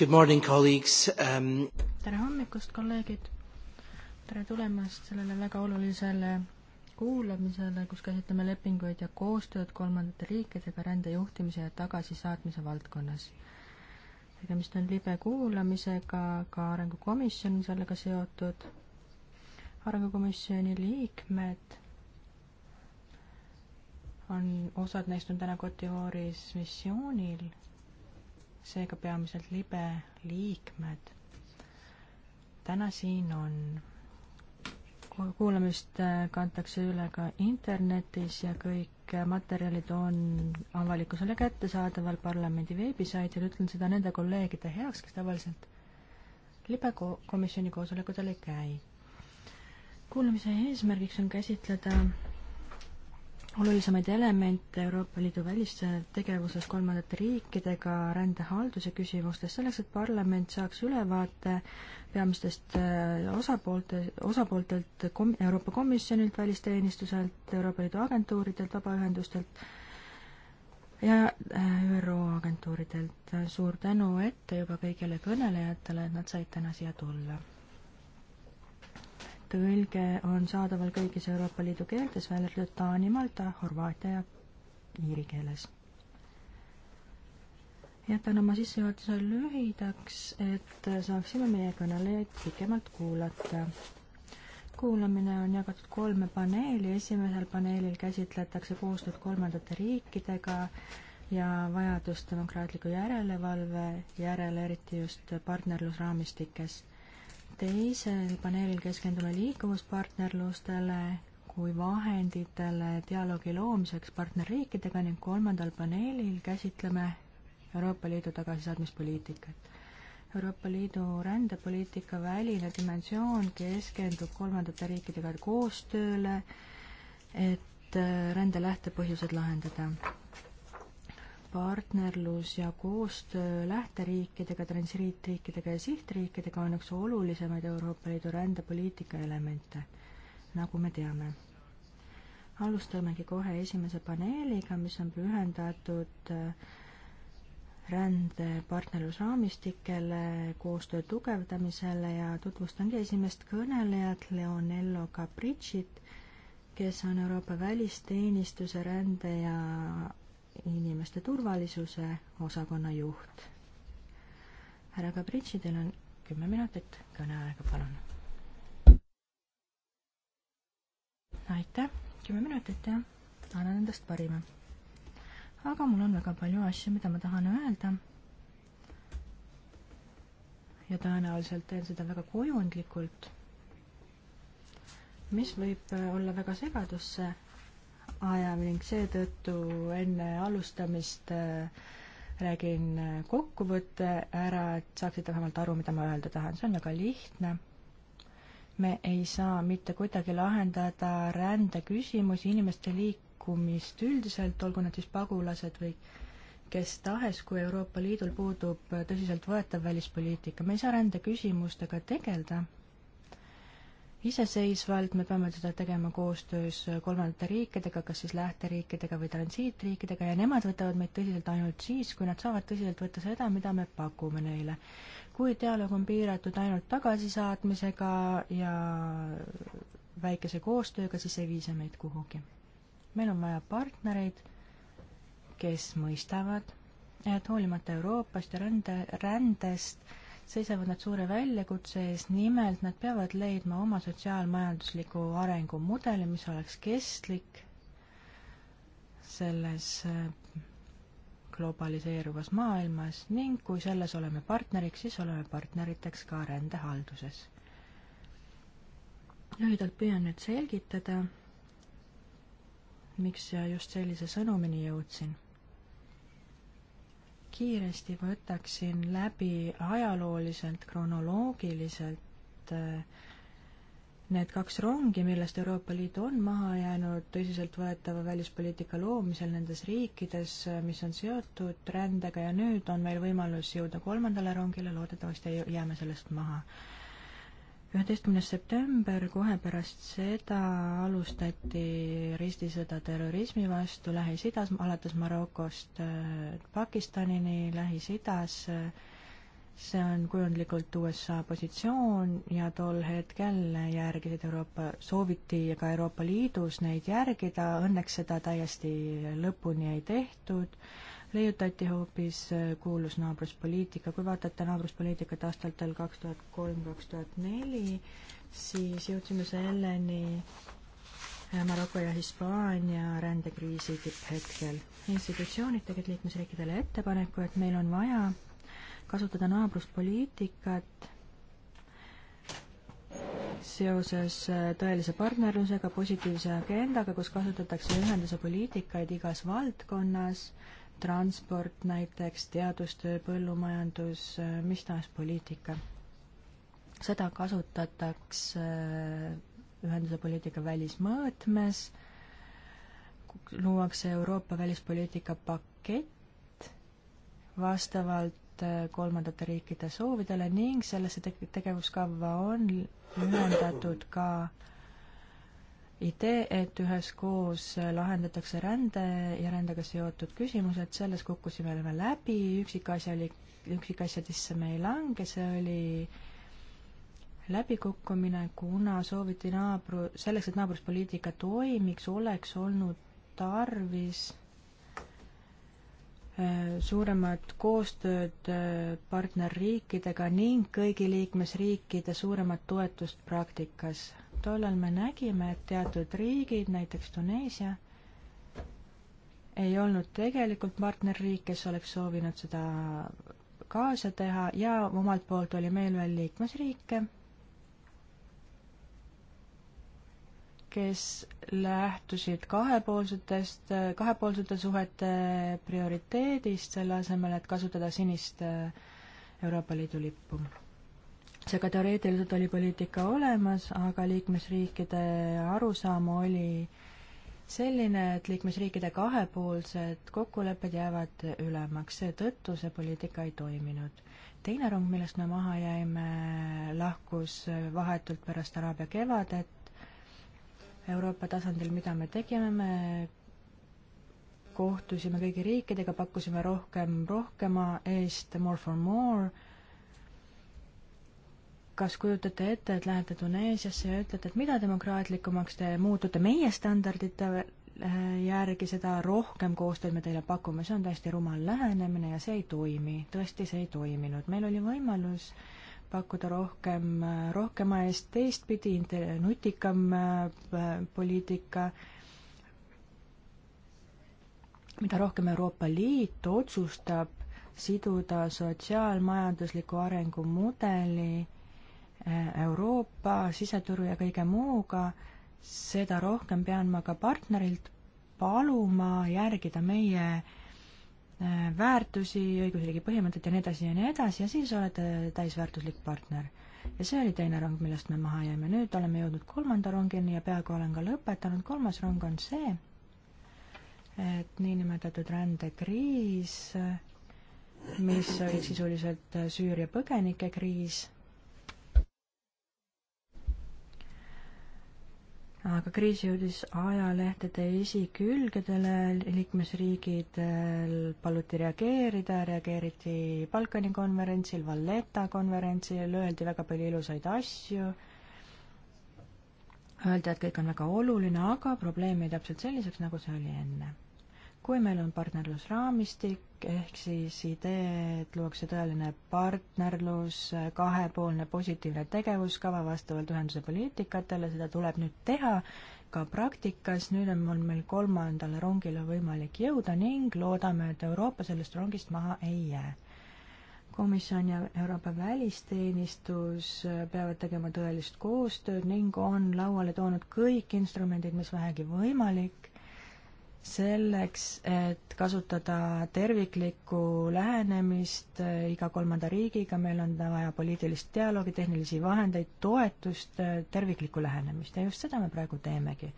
Good morning, colleagues um.... tere hommikust, kolleegid. tere tulemast sellele väga olulisele kuulamisele, kus käsitleme lepinguid ja koostööd kolmandate riikidega rände juhtimise ja tagasisaatmise valdkonnas. tegemist on libe kuulamisega, ka Arengukomisjon on sellega seotud. arengukomisjoni liikmed on, osad neist on täna Cote d'Ivoire'is missioonil seega peamiselt libe liikmed. täna siin on, kuulamist äh, kantakse üle ka internetis ja kõik äh, materjalid on avalikkusele kättesaadaval parlamendi veebisaidil, ütlen seda nende kolleegide heaks, kes tavaliselt libe komisjoni koosolekutel ei käi. kuulamise eesmärgiks on käsitleda olulisemaid elemente Euroopa Liidu välistegevuses kolmandate riikidega rändehalduse küsimustes, selleks et parlament saaks ülevaate peamistest äh, osapoolte, osapooltelt kom-, Euroopa Komisjonilt, välisteenistuselt, Euroopa Liidu agentuuridelt, vabaühendustelt ja äh, ÜRO agentuuridelt. suur tänu ette juba kõigile kõnelejatele, et nad said täna siia tulla tõlge on saadaval kõigis Euroopa Liidu keeltes, välja arvatud Taani, Malta, Horvaatia ja iiri keeles. jätan oma sissejuhatuse lühidaks, et saaksime meie kõnelejaid pikemalt kuulata. kuulamine on jagatud kolme paneeli, esimesel paneelil käsitletakse koostööd kolmandate riikidega ja vajadust demokraatliku järelevalve järele, eriti just partnerlusraamistikes teisel paneelil keskendume liikuvuspartnerlustele kui vahenditele dialoogi loomiseks partnerriikidega ning kolmandal paneelil käsitleme Euroopa Liidu tagasisaatmispoliitikat. Euroopa Liidu rändepoliitika väline dimensioon keskendub kolmandate riikidega koostööle, et rände lähtepõhjused lahendada partnerlus ja koostöö lähteriikidega, transiitriikidega ja sihtriikidega on üks olulisemaid Euroopa Liidu rändepoliitika elemente, nagu me teame. alustamegi kohe esimese paneeliga, mis on pühendatud äh, rände partnerlusraamistikele, koostöö tugevdamisele ja tutvustangi esimest kõnelejat, Leonello Capricit, kes on Euroopa Välisteenistuse rände ja inimeste turvalisuse osakonna juht. härra Gabritši, teil on kümme minutit kõneaega, palun. aitäh, kümme minutit, jah. annan endast parima. aga mul on väga palju asju, mida ma tahan öelda. ja tõenäoliselt teen seda väga kujundlikult, mis võib olla väga segadusse aja ning seetõttu enne alustamist äh, räägin äh, kokkuvõtte ära, et saaksite vähemalt aru, mida ma öelda tahan, see on väga lihtne. me ei saa mitte kuidagi lahendada rändeküsimusi, inimeste liikumist üldiselt, olgu nad siis pagulased või kes tahes, kui Euroopa Liidul puudub tõsiseltvõetav välispoliitika, me ei saa rändeküsimustega tegeleda iseseisvalt, me peame seda tegema koostöös kolmandate riikidega, kas siis lähteriikidega või transiitriikidega ja nemad võtavad meid tõsiselt ainult siis, kui nad saavad tõsiselt võtta seda, mida me pakume neile. kui dialoog on piiratud ainult tagasisaatmisega ja väikese koostööga, siis ei vii see meid kuhugi. meil on vaja partnereid, kes mõistavad, et hoolimata Euroopast ja rände, rändest, seisavad nad suure väljakutse ees, nimelt nad peavad leidma oma sotsiaalmajandusliku arengumudeli, mis oleks kestlik selles äh, globaliseeruvas maailmas ning kui selles oleme partneriks, siis oleme partneriteks ka rändehalduses. lühidalt püüan nüüd selgitada, miks just sellise sõnumini jõudsin kiiresti võtaksin läbi ajalooliselt, kronoloogiliselt äh, need kaks rongi, millest Euroopa Liit on maha jäänud tõsiseltvõetava välispoliitika loomisel nendes riikides, äh, mis on seotud rändega ja nüüd on meil võimalus jõuda kolmandale rongile, loodetavasti jääme sellest maha üheteistkümnes september, kohe pärast seda alustati ristisõda terrorismi vastu Lähis-Idas, alates Marokost äh, Pakistanini Lähis-Idas. see on kujundlikult USA positsioon ja tol hetkel järgisid Euroopa, sooviti ka Euroopa Liidus neid järgida, õnneks seda täiesti lõpuni ei tehtud leiutati hoopis äh, kuulus naabruspoliitika. kui vaadata naabruspoliitikat aastatel kaks tuhat kolm, kaks tuhat neli, siis jõudsime selleni äh, Maroko ja Hispaania rändekriisi tipphetkel. institutsioonid tegid liikmesriikidele ettepaneku, et meil on vaja kasutada naabruspoliitikat seoses äh, tõelise partnerlusega, positiivse agendaga, kus kasutatakse ühenduse poliitikaid igas valdkonnas transport näiteks, teadustöö, põllumajandus, äh, mis tahes poliitika. seda kasutatakse äh, ühenduse poliitika välismõõtmes, luuakse Euroopa välispoliitika pakett vastavalt äh, kolmandate riikide soovidele ning sellesse tegevuskavva on ühendatud ka äh, idee, et üheskoos lahendatakse rände ja rändega seotud küsimused, selles kukkusime me läbi, üksikasjalik, üksikasjadesse me ei lange, see oli läbikukkumine, kuna sooviti naabru, selleks, et naabruspoliitika toimiks, oleks olnud tarvis äh, suuremat koostööd äh, partnerriikidega ning kõigi liikmesriikide suuremat toetust praktikas tollal me nägime, et teatud riigid, näiteks Tuneesia, ei olnud tegelikult partnerriik, kes oleks soovinud seda kaasa teha ja omalt poolt oli meil veel liikmesriike, kes lähtusid kahepoolsetest, kahepoolsete suhete prioriteedist, selle asemel, et kasutada sinist Euroopa Liidu lippu seega teoreetiliselt oli poliitika olemas, aga liikmesriikide arusaam oli selline, et liikmesriikide kahepoolsed kokkulepped jäävad ülemaks, seetõttu see poliitika ei toiminud. teine rong, millest me maha jäime, lahkus vahetult pärast Araabia kevadet. Euroopa tasandil, mida me tegime, me kohtusime kõigi riikidega, pakkusime rohkem rohkema eest, more for more kas kujutate ette, et lähete Tuneesiasse ja ütlete, et mida demokraatlikumaks te muutute meie standardite äh, järgi, seda rohkem koostööd me teile pakume, see on täiesti rumal lähenemine ja see ei toimi, tõesti, see ei toiminud. meil oli võimalus pakkuda rohkem, äh, rohkema eest teistpidi, nutikam äh, poliitika, mida rohkem Euroopa Liit otsustab siduda sotsiaalmajandusliku arengumudeli Euroopa siseturu ja kõige muuga, seda rohkem pean ma ka partnerilt paluma järgida meie äh, väärtusi, õigusriigi põhimõtet ja nii edasi ja nii edasi ja siis olete täisväärtuslik partner. ja see oli teine rong, millest me maha jäime, nüüd oleme jõudnud kolmanda rongini ja peaaegu olen ka lõpetanud, kolmas rong on see, et niinimetatud rändekriis, mis oli sisuliselt Süüria põgenikekriis aga kriis jõudis ajalehtede esikülgedele, liikmesriigidel paluti reageerida, reageeriti Balkani konverentsil, Valletta konverentsil, öeldi väga palju ilusaid asju, öeldi, et kõik on väga oluline, aga probleem jäi täpselt selliseks, nagu see oli enne kui meil on partnerlusraamistik, ehk siis idee, et luuakse tõeline partnerlus, kahepoolne positiivne tegevuskava vastavalt ühenduse poliitikatele, seda tuleb nüüd teha ka praktikas, nüüd on mul meil kolmandale rongile võimalik jõuda ning loodame, et Euroopa sellest rongist maha ei jää. komisjon ja Euroopa välisteenistus peavad tegema tõelist koostööd ning on lauale toonud kõik instrumendid, mis vähegi võimalik selleks, et kasutada terviklikku lähenemist äh, iga kolmanda riigiga, meil on vaja poliitilist dialoogi, tehnilisi vahendeid, toetust, äh, terviklikku lähenemist ja just seda me praegu teemegi.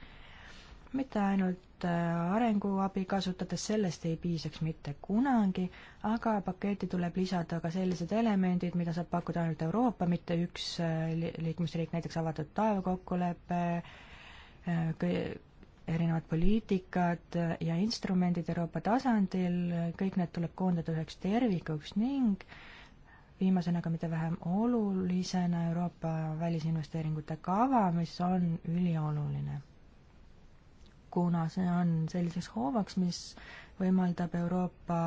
mitte ainult äh, arenguabi kasutades, sellest ei piisaks mitte kunagi, aga paketti tuleb lisada ka sellised elemendid, mida saab pakkuda ainult Euroopa, mitte üks liikmesriik, näiteks avatud taevakokkulepe, erinevad poliitikad ja instrumendid Euroopa tasandil, kõik need tuleb koondada üheks tervikuks ning viimasena, aga mitte vähem olulisena Euroopa välisinvesteeringute kava, mis on ülioluline. kuna see on selliseks hoovaks, mis võimaldab Euroopa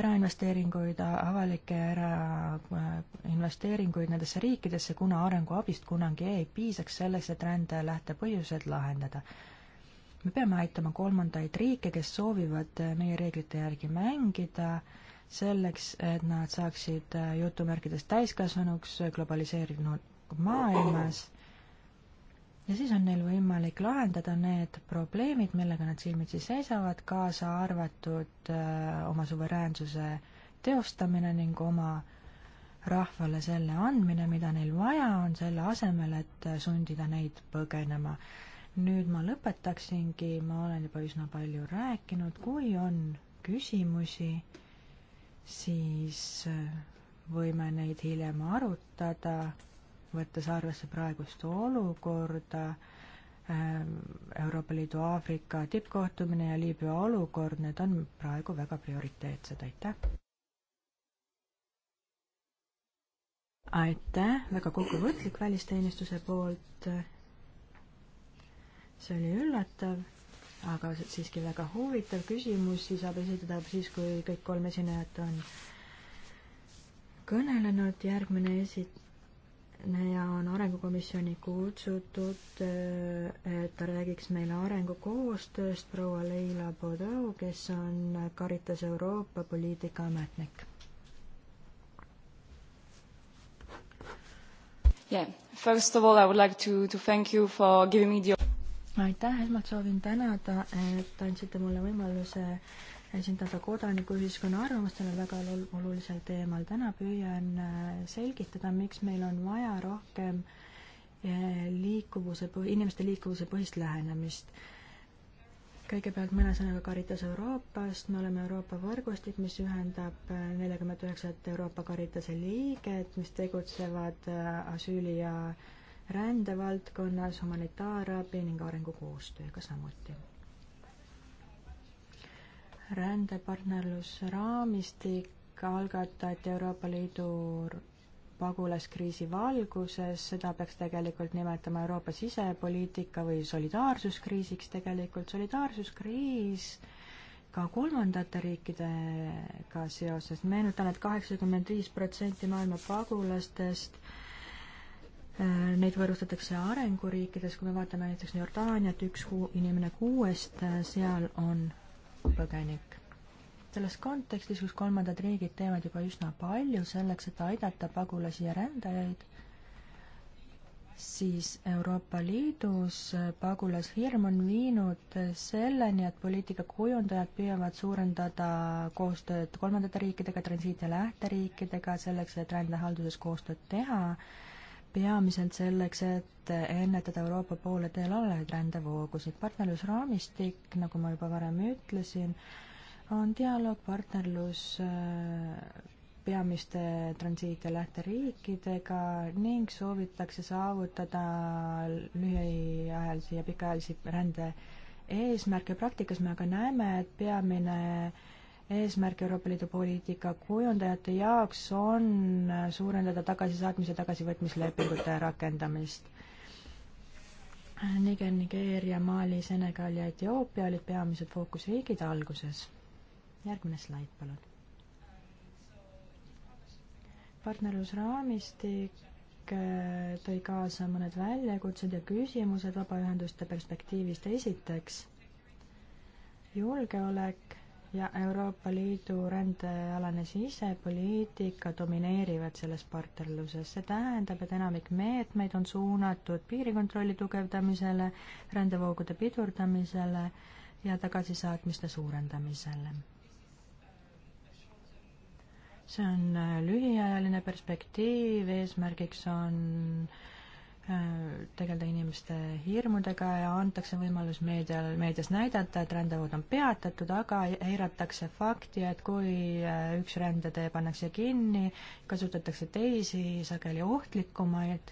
erainvesteeringuid, avalikke erainvesteeringuid nendesse riikidesse, kuna arenguabist kunagi ei piisaks selleks, et rände lähtepõhjused lahendada me peame aitama kolmandaid riike, kes soovivad eh, meie reeglite järgi mängida, selleks, et nad saaksid eh, jutumärkides täiskasvanuks eh, globaliseerunud maailmas ja siis on neil võimalik lahendada need probleemid, millega nad silmitsi seisavad, kaasa arvatud öö, oma suveräänsuse teostamine ning oma rahvale selle andmine, mida neil vaja on, selle asemel, et sundida neid põgenema nüüd ma lõpetaksingi, ma olen juba üsna palju rääkinud, kui on küsimusi, siis äh, võime neid hiljem arutada, võttes arvesse praegust olukorda, äh, Euroopa Liidu Aafrika tippkohtumine ja Liibüa olukord, need on praegu väga prioriteetsed, aitäh! aitäh, väga kokkuvõtlik välisteenistuse poolt see oli üllatav, aga siiski väga huvitav küsimusi saab esitada siis, kui kõik kolm esinejat on kõnelenud, järgmine esineja on Arengukomisjoni kutsutud, eh, et ta räägiks meile arengukoostööst, proua Leila Bodau, kes on Caritas Euroopa poliitikaametnik. Yeah, first of all I would like to, to thank you for giving me the aitäh, esmalt soovin tänada, et andsite mulle võimaluse esindada kodanikuühiskonna arvamust sellel väga olulisel teemal. täna püüan äh, selgitada, miks meil on vaja rohkem äh, liikuvuse, inimeste liikuvuse põhist lähenemist kõigepealt mõne sõnaga Caritas Euroopast, me oleme Euroopa võrgustik, mis ühendab äh, neljakümmet üheksat Euroopa Caritase liiget, mis tegutsevad asüüli ja äh, rändevaldkonnas, humanitaarabi ning arengukoostööga samuti. rändepartnerlusraamistik algatati Euroopa Liidu pagulaskriisi valguses, seda peaks tegelikult nimetama Euroopa sisepoliitika või solidaarsuskriisiks tegelikult, solidaarsuskriis ka kolmandate riikidega seoses, meenutan et, et kaheksakümmend viis protsenti maailma pagulastest Äh, neid võõrustatakse arenguriikides, kui me vaatame näiteks Jordaaniat, üks inimene kuuest äh, seal on põgenik. selles kontekstis, kus kolmandad riigid teevad juba üsna palju selleks, et aidata pagulasi ja rändajaid, siis Euroopa Liidus äh, pagulashirm on viinud selleni, et poliitikakujundajad püüavad suurendada koostööd kolmandate riikidega, transiit- ja lähteriikidega, selleks, et rändehalduses koostööd teha peamiselt selleks, et ennetada Euroopa poole teel olevaid rändevoogusid. partnerlusraamistik, nagu ma juba varem ütlesin, on dialoog, partnerlus äh, peamiste transiit- ja lähteriikidega ning soovitakse saavutada lühiajalisi ja pikaajalisi rände eesmärke. praktikas me aga näeme, et peamine äh, eesmärk Euroopa Liidu poliitika kujundajate jaoks on suurendada tagasisaatmise tagasivõtmislepingute rakendamist. Niger, Nigeeria, Mali, Senegal ja Etioopia olid peamised fookusriigid alguses. järgmine slaid, palun. partnerlusraamistik äh, tõi kaasa mõned väljakutsed ja küsimused vabaühenduste perspektiivist. esiteks, julgeolek ja Euroopa Liidu rändealane sisepoliitika domineerivad selles partnerluses. see tähendab, et enamik meetmeid on suunatud piirikontrolli tugevdamisele, rändevoogude pidurdamisele ja tagasisaatmiste suurendamisele. see on lühiajaline perspektiiv, eesmärgiks on äh, Äh, tegeleda inimeste hirmudega ja antakse võimalus meedial, meedias näidata, et rändevood on peatatud, aga eiratakse fakti, et kui äh, üks rändetee pannakse kinni, kasutatakse teisi, sageli ohtlikumaid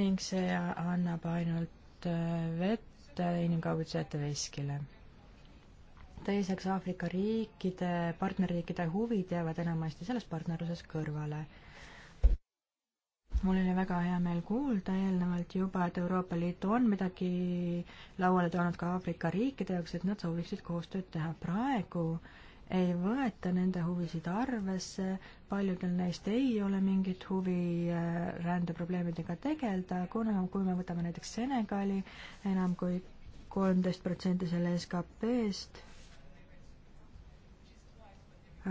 ning see annab ainult äh, vett inimkaubitsejate veskile. teiseks, Aafrika riikide, partnerriikide huvid jäävad enamasti selles partnerluses kõrvale mul oli väga hea meel kuulda eelnevalt juba, et Euroopa Liit on midagi lauale toonud ka Aafrika riikide jaoks, et nad sooviksid koostööd teha. praegu ei võeta nende huvisid arvesse, paljudel neist ei ole mingit huvi äh, rändeprobleemidega tegeleda, kuna kui me võtame näiteks Senegali, enam kui kolmteist protsenti selle SKP-st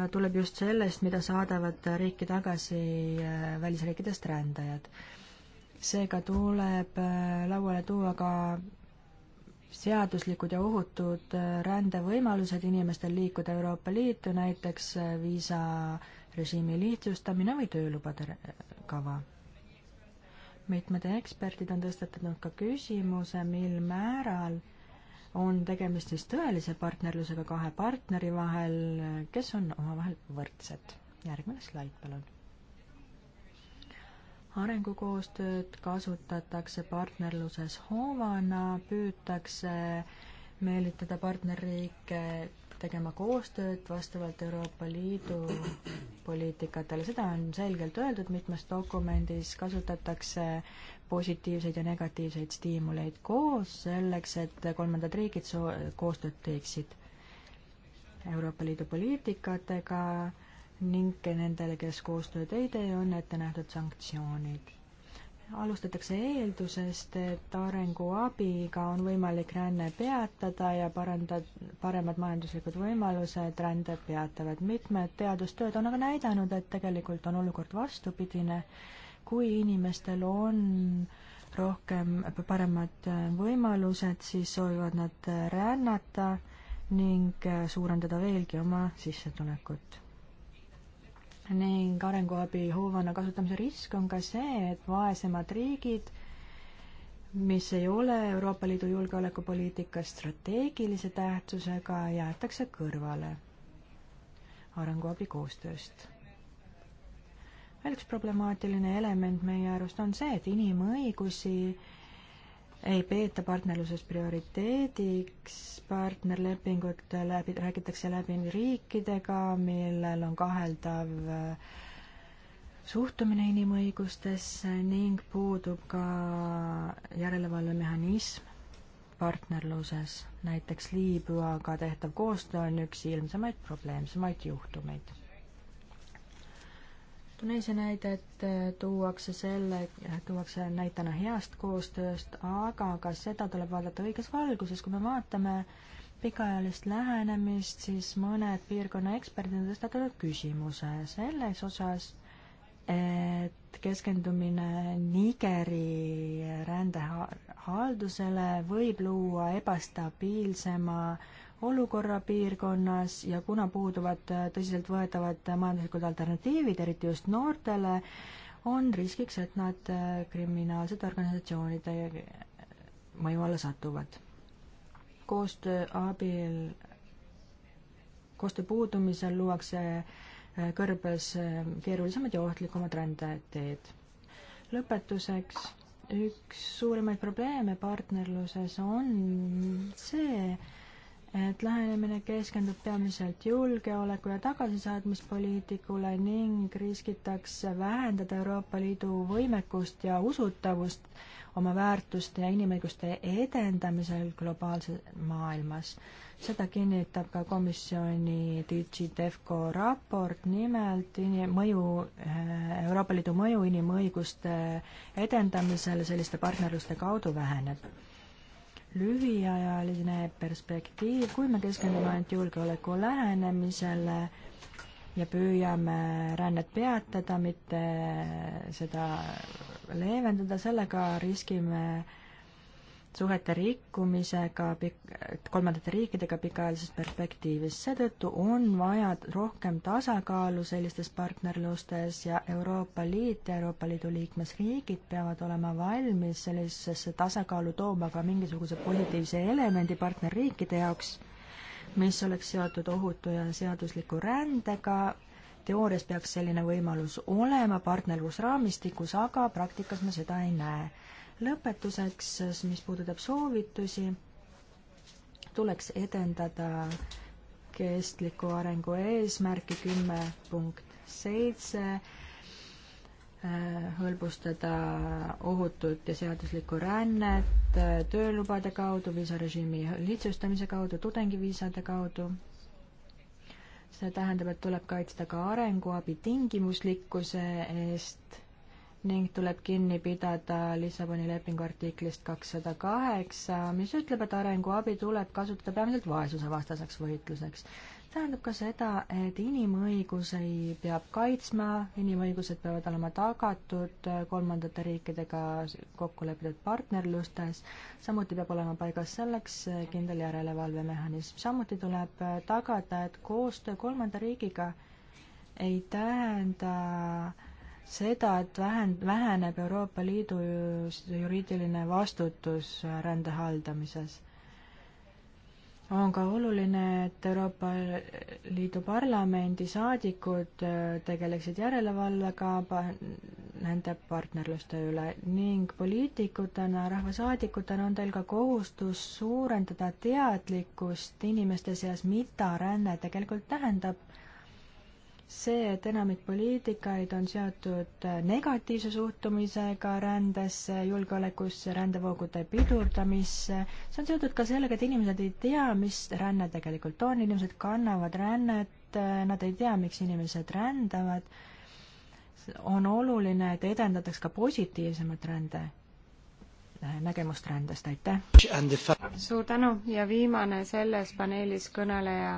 tuleb just sellest, mida saadavad riiki tagasi äh, välisriikidest rändajad. seega tuleb äh, lauale tuua ka seaduslikud ja ohutud äh, rändevõimalused inimestel liikuda Euroopa Liitu, näiteks viisarežiimi lihtsustamine või töölubade kava. mitmed eksperdid on tõstatanud ka küsimuse, mil määral äh, on tegemist siis tõelise partnerlusega kahe partneri vahel, kes on omavahel võrdsed. järgmine slaid, palun. arengukoostööd kasutatakse partnerluses hoovana, püütakse meelitada partnerriike tegema koostööd vastavalt Euroopa Liidu poliitikatele, seda on selgelt öeldud mitmes dokumendis, kasutatakse positiivseid ja negatiivseid stiimuleid koos selleks, et kolmandad riigid soo-, koostööd teeksid Euroopa Liidu poliitikatega ning nendele, kes koostööd ei tee, on ette nähtud sanktsioonid. alustatakse eeldusest, et arenguabiga on võimalik ränne peatada ja parandad, paremad majanduslikud võimalused rände peatavad. mitmed teadustööd on aga näidanud, et tegelikult on olukord vastupidine kui inimestel on rohkem, paremad võimalused, siis soovivad nad rännata ning suurendada veelgi oma sissetulekut. ning arenguabi hoovana kasutamise risk on ka see, et vaesemad riigid, mis ei ole Euroopa Liidu julgeolekupoliitikas strateegilise tähtsusega, jäetakse kõrvale arenguabi koostööst veel üks problemaatiline element meie arust on see, et inimõigusi ei peeta partnerluses prioriteediks, partnerlepingud läbi, räägitakse läbi riikidega, millel on kaheldav äh, suhtumine inimõigustesse ning puudub ka järelevalvemehhanism partnerluses. näiteks Liibüaga tehtav koostöö on üks ilmsemaid probleemsemaid juhtumeid Tuneesia näidet äh, tuuakse selle, äh, tuuakse näitena heast koostööst, aga ka seda tuleb vaadata õiges valguses, kui me vaatame pikaajalist lähenemist, siis mõned piirkonna eksperdid on tõstatanud küsimuse selles osas, et keskendumine Nigeri rändehaldusele võib luua ebastabiilsema olukorra piirkonnas ja kuna puuduvad tõsiseltvõetavad majanduslikud alternatiivid, eriti just noortele, on riskiks, et nad kriminaalsete organisatsioonide mõju alla satuvad. koostöö abil, koostöö puudumisel luuakse Äh, kõrbes äh, keerulisemad ja ohtlikumad rändajateed. lõpetuseks, üks suurimaid probleeme partnerluses on see, et lähenemine keskendub peamiselt julgeoleku ja tagasisaatmispoliitikule ning riskitakse vähendada Euroopa Liidu võimekust ja usutavust oma väärtuste ja inimõiguste edendamisel globaalses maailmas. seda kinnitab ka komisjoni DigiDevco raport, nimelt ini-, mõju, äh, Euroopa Liidu mõju inimõiguste edendamisel selliste partnerluste kaudu väheneb lühiajaline perspektiiv, kui me keskendume ainult julgeoleku lähenemisele, ja püüame rännet peatada, mitte seda leevendada, sellega riskime suhete rikkumisega pik-, kolmandate riikidega pikaajalises perspektiivis. seetõttu on vaja rohkem tasakaalu sellistes partnerlustes ja Euroopa Liit ja Euroopa Liidu liikmesriigid peavad olema valmis sellisesse tasakaalu tooma ka mingisuguse positiivse elemendi partnerriikide jaoks, mis oleks seotud ohutu ja seadusliku rändega teoorias peaks selline võimalus olema partnerlusraamistikus, aga praktikas me seda ei näe. lõpetuseks, mis puudutab soovitusi, tuleks edendada kestliku arengu eesmärki kümme punkt seitse, äh, hõlbustada ohutut ja seaduslikku rännet äh, töölubade kaudu, viisarežiimi lihtsustamise kaudu, tudengiviisade kaudu see tähendab, et tuleb kaitsta ka arenguabi tingimuslikkuse eest ning tuleb kinni pidada Lissaboni lepingu artiklist kakssada kaheksa, mis ütleb, et arenguabi tuleb kasutada peamiselt vaesusevastaseks võitluseks tähendab ka seda, et inimõigusi peab kaitsma, inimõigused peavad olema tagatud äh, kolmandate riikidega kokku lepitud partnerlustes, samuti peab olema paigas selleks äh, kindel järelevalvemehhanism. samuti tuleb äh, tagada, et koostöö kolmanda riigiga ei tähenda seda, et vähen-, väheneb Euroopa Liidu juriidiline vastutus rände haldamises on ka oluline, et Euroopa Liidu Parlamendi saadikud äh, tegeleksid järelevalvega pa nende partnerluste üle ning poliitikutena, rahvasaadikutena on teil ka kohustus suurendada teadlikkust inimeste seas, mida ränne tegelikult tähendab see, et enamik poliitikaid on seotud äh, negatiivse suhtumisega rändesse, julgeolekusse, rändevoogude pidurdamisse, see on seotud ka sellega, et inimesed ei tea, mis ränne tegelikult on, inimesed kannavad rännet, äh, nad ei tea, miks inimesed rändavad, on oluline, et edendataks ka positiivsemat rände äh, nägemust rändest, aitäh! suur tänu ja viimane selles paneelis kõneleja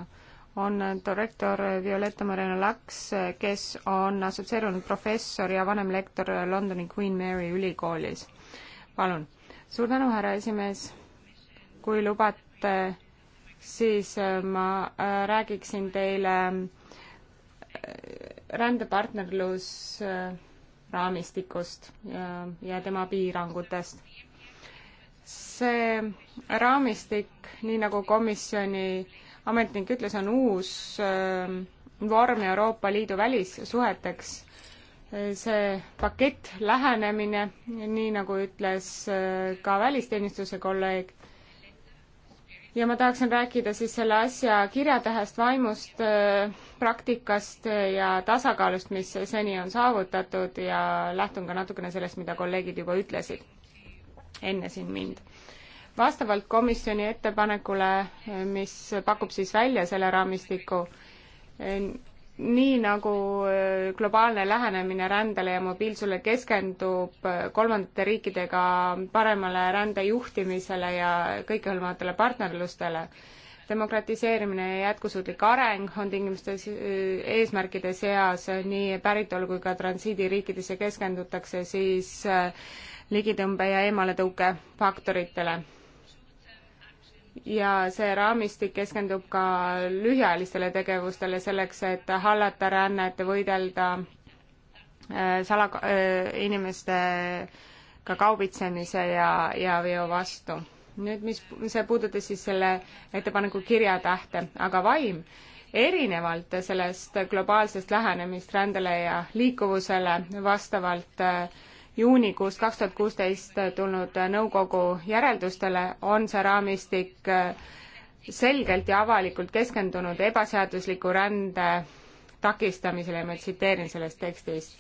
on direktor Violetta Moreno Laks, kes on assotsieerunud professor ja vanemlektor Londoni Queen Mary ülikoolis. palun. suur tänu, härra esimees. kui lubate, siis äh, ma äh, räägiksin teile äh, rändepartnerlusraamistikust ja, ja tema piirangutest. see raamistik, nii nagu komisjoni äh, ametnik ütles, on uus ähm, vorm Euroopa Liidu välissuheteks. see pakett, lähenemine, nii nagu ütles äh, ka välisteenistuse kolleeg, ja ma tahaksin rääkida siis selle asja kirjatähest vaimust, äh, praktikast ja tasakaalust, mis seni on saavutatud ja lähtun ka natukene sellest, mida kolleegid juba ütlesid enne siin mind vastavalt komisjoni ettepanekule, mis pakub siis välja selle raamistiku, nii nagu äh, globaalne lähenemine rändele ja mobiilsusele keskendub äh, kolmandate riikidega paremale rände juhtimisele ja kõikehõlmavatele partnerlustele, demokratiseerimine ja jätkusuutlik areng on tingimuste äh, eesmärkide seas nii päritolu kui ka transiidiriikides ja keskendutakse siis ligitõmbe ja eemaletõuke faktoritele ja see raamistik keskendub ka lühiajalistele tegevustele selleks, et hallata rännet, võidelda äh, sala-, äh, inimestega kaubitsemise ja, ja veo vastu. nüüd, mis, see puudutas siis selle ettepaneku kirjatähte, aga vaim, erinevalt sellest globaalsest lähenemist rändele ja liikuvusele vastavalt äh, juunikuust kaks tuhat kuusteist tulnud nõukogu järeldustele, on see raamistik äh, selgelt ja avalikult keskendunud ebaseadusliku rände takistamisele, ma tsiteerin sellest tekstist.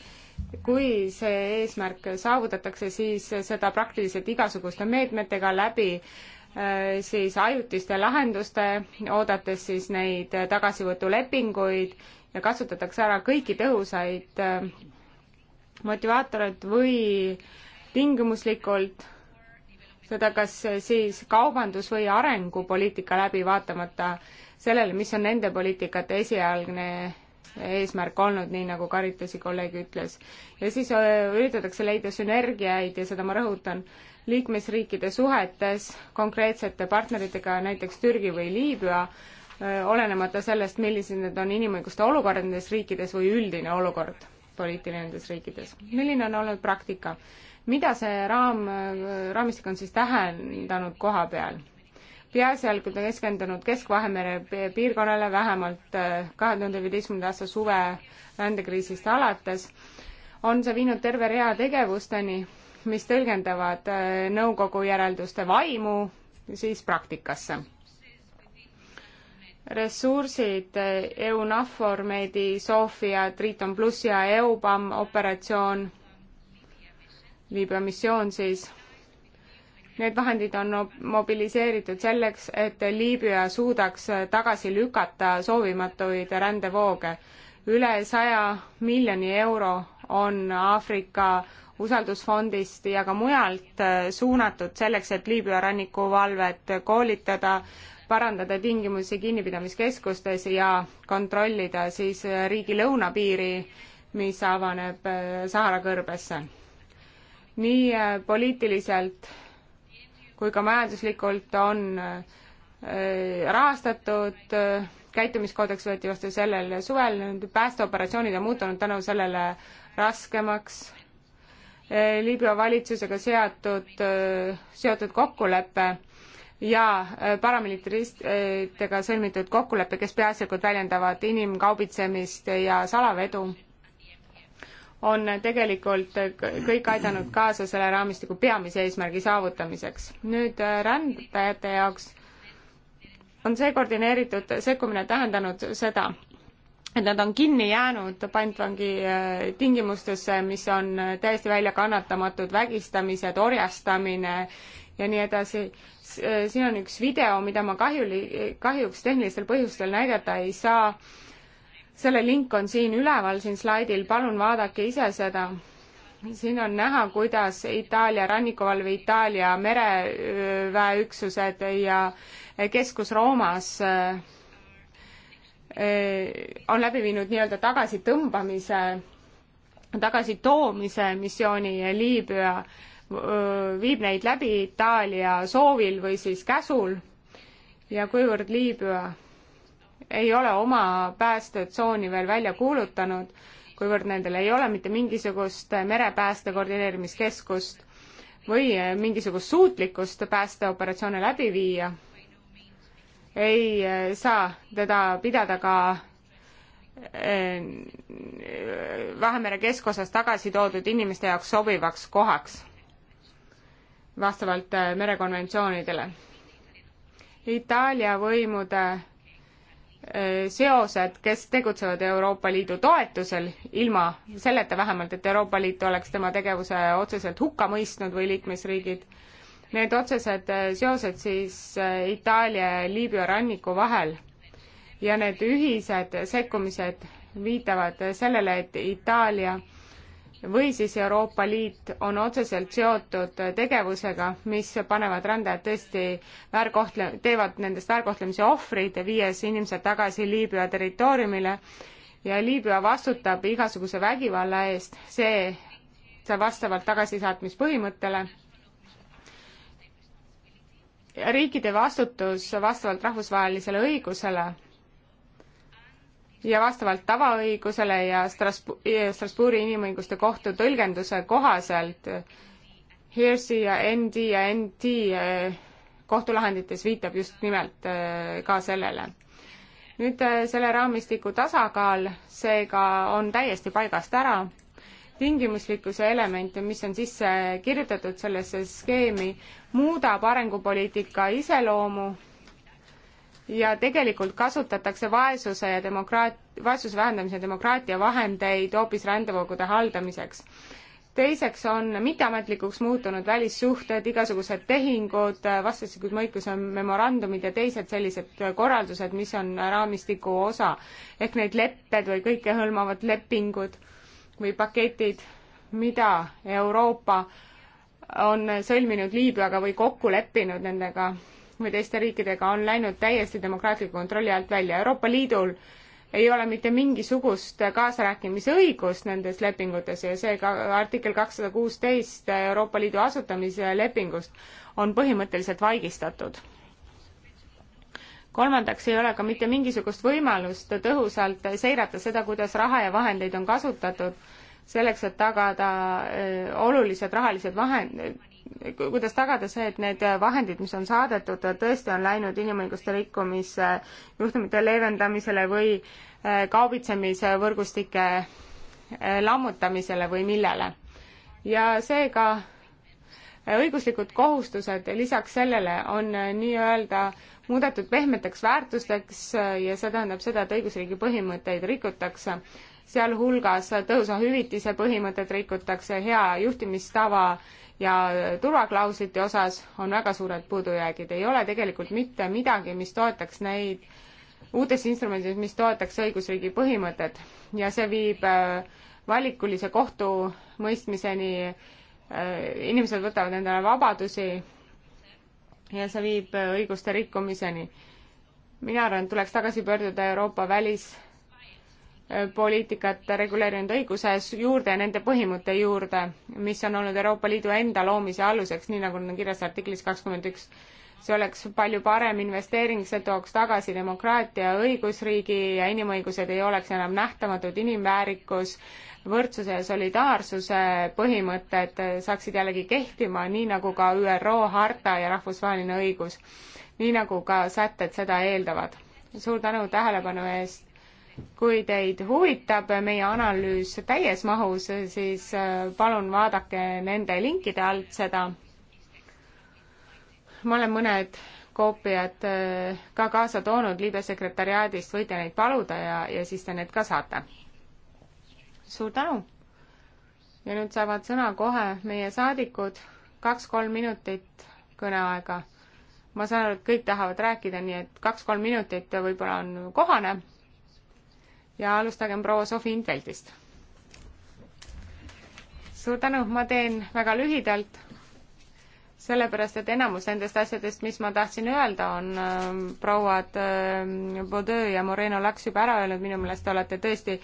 kui see eesmärk saavutatakse, siis seda praktiliselt igasuguste meetmetega läbi äh, siis ajutiste lahenduste, oodates siis neid tagasivõtulepinguid ja kasutatakse ära kõiki tõhusaid äh, motivaatorit või tingimuslikult seda kas siis kaubandus- või arengupoliitika läbi, vaatamata sellele, mis on nende poliitikate esialgne eesmärk olnud, nii nagu Karitasi kolleeg ütles. ja siis äh, üritatakse leida sünergiaid ja seda ma rõhutan, liikmesriikide suhetes konkreetsete partneritega, näiteks Türgi või Liibüa, äh, olenemata sellest, millised need on inimõiguste olukorrad nendes riikides või üldine olukord majanduspoliitiline nendes riikides. milline on olnud praktika? mida see raam, raamistik on siis tähendanud koha peal? peaasjalikult on keskendunud Kesk-Vahemere piirkonnale vähemalt äh, kahe tuhande viieteistkümnenda aasta suve rändekriisist alates, on see viinud terve rea tegevusteni, mis tõlgendavad äh, nõukogu järelduste vaimu siis praktikasse ressursid, EUNAFOR, Medi, Sofia, Triton pluss ja EUBAM operatsioon, Liibüa missioon siis, need vahendid on mobiliseeritud selleks, et Liibüa suudaks tagasi lükata soovimatuid rändevooge. üle saja miljoni euro on Aafrika usaldusfondist ja ka mujalt suunatud selleks, et Liibüa rannikuvalvet koolitada, parandada tingimusi kinnipidamiskeskustes ja kontrollida siis äh, riigi lõunapiiri, mis avaneb äh, Sahara kõrbesse. nii äh, poliitiliselt kui ka majanduslikult on rahastatud, käitumiskoodeks võeti vastu sellel suvel, nüüd päästeoperatsioonid on muutunud tänu sellele raskemaks, Liibüa valitsusega seatud, seotud kokkulepe ja äh, paramilitaristidega sõlmitud kokkulepe, kes peaasjalikult väljendavad inimkaubitsemist ja salavedu, on tegelikult kõik aidanud kaasa selle raamistiku peamise eesmärgi saavutamiseks. nüüd äh, rändajate jaoks on see koordineeritud sekkumine tähendanud seda, et nad on kinni jäänud pantvangi äh, tingimustesse, mis on täiesti väljakannatamatud vägistamised, orjastamine ja nii edasi Äh, siin on üks video, mida ma kahjuli, kahjuks tehnilistel põhjustel näidata ei saa. selle link on siin üleval, siin slaidil, palun vaadake ise seda. siin on näha, kuidas Itaalia rannikuvalve, Itaalia mereväeüksused ja keskus Roomas äh, äh, on läbi viinud nii-öelda tagasitõmbamise, tagasitoomise missiooni Liibüa Äh, viib neid läbi Itaalia soovil või siis käsul ja kuivõrd Liibüa ei ole oma päästetsooni veel välja kuulutanud, kuivõrd nendel ei ole mitte mingisugust merepääste koordineerimiskeskust või mingisugust suutlikkust päästeoperatsioone läbi viia, ei äh, saa teda pidada ka äh, Vahemere keskosas tagasi toodud inimeste jaoks sobivaks kohaks vastavalt äh, merekonventsioonidele. Itaalia võimude äh, seosed, kes tegutsevad Euroopa Liidu toetusel, ilma selleta vähemalt, et Euroopa Liit oleks tema tegevuse otseselt hukka mõistnud või liikmesriigid, need otsesed äh, seosed siis Itaalia ja Liibüa ranniku vahel ja need ühised sekkumised viitavad sellele, et Itaalia või siis Euroopa Liit on otseselt seotud tegevusega, mis panevad rändajad tõesti väärkohtle-, teevad nendest väärkohtlemise ohvrid, viies inimesed tagasi Liibüa territooriumile ja Liibüa vastutab igasuguse vägivalla eest, see, see vastavalt tagasisaatmispõhimõttele. riikide vastutus vastavalt rahvusvahelisele õigusele ja vastavalt tavaõigusele ja Strasbourg, Strasbourgi inimõiguste kohtu tõlgenduse kohaselt Hearsi ja ND ja NT eh, kohtulahendites viitab just nimelt eh, ka sellele. nüüd eh, selle raamistiku tasakaal seega on täiesti paigast ära, tingimuslikkuse element, mis on sisse kirjutatud sellesse skeemi, muudab arengupoliitika iseloomu ja tegelikult kasutatakse vaesuse ja demokraat-, vaesuse vähendamise ja demokraatia vahendeid hoopis rändevoogude haldamiseks. teiseks on mitteametlikuks muutunud välissuhted, igasugused tehingud, vastastikuse mõõikuse memorandumid ja teised sellised korraldused, mis on raamistiku osa. ehk need lepped või kõikehõlmavad lepingud või paketid, mida Euroopa on sõlminud Liibüaga või kokku leppinud nendega või teiste riikidega on läinud täiesti demokraatliku kontrolli alt välja. Euroopa Liidul ei ole mitte mingisugust kaasarääkimisõigust nendes lepingutes ja seega artikkel kakssada kuusteist Euroopa Liidu asutamise lepingust on põhimõtteliselt vaigistatud kolmandaks ei ole ka mitte mingisugust võimalust tõhusalt seirata seda, kuidas raha ja vahendeid on kasutatud selleks, et tagada äh, olulised rahalised vahend, kuidas tagada see, et need vahendid, mis on saadetud, tõesti on läinud inimõiguste rikkumise juhtumite leevendamisele või eh, kaubitsemise võrgustike eh, lammutamisele või millele. ja seega eh, õiguslikud kohustused lisaks sellele on nii-öelda muudetud pehmeteks väärtusteks ja see tähendab seda, et õigusriigi põhimõtteid rikutakse sealhulgas tõhusa hüvitise põhimõtet rikutakse, hea juhtimistava ja turvaklauslite osas on väga suured puudujäägid, ei ole tegelikult mitte midagi, mis toetaks neid uutes instrumentides, mis toetaks õigusriigi põhimõtet ja see viib äh, valikulise kohtumõistmiseni, äh, inimesed võtavad endale vabadusi ja see viib õiguste rikkumiseni. mina arvan, et tuleks tagasi pöörduda Euroopa välis- poliitikat reguleerinud õiguse juurde ja nende põhimõtte juurde, mis on olnud Euroopa Liidu enda loomise aluseks, nii nagu on kirjas artiklis kakskümmend üks. see oleks palju parem investeering, see tooks tagasi demokraatia, õigusriigi ja inimõigused ei oleks enam nähtamatud, inimväärikus, võrdsuse ja solidaarsuse põhimõtted saaksid jällegi kehtima, nii nagu ka ÜRO harta ja rahvusvaheline õigus, nii nagu ka sätted seda eeldavad. suur tänu tähelepanu eest kui teid huvitab meie analüüs täies mahus, siis äh, palun vaadake nende linkide alt seda. ma olen mõned koopiad äh, ka kaasa toonud Liibüa sekretäriaadist, võite neid paluda ja, ja siis te need ka saate. suur tänu! ja nüüd saavad sõna kohe meie saadikud, kaks-kolm minutit kõneaega. ma saan aru, et kõik tahavad rääkida, nii et kaks-kolm minutit võib-olla on kohane ja alustagem proua Sofi Intveldist. suur tänu, ma teen väga lühidalt, sellepärast et enamus nendest asjadest, mis ma tahtsin öelda, on äh, prouad äh, Baudeux ja Moreno Laks juba ära öelnud, minu meelest te olete tõesti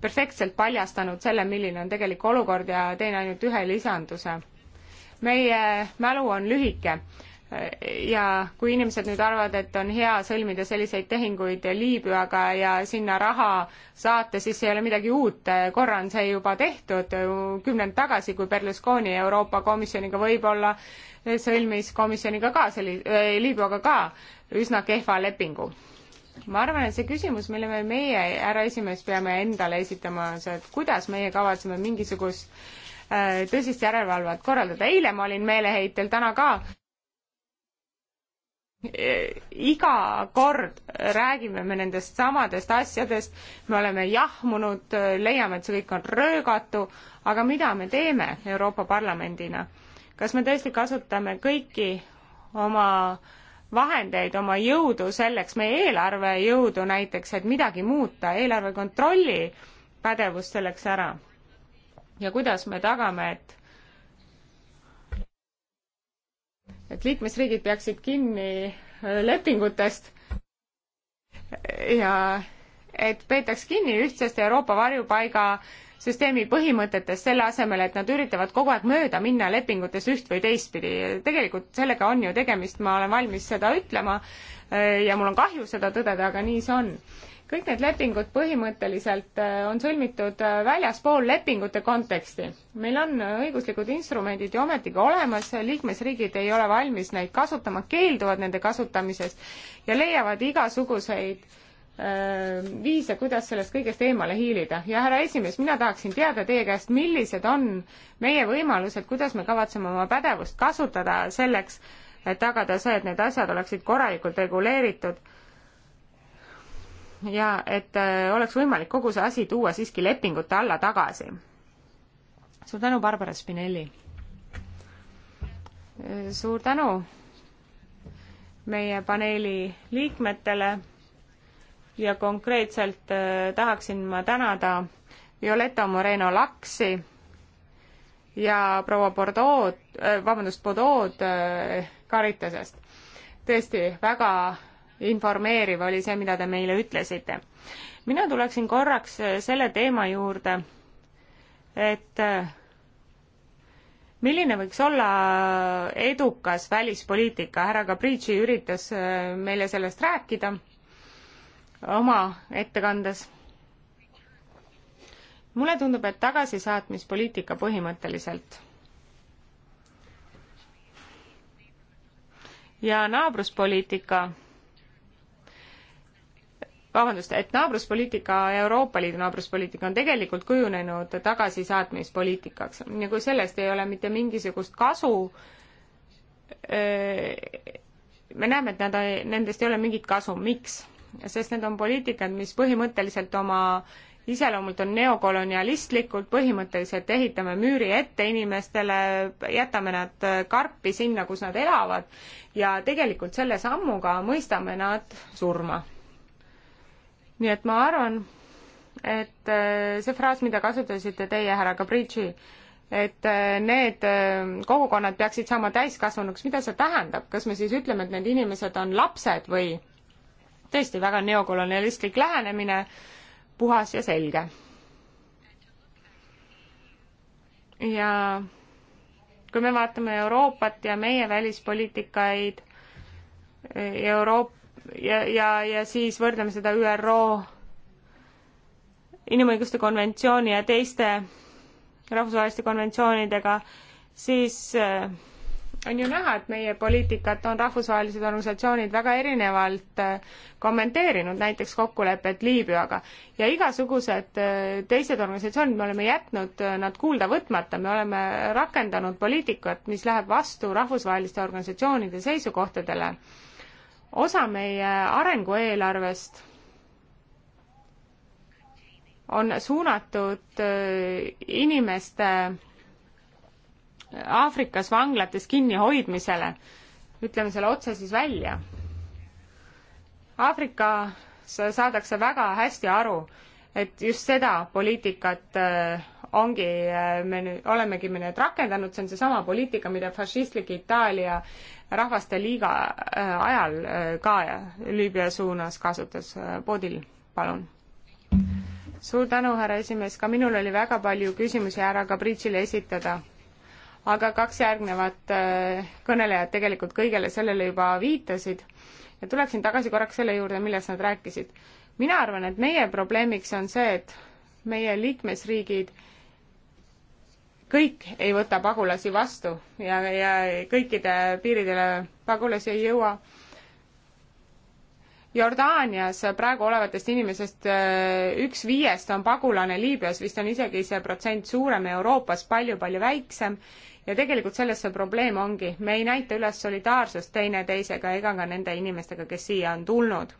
perfektselt paljastanud selle, milline on tegelik olukord ja teen ainult ühe lisanduse. meie mälu on lühike ja kui inimesed nüüd arvavad, et on hea sõlmida selliseid tehinguid Liibüaga ja sinna raha saata, siis ei ole midagi uut, korra on see juba tehtud kümnend tagasi, kui Berlusconi Euroopa Komisjoniga võib-olla sõlmis komisjoniga ka selli-, eh, Liibüaga ka üsna kehva lepingu. ma arvan, et see küsimus, mille me meie, härra esimees, peame endale esitama, on see, et kuidas meie kavatseme mingisugust eh, tõsist järelevalvet korraldada, eile ma olin meeleheitel, täna ka iga kord räägime me nendest samadest asjadest, me oleme jahmunud, leiame, et see kõik on röögatu, aga mida me teeme Euroopa Parlamendina? kas me tõesti kasutame kõiki oma vahendeid, oma jõudu selleks, meie eelarve jõudu näiteks, et midagi muuta, eelarve kontrolli pädevust selleks ära? ja kuidas me tagame, et et liikmesriigid peaksid kinni äh, lepingutest ja et peetaks kinni ühtsest Euroopa varjupaiga süsteemi põhimõtetest, selle asemel, et nad üritavad kogu aeg mööda minna lepingutes üht või teistpidi. tegelikult sellega on ju tegemist, ma olen valmis seda ütlema äh, ja mul on kahju seda tõdeda, aga nii see on kõik need lepingud põhimõtteliselt äh, on sõlmitud äh, väljaspool lepingute konteksti. meil on äh, õiguslikud instrumendid ju ometigi olemas, liikmesriigid ei ole valmis neid kasutama, keelduvad nende kasutamisest ja leiavad igasuguseid äh, viise, kuidas sellest kõigest eemale hiilida. ja härra esimees, mina tahaksin teada teie käest, millised on meie võimalused, kuidas me kavatseme oma pädevust kasutada selleks, et tagada see, et need asjad oleksid korralikult reguleeritud ja et äh, oleks võimalik kogu see asi tuua siiski lepingute alla tagasi. suur tänu, Barbara Spinelli! suur tänu meie paneeli liikmetele ja konkreetselt äh, tahaksin ma tänada Violeta Moreno Laksi ja proua Bordeaux, äh, vabandust, Bordeaux Caritasest. tõesti väga informeeriv oli see, mida te meile ütlesite. mina tuleksin korraks äh, selle teema juurde, et äh, milline võiks olla edukas välispoliitika, härra Gabrici üritas äh, meile sellest rääkida oma ettekandes. mulle tundub, et tagasisaatmispoliitika põhimõtteliselt ja naabruspoliitika vabandust, et naabruspoliitika, Euroopa Liidu naabruspoliitika on tegelikult kujunenud tagasisaatmispoliitikaks ja kui sellest ei ole mitte mingisugust kasu, me näeme, et nad, nendest ei ole mingit kasu, miks? sest need on poliitikad, mis põhimõtteliselt oma iseloomult on neokolonialistlikud, põhimõtteliselt ehitame müüri ette inimestele, jätame nad karpi sinna, kus nad elavad ja tegelikult selle sammuga mõistame nad surma nii et ma arvan, et äh, see fraas, mida kasutasite teie, härra Gabrici, et äh, need äh, kogukonnad peaksid saama täiskasvanuks, mida see tähendab, kas me siis ütleme, et need inimesed on lapsed või tõesti väga neokolonialistlik lähenemine, puhas ja selge. ja kui me vaatame Euroopat ja meie välispoliitikaid, Euroopa ja, ja, ja siis võrdleme seda ÜRO inimõiguste konventsiooni ja teiste rahvusvaheliste konventsioonidega, siis äh, on ju näha, et meie poliitikat on rahvusvahelised organisatsioonid väga erinevalt äh, kommenteerinud, näiteks kokkulepet Liibüaga. ja igasugused äh, teised organisatsioonid me oleme jätnud nad kuulda võtmata, me oleme rakendanud poliitikat, mis läheb vastu rahvusvaheliste organisatsioonide seisukohtadele osa meie arengueelarvest on suunatud äh, inimeste äh, Aafrikas vanglates kinnihoidmisele, ütleme selle otse siis välja. Aafrikas saadakse väga hästi aru, et just seda poliitikat äh, ongi äh, me nüüd, olemegi me nüüd rakendanud, see on seesama poliitika, mida fašistlik Itaalia rahvaste liiga äh, ajal ka Lüübia suunas kasutas. Bodil, palun. suur tänu, härra esimees, ka minul oli väga palju küsimusi härra Gabritšile esitada aga kaks järgnevat kõnelejat tegelikult kõigele sellele juba viitasid ja tuleksin tagasi korraks selle juurde, millest nad rääkisid mina arvan, et meie probleemiks on see, et meie liikmesriigid kõik ei võta pagulasi vastu ja, ja kõikide piiridele pagulasi ei jõua. Jordaanias praegu olevatest inimesest äh, üks viiest on pagulane, Liibüas vist on isegi see protsent suurem, Euroopas palju-palju väiksem ja tegelikult selles see probleem ongi, me ei näita üles solidaarsust teineteisega ega ka nende inimestega, kes siia on tulnud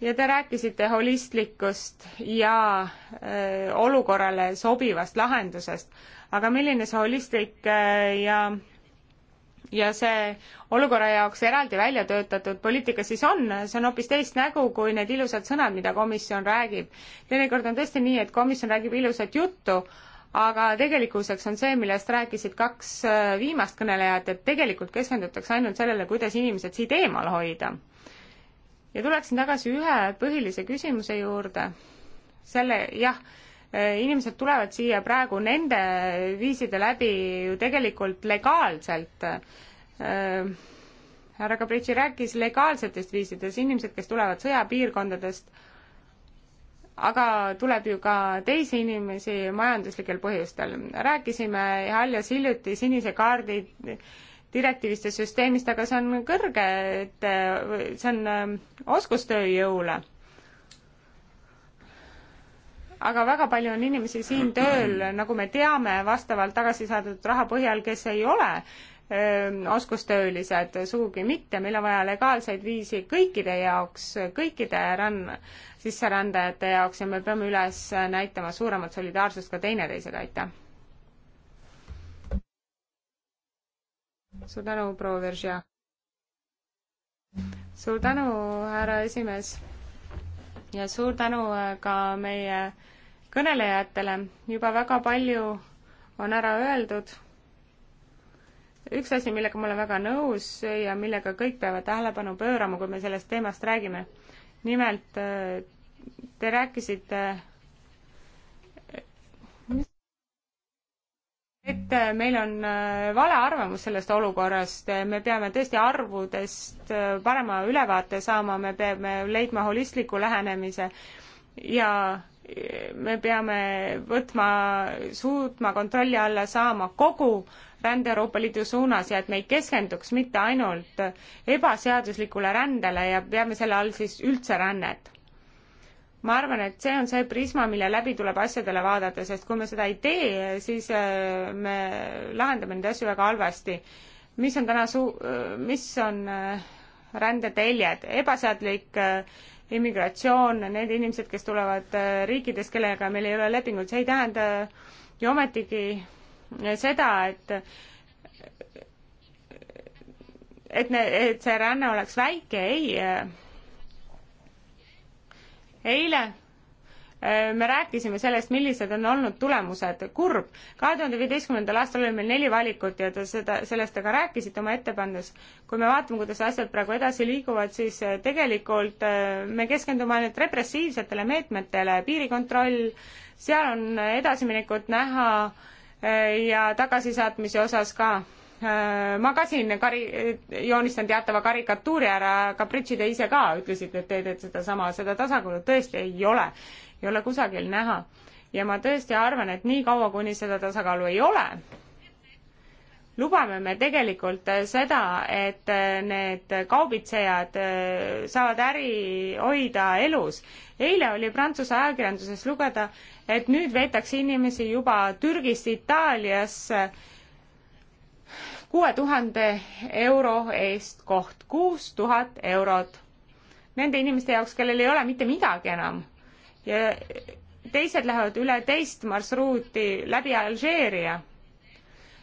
ja te rääkisite holistlikust ja öö, äh, olukorrale sobivast lahendusest, aga milline see holistlik öö, äh, ja ja see olukorra jaoks eraldi välja töötatud poliitika siis on, see on hoopis teist nägu kui need ilusad sõnad, mida komisjon räägib. teinekord on tõesti nii, et komisjon räägib ilusat juttu, aga tegelikkuseks on see, millest rääkisid kaks äh, viimast kõnelejat, et tegelikult keskendutakse ainult sellele, kuidas inimesed siit eemal hoida ja tuleksin tagasi ühe põhilise küsimuse juurde, selle jah, e, inimesed tulevad siia praegu nende viiside läbi ju tegelikult legaalselt äh,, härra Kabritši rääkis legaalsetest viisidest, inimesed, kes tulevad sõjapiirkondadest, aga tuleb ju ka teisi inimesi majanduslikel põhjustel. rääkisime Haljas hiljuti sinise kaardi äh, direktiivist ja süsteemist, aga see on kõrge, et see on ähm, oskustööjõule. aga väga palju on inimesi siin tööl, nagu me teame, vastavalt tagasi saadud raha põhjal, kes ei ole ähm, oskustöölised, sugugi mitte, meil on vaja legaalseid viisi kõikide jaoks, kõikide ränn-, sisserändajate jaoks ja me peame üles näitama suuremat solidaarsust ka teineteisega, aitäh! suur tänu, proua Veržia. suur tänu, härra esimees. ja suur tänu äh, ka meie kõnelejatele. juba väga palju on ära öeldud üks asi, millega ma olen väga nõus ja millega kõik peavad tähelepanu pöörama, kui me sellest teemast räägime. nimelt äh, te rääkisite et äh, meil on äh, vale arvamus sellest olukorrast, me peame tõesti arvudest äh, parema ülevaate saama, me peame leidma holistliku lähenemise ja me peame võtma, suutma kontrolli alla saama kogu rände Euroopa Liidu suunas ja et me ei keskenduks mitte ainult ebaseaduslikule rändele ja peame selle all siis üldse rännet ma arvan, et see on see prisma, mille läbi tuleb asjadele vaadata, sest kui me seda ei tee, siis äh, me lahendame neid asju väga halvasti. mis on täna su-, mis on äh, rändeteljed, ebaseadlik äh, immigratsioon, need inimesed, kes tulevad riikidest, kellega meil ei ole lepingut, see ei tähenda ju ometigi seda, et et ne-, et see ränne oleks väike, ei eile äh, me rääkisime sellest, millised on olnud tulemused, kurb. kahe tuhande viieteistkümnendal aastal oli meil neli valikut ja te seda, sellest te ka rääkisite oma ettepannes. kui me vaatame, kuidas asjad praegu edasi liiguvad, siis äh, tegelikult äh, me keskendume ainult repressiivsetele meetmetele, piirikontroll, seal on edasiminekut näha ja tagasisaatmise osas ka Äh, ma ka siin kari-, joonistan teatava karikatuuri ära, aga Bridži te ise ka ütlesite, et te teete sedasama, seda tasakaalu tõesti ei ole, ei ole kusagil näha. ja ma tõesti arvan, et niikaua, kuni seda tasakaalu ei ole, lubame me tegelikult äh, seda, et äh, need kaubitsejad saavad äri hoida elus. eile oli Prantsuse ajakirjanduses lugeda, et nüüd veetakse inimesi juba Türgist Itaaliasse kuue tuhande euro eest koht kuus tuhat eurot. Nende inimeste jaoks, kellel ei ole mitte midagi enam ja teised lähevad üle teist marsruuti läbi Alžeeria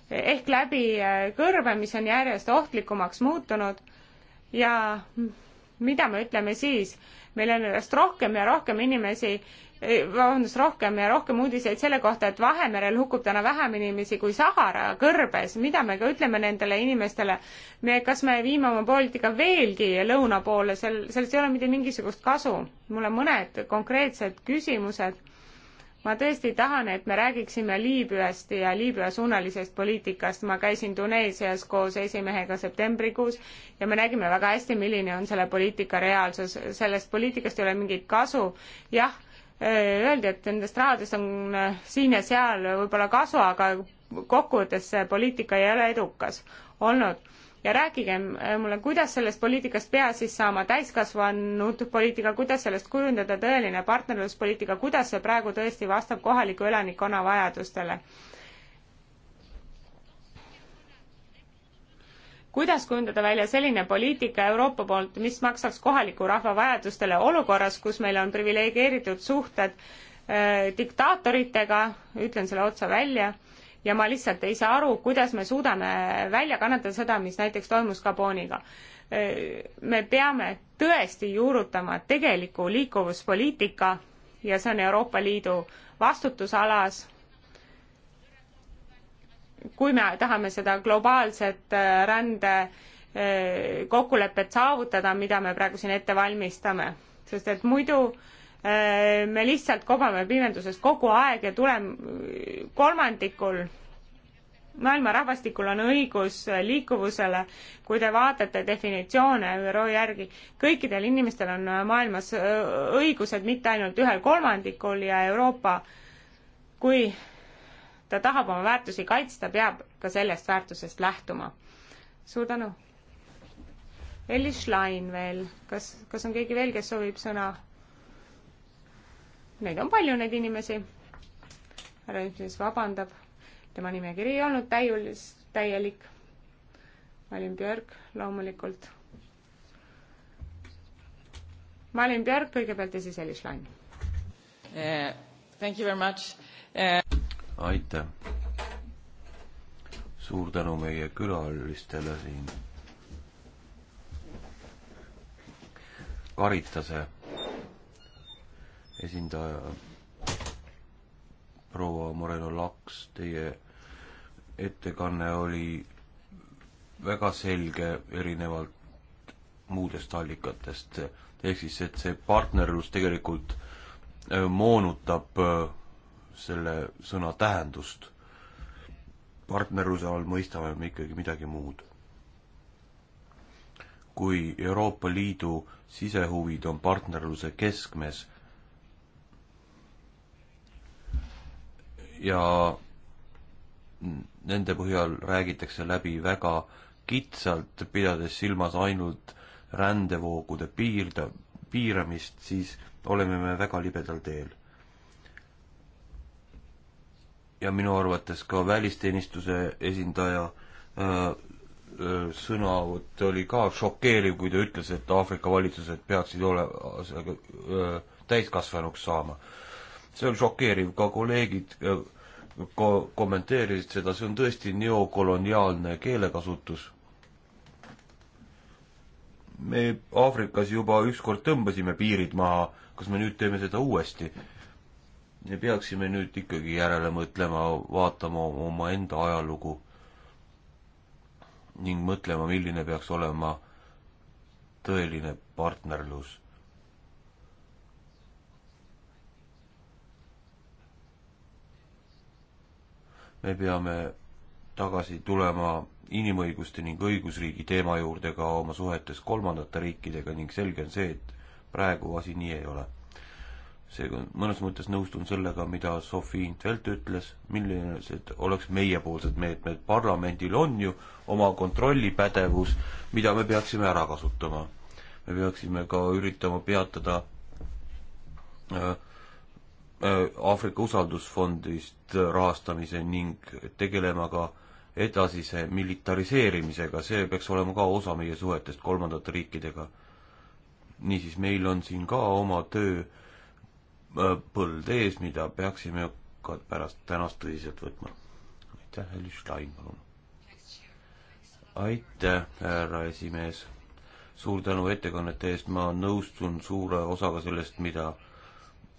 ehk läbi äh, kõrve, mis on järjest ohtlikumaks muutunud ja mida me ütleme siis, meil on järjest rohkem ja rohkem inimesi, vabandust, rohkem ja rohkem uudiseid selle kohta, et Vahemerel hukkub täna vähem inimesi kui Sahara kõrbes, mida me ka ütleme nendele inimestele, me, kas me viime oma poliitika veelgi lõuna poole, sel, sellest ei ole mitte mingisugust kasu. mul on mõned konkreetsed küsimused ma tõesti tahan, et me räägiksime Liibüast ja Liibüa-suunalisest poliitikast. ma käisin Tuneesias koos esimehega septembrikuus ja me nägime väga hästi, milline on selle poliitika reaalsus. sellest poliitikast ei ole mingit kasu. jah, öeldi, et nendest rahadest on siin ja seal võib-olla kasu, aga kokkuvõttes see poliitika ei ole edukas olnud ja rääkige äh, mulle, kuidas sellest poliitikast peab siis saama täiskasvanud poliitika, kuidas sellest kujundada tõeline partnerluspoliitika, kuidas see praegu tõesti vastab kohaliku elanikkonna vajadustele kuidas kujundada välja selline poliitika Euroopa poolt, mis maksaks kohaliku rahva vajadustele olukorras, kus meil on priviligeeritud suhted äh, diktaatoritega, ütlen selle otsa välja, ja ma lihtsalt ei saa aru, kuidas me suudame välja kannatada seda, mis näiteks toimus Gaboniga. me peame tõesti juurutama tegeliku liikuvuspoliitika ja see on Euroopa Liidu vastutusalas. kui me tahame seda globaalset äh, rände äh, kokkulepet saavutada, mida me praegu siin ette valmistame, sest et muidu äh, Äh, me lihtsalt kobame pimedusest kogu aeg ja tulem-, kolmandikul maailma rahvastikul on õigus liikuvusele, kui te vaatate definitsioone ÜRO järgi, kõikidel inimestel on maailmas äh, õigused mitte ainult ühel kolmandikul ja Euroopa, kui ta tahab oma väärtusi kaitsta, peab ka sellest väärtusest lähtuma. suur tänu! Elis Schlein veel, kas, kas on keegi veel, kes soovib sõna? Neid on palju, neid inimesi. härra Jüpsis vabandab, tema nimekiri ei olnud täiulis, täielik. ma olin Björk loomulikult. ma olin Björk kõigepealt ja siis Elis Lain uh,. Thank you very much uh.... aitäh. suur tänu meie külalistele siin Karitase esindaja proua Moreno Laks, teie ettekanne oli väga selge, erinevalt muudest allikatest, ehk siis, et see partnerlus tegelikult äh, moonutab äh, selle sõna tähendust. partnerluse all mõistame me ikkagi midagi muud kui Euroopa Liidu sisehuvid on partnerluse keskmes, ja nende põhjal räägitakse läbi väga kitsalt, pidades silmas ainult rändevoogude piirda, piiramist, siis oleme me väga libedal teel. ja minu arvates ka välisteenistuse esindaja öö, äh, äh, sõnavõtt oli ka šokeeriv, kui ta ütles, et Aafrika valitsused peaksid olema äh, täiskasvanuks saama see on šokeeriv, ka kolleegid äh, ko-, kommenteerisid seda, see on tõesti neokoloniaalne keelekasutus. me Aafrikas juba ükskord tõmbasime piirid maha, kas me nüüd teeme seda uuesti? me peaksime nüüd ikkagi järele mõtlema, vaatama omaenda ajalugu ning mõtlema, milline peaks olema tõeline partnerlus me peame tagasi tulema inimõiguste ning õigusriigi teema juurde ka oma suhetes kolmandate riikidega ning selge on see, et praegu asi nii ei ole. seega mõnes mõttes nõustun sellega, mida Sofi Intvelt ütles, millised oleks meiepoolsed meetmed, parlamendil on ju oma kontrollipädevus, mida me peaksime ära kasutama. me peaksime ka üritama peatada äh, Äh, Aafrika usaldusfondist äh, rahastamise ning tegelema ka edasise militariseerimisega, see peaks olema ka osa meie suhetest kolmandate riikidega. niisiis, meil on siin ka oma tööpõld äh, ees, mida peaksime ka pärast tänast tõsiselt võtma. aitäh, Elis Stein, palun! aitäh, härra esimees! suur tänu ettekannete eest, ma nõustun suure osaga sellest, mida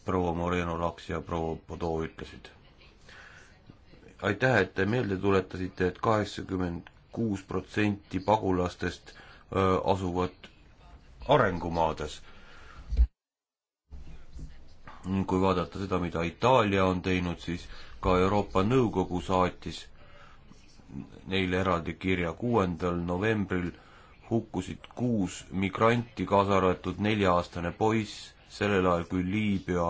proua Moreno Laks ja proua Bodo ütlesid. aitäh, et te meelde tuletasite et, et kaheksakümmend kuus protsenti pagulastest öö, asuvad arengumaades. kui vaadata seda, mida Itaalia on teinud, siis ka Euroopa Nõukogu saatis neile eraldi kirja kuuendal novembril hukkusid kuus migranti, kaasa arvatud nelja-aastane poiss sellel ajal, kui Liibüa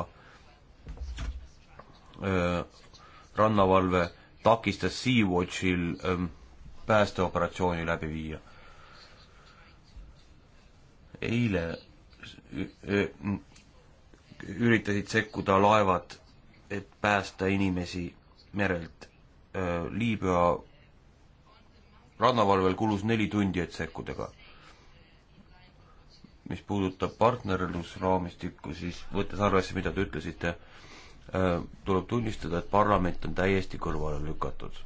äh, rannavalve takistas Sea-Watchil äh, päästeoperatsiooni läbi viia. eile üritasid sekkuda laevad, et päästa inimesi merelt. Liibüa rannavalvel kulus neli tundi, et sekkuda ka mis puudutab partnerlusraamistikku, siis võttes arvesse, mida te ütlesite, äh, tuleb tunnistada, et parlament on täiesti kõrvale lükatud.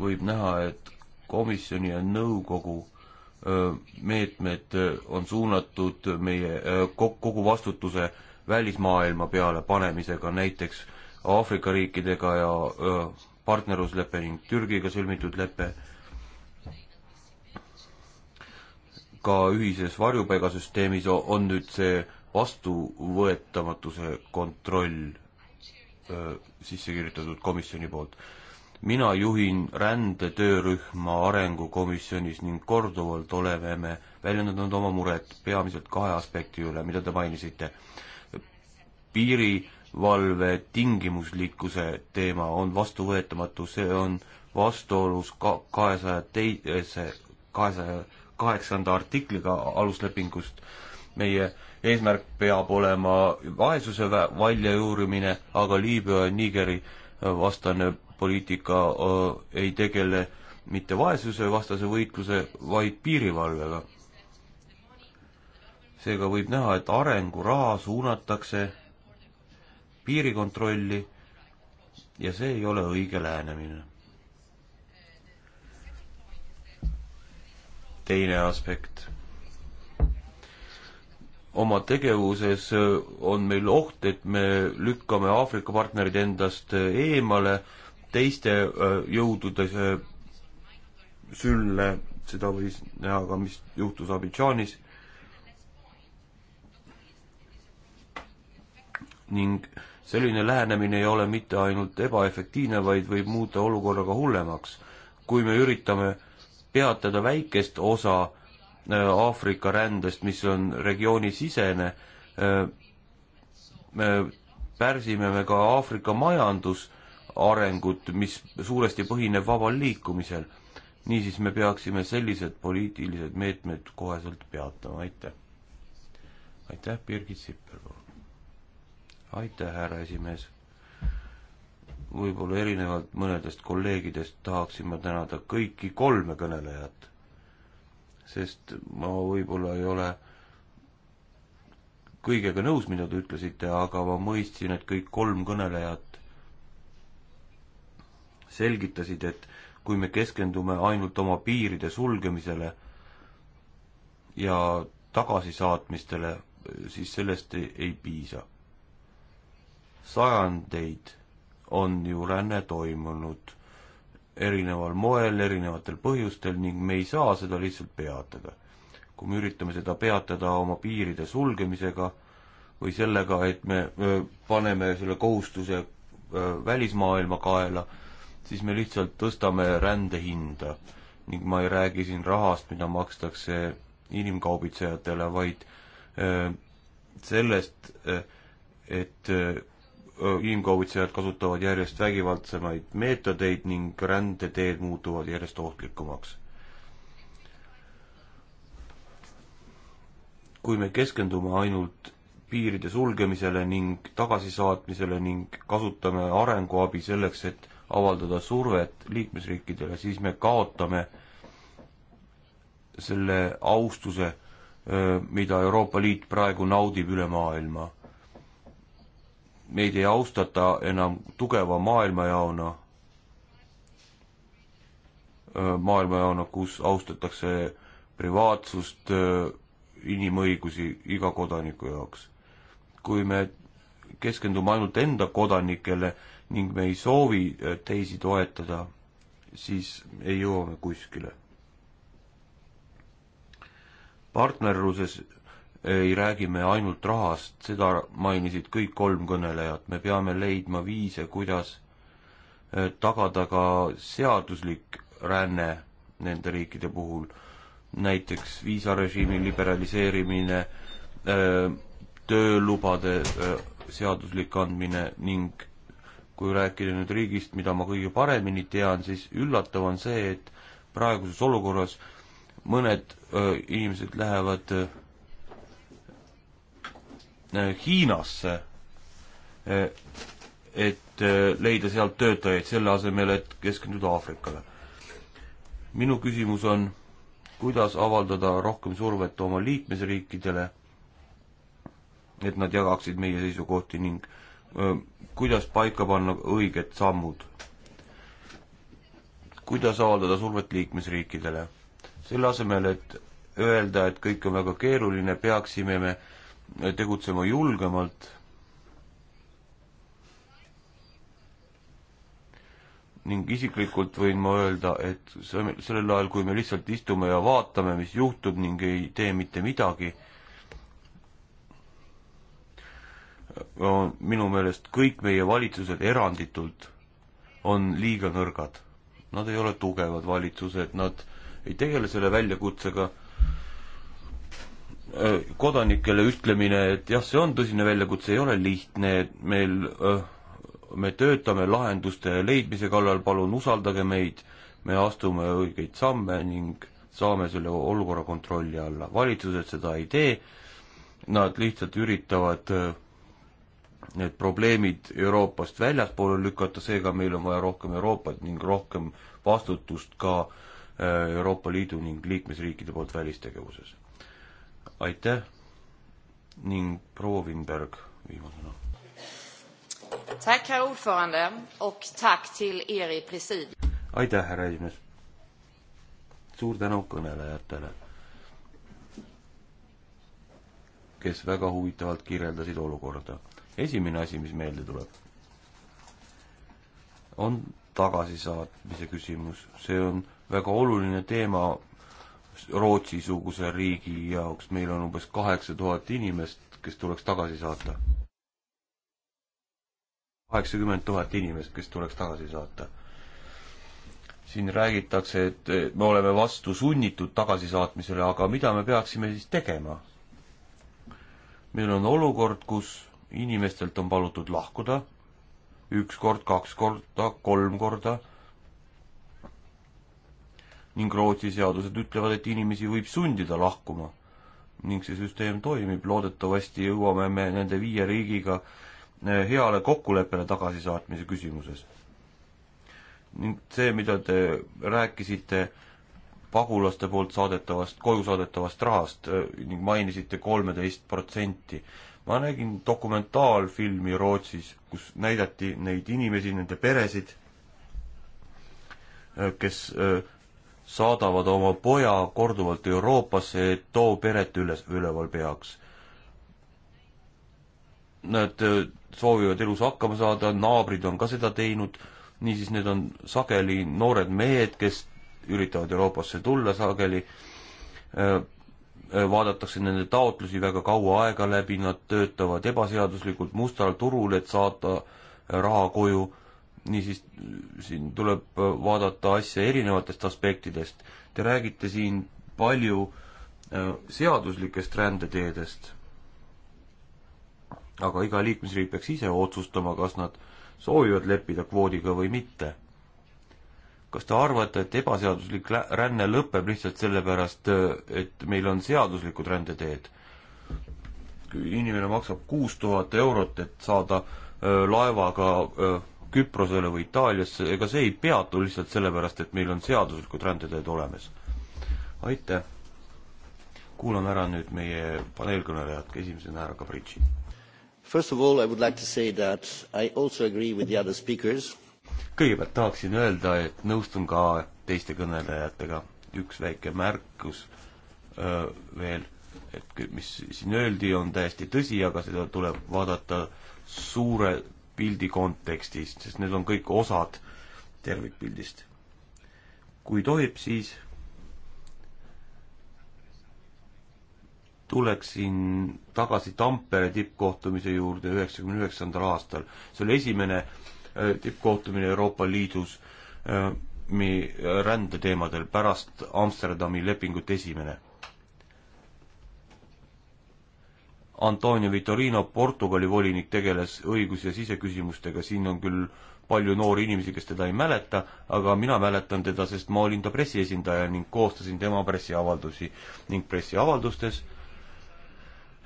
võib näha, et komisjoni ja nõukogu äh, meetmed äh, on suunatud meie kogu vastutuse välismaailma peale panemisega, näiteks Aafrika riikidega ja partnerluslepe ning Türgiga sõlmitud lepe ka ühises varjupaigasüsteemis on nüüd see vastuvõetamatuse kontroll öö, sisse kirjutatud komisjoni poolt. mina juhin rändetöörühma arengukomisjonis ning korduvalt oleme me väljendanud oma muret peamiselt kahe aspekti üle, mida te mainisite. piirivalve tingimuslikkuse teema on vastuvõetamatu, see on vastuolus ka kahesaja teise, kahesaja kaheksanda artikliga aluslepingust. meie eesmärk peab olema vaesuse väljajuurimine, aga Liibüa ja Nigeri äh, vastane poliitika äh, ei tegele mitte vaesusevastase võitluse, vaid piirivalvega. seega võib näha, et arenguraha suunatakse piirikontrolli ja see ei ole õige lähenemine. teine aspekt. oma tegevuses äh, on meil oht, et me lükkame Aafrika partnerid endast äh, eemale teiste äh, jõudude sülle, seda võis näha ka, mis juhtus Abidžaanis. ning selline lähenemine ei ole mitte ainult ebaefektiivne, vaid võib muuta olukorra ka hullemaks. kui me üritame äh, peatada väikest osa äh, Aafrika rändest, mis on regioonisisene, me äh, äh, pärsime me ka Aafrika majandusarengut, mis suuresti põhineb vabal liikumisel. niisiis me peaksime sellised poliitilised meetmed koheselt peatama, aitäh. aitäh, Birgit Sipper, palun. aitäh, härra esimees võib-olla erinevalt mõnedest kolleegidest tahaksin ma tänada kõiki kolme kõnelejat, sest ma võib-olla ei ole kõigega nõus, mida te ütlesite, aga ma mõistsin, et kõik kolm kõnelejat selgitasid, et kui me keskendume ainult oma piiride sulgemisele ja tagasisaatmistele, siis sellest ei, ei piisa. sajandeid on ju ränne toimunud erineval moel, erinevatel põhjustel ning me ei saa seda lihtsalt peatada. kui me üritame seda peatada oma piiride sulgemisega või sellega, et me paneme selle kohustuse välismaailma kaela, siis me lihtsalt tõstame rände hinda ning ma ei räägi siin rahast, mida makstakse inimkaubitsejatele, vaid sellest, et inimkaubitsejad kasutavad järjest vägivaldsemaid meetodeid ning rändeteed muutuvad järjest ohtlikumaks. kui me keskendume ainult piiride sulgemisele ning tagasisaatmisele ning kasutame arenguabi selleks, et avaldada survet liikmesriikidele, siis me kaotame selle austuse, mida Euroopa Liit praegu naudib üle maailma meid ei austata enam tugeva maailmajaona, maailmajaona, kus austatakse privaatsust, inimõigusi iga kodaniku jaoks. kui me keskendume ainult enda kodanikele ning me ei soovi teisi toetada, siis ei jõua me kuskile. partnerluses ei räägi me ainult rahast, seda mainisid kõik kolm kõnelejat, me peame leidma viise, kuidas eh, tagada ka seaduslik ränne nende riikide puhul, näiteks viisarežiimi liberaliseerimine, eh, töölubade eh, seaduslik andmine ning kui rääkida nüüd riigist, mida ma kõige paremini tean, siis üllatav on see, et praeguses olukorras mõned öö, inimesed lähevad öö, Äh, Hiinasse, äh, et äh, leida sealt töötajaid, selle asemel, et keskenduda Aafrikale. minu küsimus on, kuidas avaldada rohkem survet oma liikmesriikidele, et nad jagaksid meie seisukohti ning kuidas paika panna õiged sammud? kuidas avaldada survet liikmesriikidele? selle asemel, et öelda, et kõik on väga keeruline, peaksime me äh, tegutsema julgemalt ning isiklikult võin ma öelda, et sellel ajal, kui me lihtsalt istume ja vaatame, mis juhtub ning ei tee mitte midagi, on minu meelest kõik meie valitsused eranditult on liiga nõrgad. Nad ei ole tugevad valitsused, nad ei tegele selle väljakutsega Äh, kodanikele ütlemine, et jah, see on tõsine väljakutse, ei ole lihtne, et meil, äh, me töötame lahenduste leidmise kallal, palun usaldage meid, me astume õigeid samme ning saame selle olukorra kontrolli alla. valitsused seda ei tee, nad lihtsalt üritavad äh, need probleemid Euroopast väljapoole lükata, seega meil on vaja rohkem Euroopat ning rohkem vastutust ka Euroopa Liidu ning liikmesriikide poolt välistegevuses aitäh ning proua Winberg viimasena. Er aitäh, härra esimees. suur tänu kõnelejatele, kes väga huvitavalt kirjeldasid olukorda. esimene asi, mis meelde tuleb, on tagasisaatmise küsimus. see on väga oluline teema Rootsi-suguse riigi jaoks, meil on umbes kaheksa tuhat inimest, kes tuleks tagasi saata. kaheksakümmend tuhat inimest, kes tuleks tagasi saata. siin räägitakse, et me oleme vastu sunnitud tagasisaatmisele, aga mida me peaksime siis tegema? meil on olukord, kus inimestelt on palutud lahkuda üks kord, kaks korda, kolm korda ning Rootsi seadused ütlevad, et inimesi võib sundida lahkuma. ning see süsteem toimib, loodetavasti jõuame me nende viie riigiga eh, heale kokkuleppele tagasisaatmise küsimuses. ning see, mida te rääkisite pagulaste poolt saadetavast, koju saadetavast rahast eh, ning mainisite kolmeteist protsenti. ma nägin dokumentaalfilmi Rootsis, kus näidati neid inimesi, nende peresid, eh, kes saadavad oma poja korduvalt Euroopasse, et too peret üles, üleval peaks. Nad äh, soovivad elus hakkama saada, naabrid on ka seda teinud, niisiis need on sageli noored mehed, kes üritavad Euroopasse tulla sageli, äh, äh, vaadatakse nende taotlusi väga kaua aega läbi, nad töötavad ebaseaduslikult mustal turul, et saata raha koju niisiis, siin tuleb äh, vaadata asja erinevatest aspektidest. Te räägite siin palju äh, seaduslikest rändeteedest, aga iga liikmesriik peaks ise otsustama, kas nad soovivad leppida kvoodiga või mitte. kas te arvate, et ebaseaduslik ränne lõpeb lihtsalt sellepärast, äh, et meil on seaduslikud rändeteed? kui inimene maksab kuus tuhat eurot, et saada öö, laevaga öö, Küprosele või Itaaliasse, ega see ei peatu lihtsalt sellepärast, et meil on seaduslikud rändeteed olemas. aitäh! kuulame ära nüüd meie paneelkõnelejad, esimesena härra Gavritši. First of all I would like to say that I also agree with the other speakers. kõigepealt tahaksin öelda, et nõustun ka teiste kõnelejatega. üks väike märkus öö, veel, et mis siin öeldi, on täiesti tõsi, aga seda tuleb vaadata suure pildi kontekstist, sest need on kõik osad tervikpildist. kui tohib, siis tuleksin tagasi Tampere tippkohtumise juurde üheksakümne üheksandal aastal. see oli esimene äh, tippkohtumine Euroopa Liidus äh, äh, rändeteemadel pärast Amsterdami lepingut esimene Antonio Vitorino, Portugali volinik, tegeles õigus- ja siseküsimustega, siin on küll palju noori inimesi, kes teda ei mäleta, aga mina mäletan teda, sest ma olin ta pressiesindaja ning koostasin tema pressiavaldusi ning pressiavaldustes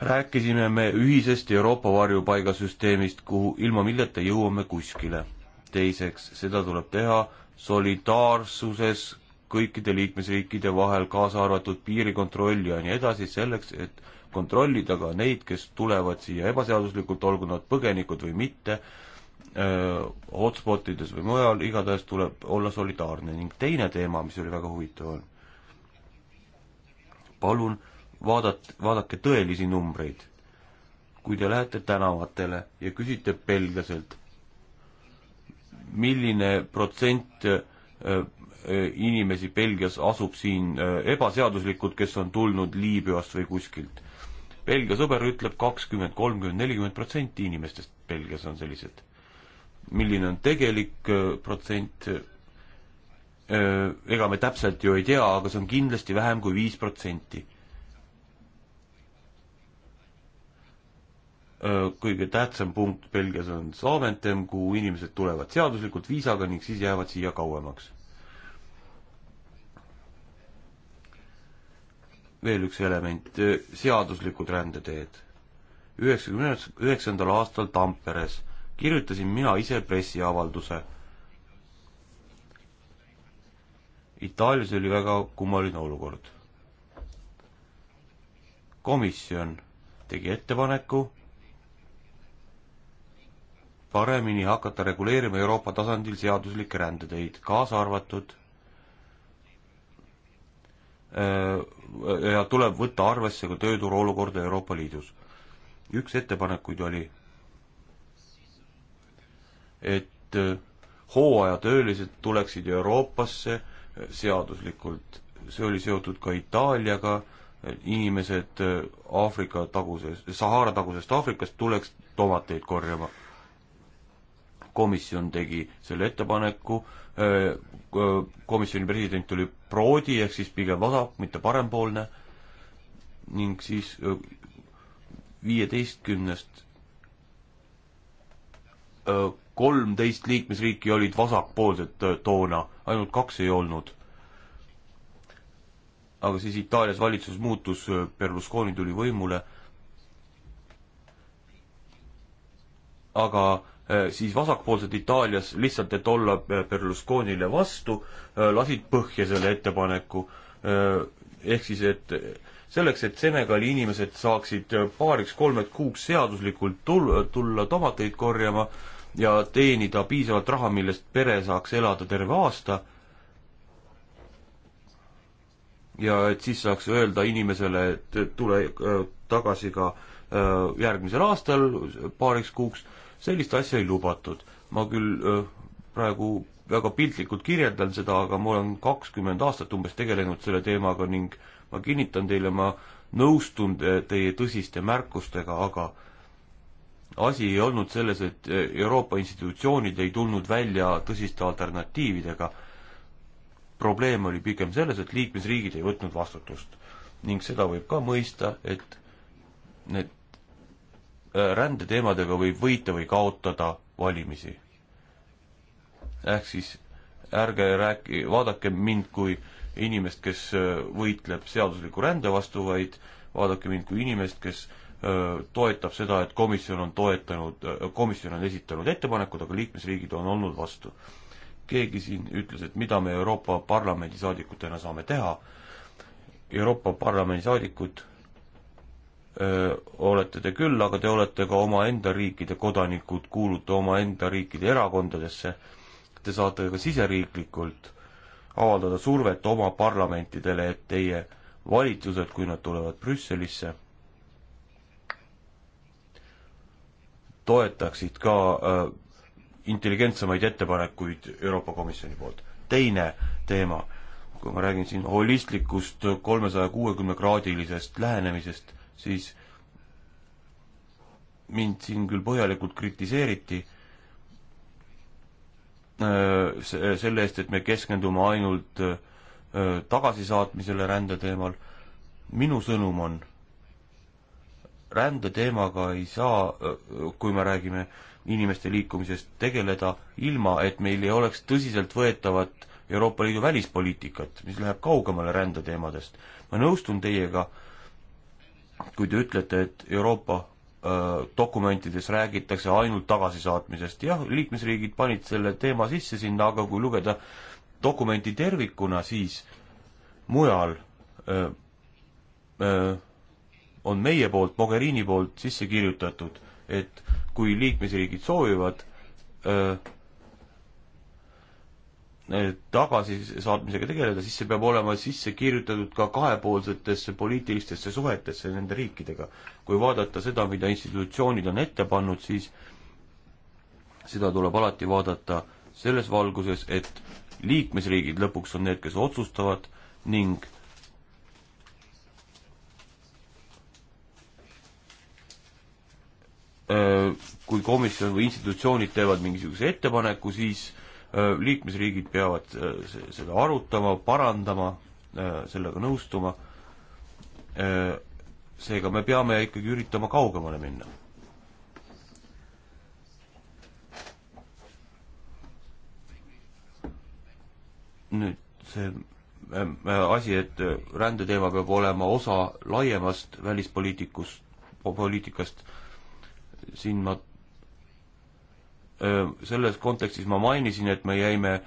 rääkisime me ühisest Euroopa varjupaigasüsteemist, kuhu ilma milleta jõuame kuskile. teiseks, seda tuleb teha solidaarsuses kõikide liikmesriikide vahel, kaasa arvatud piirikontroll ja nii edasi, selleks, et kontrollida ka neid, kes tulevad siia ebaseaduslikult, olgu nad põgenikud või mitte, hotspotides või mujal, igatahes tuleb olla solidaarne ning teine teema, mis oli väga huvitav, on palun vaadat-, vaadake tõelisi numbreid. kui te lähete tänavatele ja küsite belglaselt, milline protsent inimesi Belgias asub siin ebaseaduslikult, kes on tulnud Liibüast või kuskilt. Belgia sõber ütleb kakskümmend, kolmkümmend, nelikümmend protsenti inimestest Belgias on sellised. milline on tegelik äh, protsent? Äh, ega me täpselt ju ei tea, aga see on kindlasti vähem kui viis protsenti. Äh, kõige tähtsam punkt Belgias on Saaventem, kuhu inimesed tulevad seaduslikult viisaga ning siis jäävad siia kauemaks veel üks element, seaduslikud rändeteed. üheksakümne üheksandal aastal Tamperes kirjutasin mina ise pressiavalduse. Itaalias oli väga kummaline olukord. komisjon tegi ettepaneku paremini hakata reguleerima Euroopa tasandil seaduslikke rändeteid, kaasa arvatud Äh, ja tuleb võtta arvesse ka tööturu olukorda Euroopa Liidus. üks ettepanekuid oli, et äh, hooajatöölised tuleksid Euroopasse äh, seaduslikult, see oli seotud ka Itaaliaga, inimesed Aafrika taguses, Sahara tagusest Aafrikast tuleks tomateid korjama. komisjon tegi selle ettepaneku, komisjoni president oli proodi ehk siis pigem vasak, mitte parempoolne ning siis viieteistkümnest kolmteist liikmesriiki olid vasakpoolsed toona, ainult kaks ei olnud. aga siis Itaalias valitsus muutus, Berlusconi tuli võimule. aga Äh, siis vasakpoolsed Itaalias lihtsalt, et olla äh, Berlusconile vastu, äh, lasid põhja selle ettepaneku. ehk siis, et selleks, et Senegali inimesed saaksid paariks-kolmeks kuuks seaduslikult tul-, tulla tomateid korjama ja teenida piisavalt raha, millest pere saaks elada terve aasta, ja et siis saaks öelda inimesele, et tule tagasi ka järgmisel aastal paariks kuuks sellist asja ei lubatud. ma küll praegu väga piltlikult kirjeldan seda, aga ma olen kakskümmend aastat umbes tegelenud selle teemaga ning ma kinnitan teile, ma nõustun teie tõsiste märkustega, aga asi ei olnud selles, et e, Euroopa institutsioonid ei tulnud välja tõsiste alternatiividega. probleem oli pigem selles, et liikmesriigid ei võtnud vastutust ning seda võib ka mõista, et need Äh, rändeteemadega võib võita või kaotada valimisi. ehk siis ärge rääki, vaadake mind kui inimest, kes äh, võitleb seadusliku rände vastu, vaid vaadake mind kui inimest, kes äh, toetab seda, et komisjon on toetanud, komisjon on esitanud ettepanekud, aga liikmesriigid on olnud vastu. keegi siin ütles, et mida me Euroopa Parlamendi saadikutena saame teha. Euroopa Parlamendi saadikud öö, olete te küll, aga te olete ka omaenda riikide kodanikud, kuulute omaenda riikide erakondadesse. Te saate ka siseriiklikult avaldada survet oma parlamentidele, et teie valitsused, kui nad tulevad Brüsselisse, toetaksid ka öö, intelligentsemaid ettepanekuid Euroopa Komisjoni poolt. teine teema, kui ma räägin siin holistlikust kolmesaja kuuekümne kraadilisest lähenemisest siis mind siin küll põhjalikult kritiseeriti äh, selle eest, et me keskendume ainult äh, tagasisaatmisele rände teemal. minu sõnum on, rände teemaga ei saa, äh, kui me räägime inimeste liikumisest, tegeleda ilma, et meil ei oleks tõsiseltvõetavat Euroopa Liidu välispoliitikat, mis läheb kaugemale rändeteemadest. ma nõustun teiega, kui te ütlete, et Euroopa öö, äh, dokumentides räägitakse ainult tagasisaatmisest, jah, liikmesriigid panid selle teema sisse sinna, aga kui lugeda dokumenti tervikuna, siis mujal öö, äh, öö, äh, on meie poolt, Mogherini poolt sisse kirjutatud, et kui liikmesriigid soovivad öö, tagasisaatmisega tegeleda, siis see peab olema sisse kirjutatud ka kahepoolsetesse poliitilistesse suhetesse nende riikidega. kui vaadata seda, mida institutsioonid on ette pannud, siis seda tuleb alati vaadata selles valguses, et liikmesriigid lõpuks on need, kes otsustavad ning äh, kui komisjon või institutsioonid teevad mingisuguse ettepaneku, siis liikmesriigid peavad seda arutama, parandama, sellega nõustuma, seega me peame ikkagi üritama kaugemale minna. nüüd see asi, et rändeteema peab olema osa laiemast välispoliitikust, poliitikast, siin ma selles kontekstis ma mainisin, et me jäime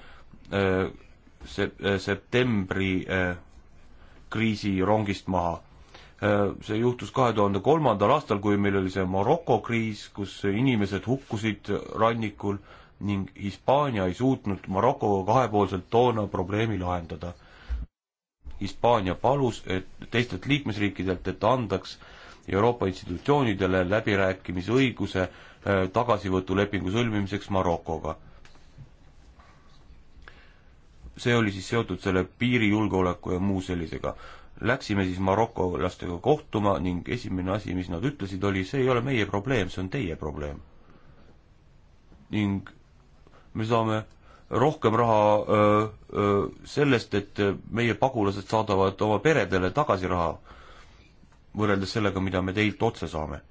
se-, septembri kriisirongist maha. See juhtus kahe tuhande kolmandal aastal, kui meil oli see Maroko kriis, kus inimesed hukkusid rannikul ning Hispaania ei suutnud Marokoga kahepoolselt toona probleemi lahendada. Hispaania palus, et teistelt liikmesriikidelt, et andaks Euroopa institutsioonidele läbirääkimisõiguse äh, Äh, tagasivõtulepingu sõlmimiseks Marokoga. see oli siis seotud selle piirijulgeoleku ja muu sellisega. Läksime siis marokolastega kohtuma ning esimene asi, mis nad ütlesid, oli see ei ole meie probleem, see on teie probleem. ning me saame rohkem raha öö, äh, öö, äh, sellest, et meie pagulased saadavad oma peredele tagasi raha, võrreldes sellega, mida me teilt otse saame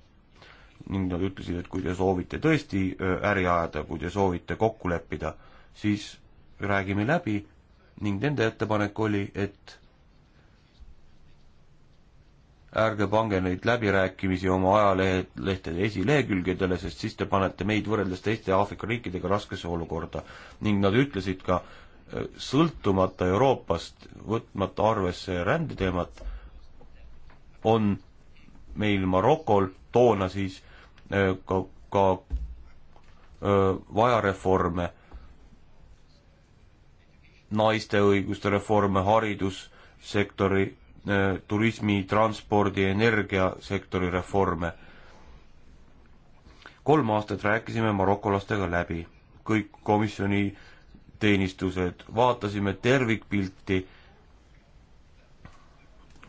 ning nad ütlesid, et kui te soovite tõesti äri ajada, kui te soovite kokku leppida, siis räägime läbi ning nende ettepanek oli, et ärge pange neid läbirääkimisi oma ajalehtede esilehekülgedele, sest siis te panete meid võrreldes teiste Aafrika riikidega raskesse olukorda. ning nad ütlesid ka, sõltumata Euroopast, võtmata arvesse rändeteemat, on meil Marokol toona siis ka, ka vaja reforme, naiste õiguste reforme, haridussektori, turismi, transpordi, energiasektori reforme. kolm aastat rääkisime marokolastega läbi, kõik komisjoni teenistused, vaatasime tervikpilti,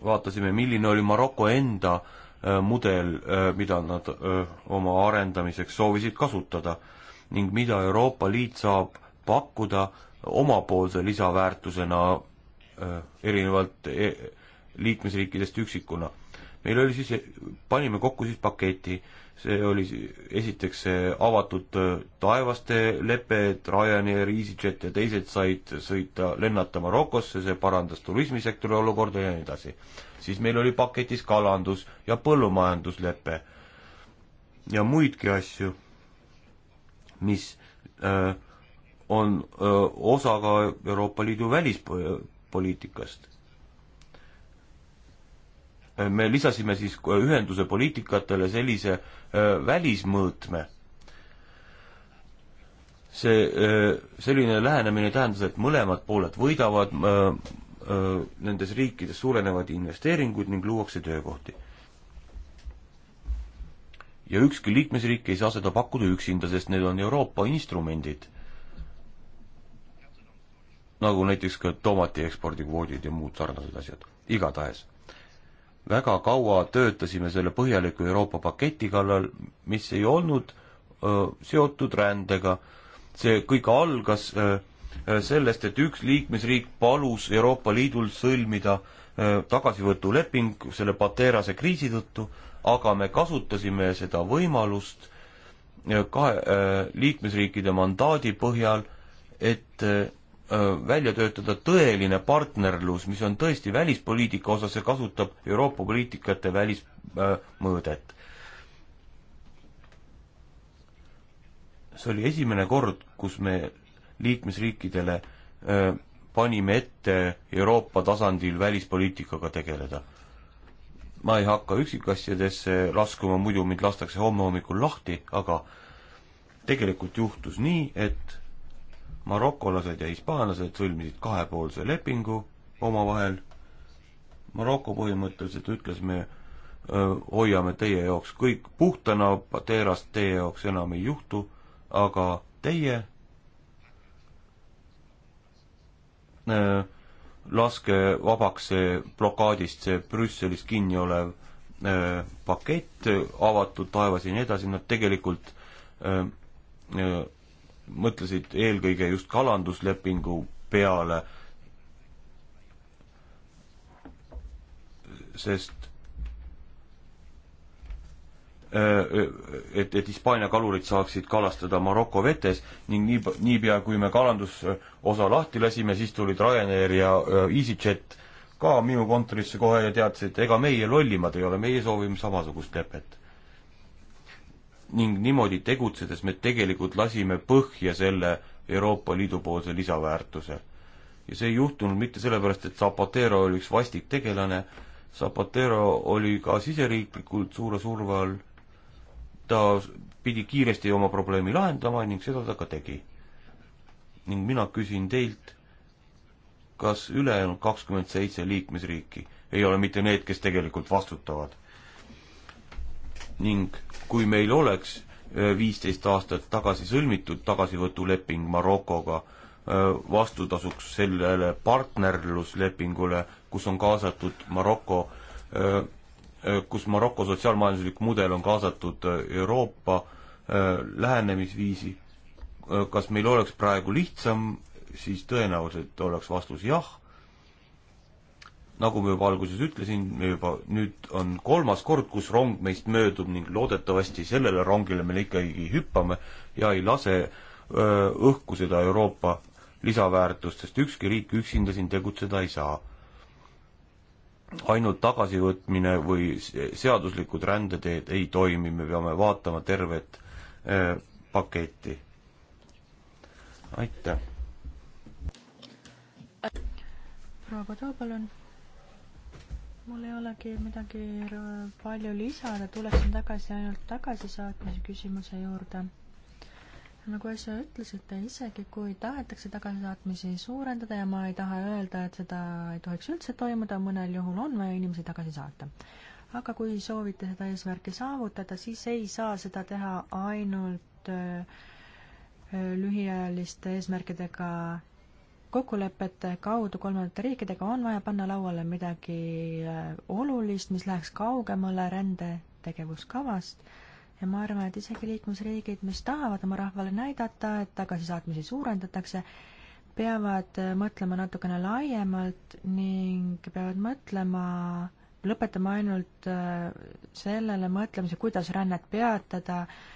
vaatasime, milline oli Maroko enda äh, Äh, mudel, äh, mida nad äh, oma arendamiseks soovisid kasutada ning mida Euroopa Liit saab pakkuda omapoolse lisaväärtusena erinevalt e, liikmesriikidest üksikuna. meil oli siis, panime kokku siis paketi, see oli esiteks see avatud äh, taevaste lepe, et Ryanair, EasyJet ja teised said sõita, lennata Marokosse, see parandas turismisektori olukorda ja nii edasi. siis meil oli paketis kalandus ja põllumajanduslepe ja muidki asju, mis öö, äh, on öö, äh, osa ka Euroopa Liidu välispoliitikast me lisasime siis ühenduse poliitikatele sellise välismõõtme. see, selline lähenemine tähendas, et mõlemad pooled võidavad, nendes riikides suurenevad investeeringud ning luuakse töökohti. ja ükski liikmesriik ei saa seda pakkuda üksinda, sest need on Euroopa instrumendid, nagu näiteks ka tomati ekspordikvoodid ja muud sarnased asjad, igatahes väga kaua töötasime selle põhjaliku Euroopa paketi kallal, mis ei olnud öö, seotud rändega. see kõik algas öö, sellest, et üks liikmesriik palus Euroopa Liidul sõlmida öö, tagasivõtuleping selle Paterase kriisi tõttu, aga me kasutasime seda võimalust öö, kahe öö, liikmesriikide mandaadi põhjal, et öö, välja töötada tõeline partnerlus, mis on tõesti välispoliitika osas ja kasutab Euroopa poliitikate välismõõdet. see oli esimene kord, kus me liikmesriikidele panime ette Euroopa tasandil välispoliitikaga tegeleda. ma ei hakka üksikasjadesse laskuma, muidu mind lastakse homme hommikul lahti, aga tegelikult juhtus nii, et marokolased ja hispaanlased sõlmisid kahepoolse lepingu omavahel. Maroko põhimõtteliselt ütles, me öö, hoiame teie jaoks kõik puhtana, Paterast teie jaoks enam ei juhtu, aga teie öö, laske vabaks see blokaadist, see Brüsselis kinni olev öö, pakett, avatud taevas ja nii edasi, nad tegelikult öö, öö, mõtlesid eelkõige just kalanduslepingu peale, sest äh, äh, et, et Hispaania kalurid saaksid kalastada Maroko vetes ning nii, niipea kui me kalandusosa lahti lasime, siis tulid Ryanair ja äh, EasyJet ka minu kontorisse kohe ja teatasid, ega meie lollimad ei ole, meie soovime samasugust lepet ning niimoodi tegutsedes me tegelikult lasime põhja selle Euroopa Liidu poolse lisaväärtuse. ja see ei juhtunud mitte sellepärast, et Zapatero oli üks vastik tegelane, Zapatero oli ka siseriiklikult suure surve all, ta pidi kiiresti oma probleemi lahendama ning seda ta ka tegi. ning mina küsin teilt, kas ülejäänud kakskümmend seitse liikmesriiki ei ole mitte need, kes tegelikult vastutavad ning kui meil oleks äh, viisteist aastat tagasi sõlmitud tagasivõtuleping Marokoga äh, vastutasuks sellele partnerluslepingule, kus on kaasatud Maroko, äh, kus Maroko sotsiaalmajanduslik mudel on kaasatud Euroopa lähenemisviisi, kas meil oleks praegu lihtsam, siis tõenäoliselt oleks vastus jah nagu ma juba alguses ütlesin, me juba nüüd on kolmas kord, kus rong meist möödub ning loodetavasti sellele rongile me ikkagi hüppame ja ei lase öö, õhku seda Euroopa lisaväärtust, sest ükski riik üksinda siin tegutseda ei saa. ainult tagasivõtmine või seaduslikud rändeteed ei toimi, me peame vaatama tervet öö, paketti. aitäh. proua Kodo, palun mul ei olegi midagi palju lisada, tuleksin tagasi ainult tagasisaatmise küsimuse juurde. nagu äsja ütlesite, isegi kui tahetakse tagasisaatmisi suurendada ja ma ei taha öelda, et seda ei tohiks üldse toimuda, mõnel juhul on vaja inimesi tagasi saata. aga kui soovite seda eesmärki saavutada, siis ei saa seda teha ainult äh, äh, lühiajaliste eesmärkidega kokkulepete kaudu kolmandate riikidega on vaja panna lauale midagi äh, olulist, mis läheks kaugemale rände tegevuskavast ja ma arvan, et isegi liikmesriigid, mis tahavad oma rahvale näidata, et tagasisaatmisi suurendatakse, peavad äh, mõtlema natukene laiemalt ning peavad mõtlema, lõpetama ainult äh, sellele mõtlemise, kuidas rännet peatada äh,,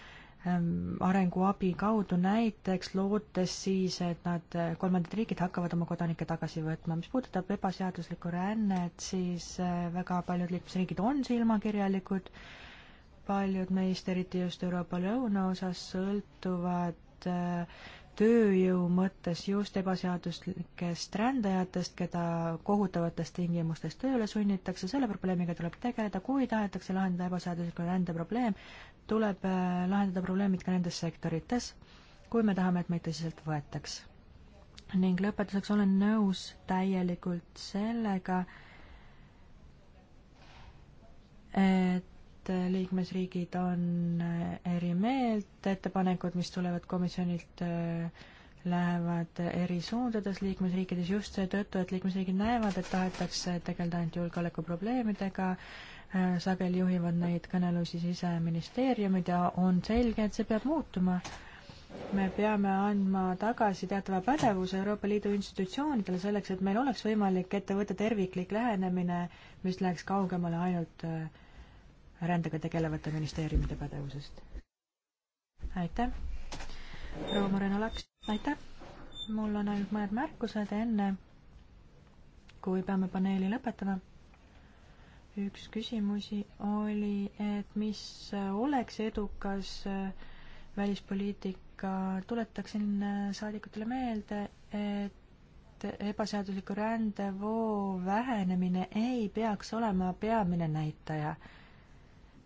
Ähm, arenguabi kaudu näiteks, lootes siis, et nad, äh, kolmandad riigid hakkavad oma kodanikke tagasi võtma. mis puudutab ebaseaduslikku rännet, siis äh, väga paljud liikmesriigid on silmakirjalikud, paljud meist, eriti just Euroopa lõunaosas, sõltuvad äh, tööjõu mõttes just ebaseaduslikest rändajatest, keda kohutavates tingimustes tööle sunnitakse, selle probleemiga tuleb tegeleda, kui tahetakse lahendada ebaseadusliku rände probleem, tuleb äh, lahendada probleemid ka nendes sektorites, kui me tahame, et meid tõsiselt võetaks. ning lõpetuseks olen nõus täielikult sellega, et liikmesriigid on äh, eri meelt, ettepanekud, mis tulevad komisjonilt, äh, lähevad eri suundades liikmesriikides just seetõttu, et liikmesriigid näevad, et tahetakse tegeleda ainult julgeolekuprobleemidega Äh, sageli juhivad neid kõnelusi siseministeeriumid ja on selge, et see peab muutuma. me peame andma tagasi teatava pädevuse Euroopa Liidu institutsioonidele selleks, et meil oleks võimalik ette võtta terviklik lähenemine, mis läheks kaugemale ainult äh, rändega tegelevate ministeeriumide pädevusest. aitäh, proua Moreno Laks, aitäh! mul on ainult mõned märkused enne, kui peame paneeli lõpetama üks küsimusi oli, et mis oleks edukas äh, välispoliitika, tuletaksin äh, saadikutele meelde, et ebaseadusliku rändevoo vähenemine ei peaks olema peamine näitaja,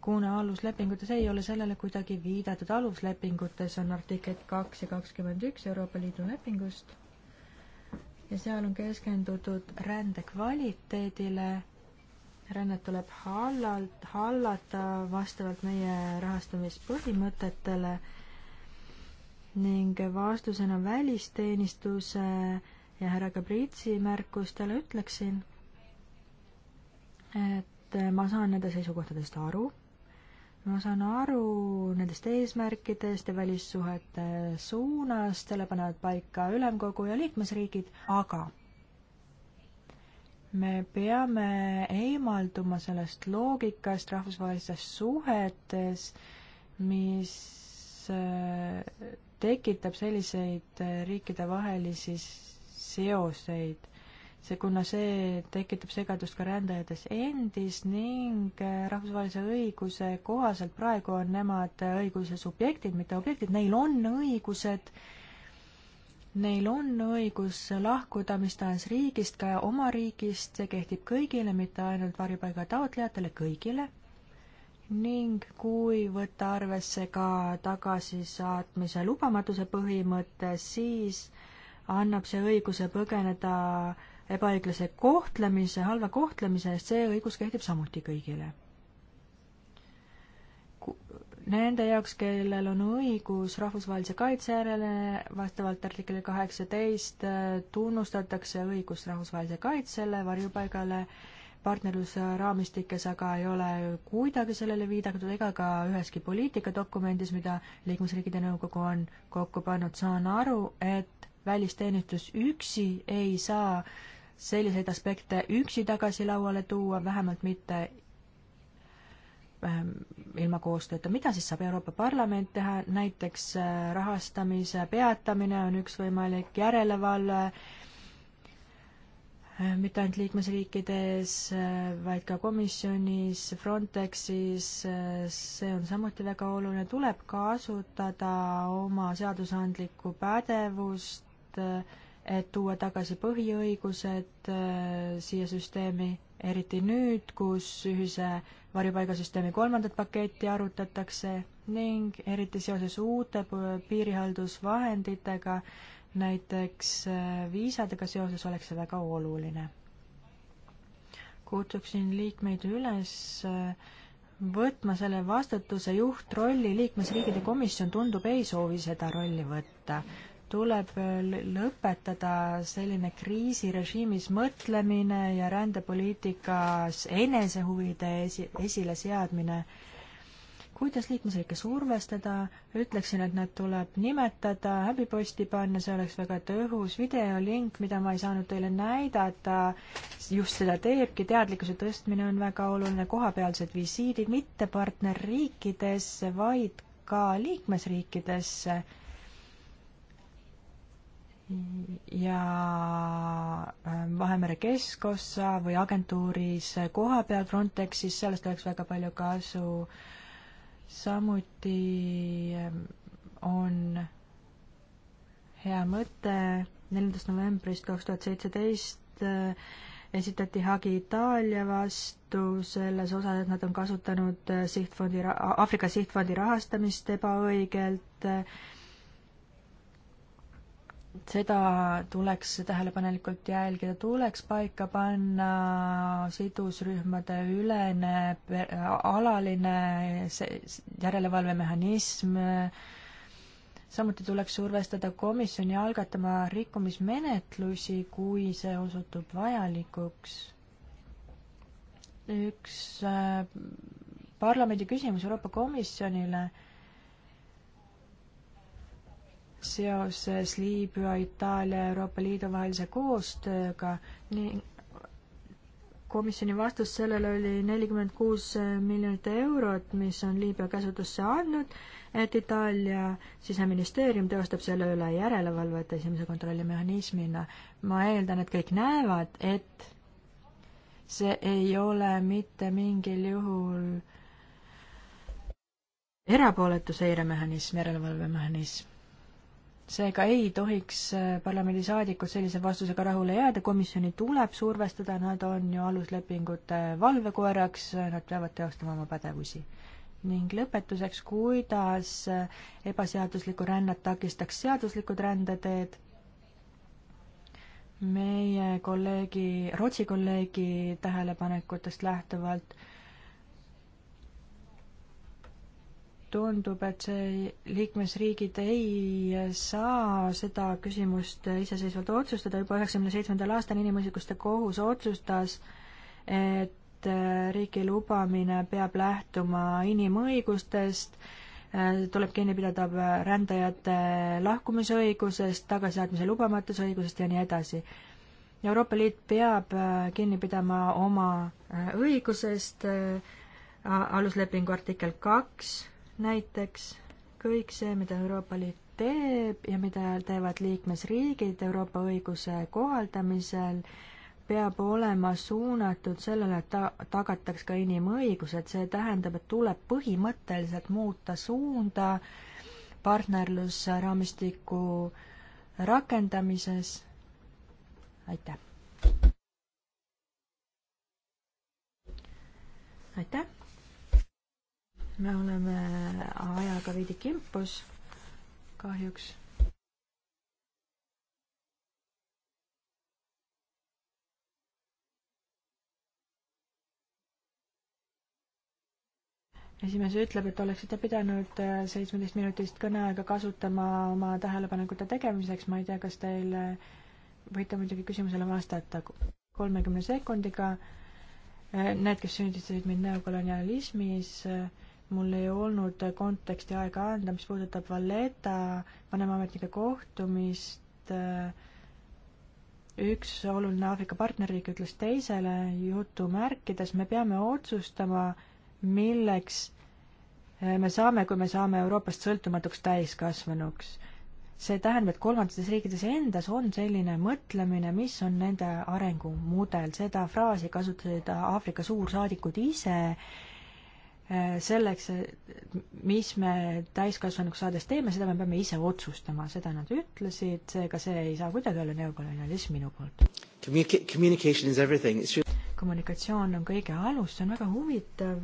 kuna aluslepingutes ei ole sellele kuidagi viidatud. aluslepingutes on artiklid kaks ja kakskümmend üks Euroopa Liidu lepingust ja seal on keskendutud rände kvaliteedile rännet tuleb hallalt, hallata vastavalt meie rahastamispõhimõtetele ning vastusena välisteenistuse ja härra Gabritsi märkustele ütleksin, et ma saan nende seisukohtadest aru, ma saan aru nendest eesmärkidest ja välissuhete suunast, selle panevad paika ülemkogu ja liikmesriigid, aga me peame eemalduma sellest loogikast rahvusvahelistes suhetes, mis äh, tekitab selliseid äh, riikidevahelisi seoseid. see, kuna see tekitab segadust ka rändajates endis ning äh, rahvusvahelise õiguse kohaselt praegu on nemad õiguse subjektid, mitte objektid, neil on õigused äh, Neil on õigus lahkuda mis tahes riigist, ka oma riigist, see kehtib kõigile, mitte ainult varjupaiga taotlejatele, kõigile. ning kui võtta arvesse ka tagasisaatmise lubamatuse põhimõte, siis annab see õiguse põgeneda ebaõiglase kohtlemise, halva kohtlemise eest, see õigus kehtib samuti kõigile nende jaoks, kellel on õigus rahvusvahelise kaitse järele, vastavalt artiklile kaheksateist tunnustatakse õigus rahvusvahelise kaitsele, varjupaigale, partnerlusraamistikes aga ei ole kuidagi sellele viidatud ega ka üheski poliitikadokumendis, mida liikmesriikide nõukogu on kokku pannud, saan aru, et välisteenistus üksi ei saa selliseid aspekte üksi tagasi lauale tuua, vähemalt mitte Ähm, ilma koostööta. mida siis saab Euroopa Parlament teha, näiteks äh, rahastamise peatamine on üks võimalik, järelevalve, äh, mitte ainult liikmesriikides, äh, vaid ka komisjonis, Frontexis, see on samuti väga oluline, tuleb kasutada oma seadusandlikku pädevust, et tuua tagasi põhiõigused siia süsteemi eriti nüüd, kus ühise varjupaigasüsteemi kolmandat paketti arutatakse ning eriti seoses uute piirihaldusvahenditega, näiteks äh, viisadega seoses oleks see väga oluline. kutsuksin liikmeid üles äh, võtma selle vastutuse juhtrolli, liikmesriigide komisjon tundub ei soovi seda rolli võtta tuleb äh, lõpetada selline kriisirežiimis mõtlemine ja rändepoliitikas enesehuvide esi, esileseadmine. kuidas liikmesriike survestada, ütleksin, et nad tuleb nimetada, häbiposti panna, see oleks väga tõhus, videolink, mida ma ei saanud teile näidata, just seda teebki, teadlikkuse tõstmine on väga oluline, kohapealsed visiidid mitte partnerriikidesse, vaid ka liikmesriikidesse ja äh, Vahemere Keskossa või agentuuris koha peal Frontexis, sellest oleks väga palju kasu. samuti ähm, on hea mõte, neljandast novembrist kaks tuhat seitseteist äh, esitati hagi Itaalia vastu selles osas, et nad on kasutanud äh, sihtfondi, Aafrika sihtfondi rahastamist ebaõigelt seda tuleks tähelepanelikult jälgida, tuleks paika panna sidusrühmade ülene alaline järelevalvemehhanism, samuti tuleks survestada komisjoni algatama rikkumismenetlusi, kui see osutub vajalikuks. üks äh, parlamendi küsimus Euroopa Komisjonile seoses Liibüa, Itaalia, Euroopa Liidu vahelise koostööga ning komisjoni vastus sellele oli nelikümmend kuus miljonit eurot, mis on Liibüa käsutusse andnud, et Itaalia siseministeerium teostab selle üle järelevalvet esimese kontrollimehhanismina. ma eeldan, et kõik näevad, et see ei ole mitte mingil juhul erapooletu seiremehhanism, järelevalvemehhanism seega ei tohiks äh, parlamendisaadikud sellise vastusega rahule jääda, komisjoni tuleb survestada, nad on ju aluslepingute valvekoeraks, nad peavad teostama oma pädevusi. ning lõpetuseks, kuidas äh, ebaseaduslikku rännet takistaks seaduslikud rändeteed? meie kolleegi, Rootsi kolleegi tähelepanekutest lähtuvalt äh, tundub, et see liikmesriigid ei saa seda küsimust iseseisvalt otsustada, juba üheksakümne seitsmendal aastal Inimõiguste Kohus otsustas, et äh, riigi lubamine peab lähtuma inimõigustest, äh, tuleb kinni pidada rändajate lahkumisõigusest, tagasisaatmise lubamatusõigusest ja nii edasi Euroopa Liit peab äh, kinni pidama oma õigusest, aluslepingu artikkel kaks näiteks kõik see, mida Euroopa Liit teeb ja mida teevad liikmesriigid Euroopa õiguse kohaldamisel, peab olema suunatud sellele, et ta-, tagataks ka inimõigused, see tähendab, et tuleb põhimõtteliselt muuta suunda partnerlusraamistiku rakendamises, aitäh! aitäh! me oleme ajaga veidi kimpus kahjuks. esimees ütleb, et oleksite pidanud äh, seitsmeteist minutist kõneaega kasutama oma tähelepanekute tegemiseks, ma ei tea, kas teil, äh, võite muidugi küsimusele vastata kolmekümne sekundiga. Äh, need, kes süüdistasid mind neokolonialismis äh,, mul ei olnud konteksti aega anda, mis puudutab Valletta vanemametnike kohtumist, üks oluline Aafrika partnerriik ütles teisele jutumärkides, me peame otsustama, milleks me saame, kui me saame Euroopast sõltumatuks täiskasvanuks. see tähendab, et kolmandates riikides endas on selline mõtlemine, mis on nende arengumudel, seda fraasi kasutasid Aafrika suursaadikud ise Äh, selleks, mis me täiskasvanuks saades teeme, seda me peame ise otsustama, seda nad ütlesid, seega see ei saa kuidagi olla neokolonialism minu poolt. kommunikatsioon on kõige alus, see on väga huvitav.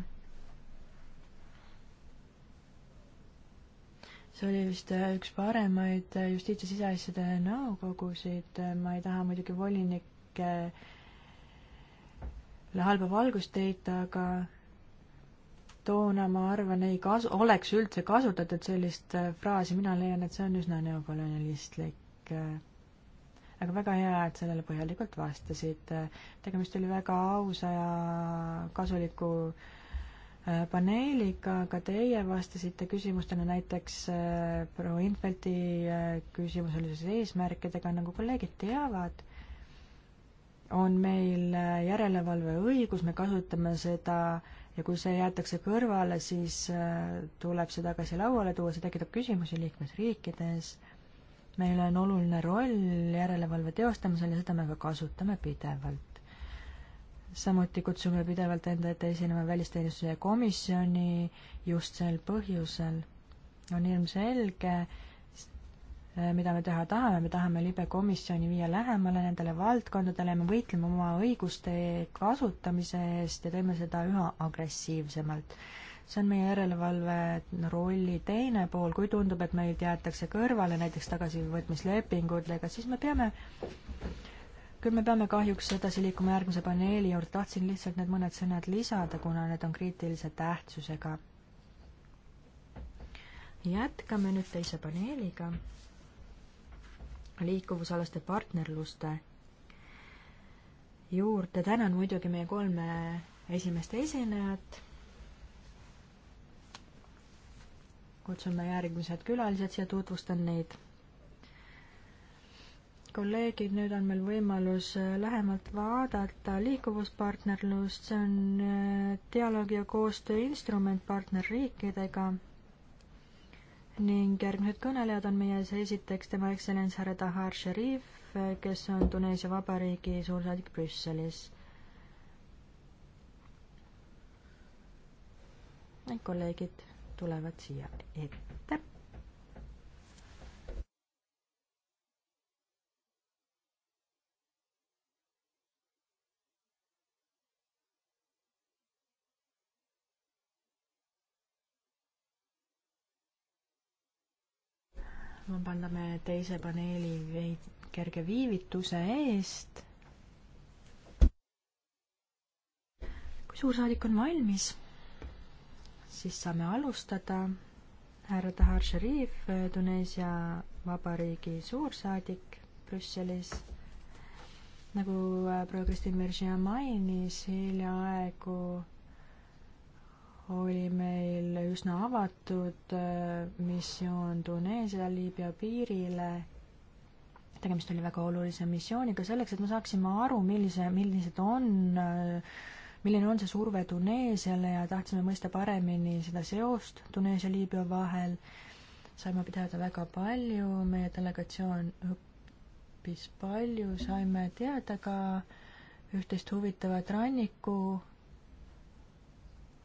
see oli vist äh, üks paremaid äh, justiits- ja siseasjade nõukogusid, ma ei taha muidugi volinike halba valgust heita, aga toona, ma arvan, ei kasu, oleks üldse kasutatud sellist äh, fraasi, mina leian, et see on üsna neokolonialistlik. Äh, aga väga hea, et sellele põhjalikult vastasid. Äh, tegemist oli väga ausa ja kasuliku paneeliga, aga teie vastasite küsimustele näiteks proua Infelti küsimus oli siis eesmärkidega, nagu kolleegid teavad on meil järelevalveõigus, me kasutame seda ja kui see jäetakse kõrvale, siis äh, tuleb see tagasi lauale tuua, see tekitab küsimusi liikmesriikides. meil on oluline roll järelevalve teostamisel ja seda me ka kasutame pidevalt. samuti kutsume pidevalt enda ette esinema välisteenistuse komisjoni just sel põhjusel. on ilmselge, Äh, mida me teha tahame, me tahame libekomisjoni viia lähemale nendele valdkondadele, me võitleme oma õiguste kasutamise eest ja teeme seda üha agressiivsemalt. see on meie järelevalve rolli teine pool, kui tundub, et meilt jäetakse kõrvale näiteks tagasivõtmislepingutega, siis me peame, küll me peame kahjuks edasi liikuma järgmise paneeli juurde, tahtsin lihtsalt need mõned sõnad lisada, kuna need on kriitilise tähtsusega. jätkame nüüd teise paneeliga liikuvusalaste partnerluste juurde. tänan muidugi meie kolme esimest esinejat. kutsume järgmised külalised siia, tutvustan neid. kolleegid, nüüd on meil võimalus lähemalt vaadata liikuvuspartnerlust, see on äh, dialoogi ja koostöö instrument partnerriikidega ning järgmised kõnelejad on meie ees esiteks tema ekstsellents härra Tahar Sharif, kes on Tuneesia Vabariigi suursaadik Brüsselis. kolleegid tulevad siia ette vabandame teise paneeli veid kerge viivituse eest. kui suursaadik on valmis, siis saame alustada. härra Tahar Sharif, Tuneesia Vabariigi suursaadik Brüsselis. nagu äh, proua Kristin Veržia mainis, hiljaaegu oli meil üsna avatud äh, missioon Tuneesia-Liibüa piirile. tegemist oli väga olulise missiooniga selleks, et me saaksime aru, millise, millised on, äh, milline on see surve Tuneesiale ja tahtsime mõista paremini seda seost Tuneesia-Liibüa vahel. saime pidada väga palju, meie delegatsioon õppis palju, saime teada ka üht-teist huvitavat ranniku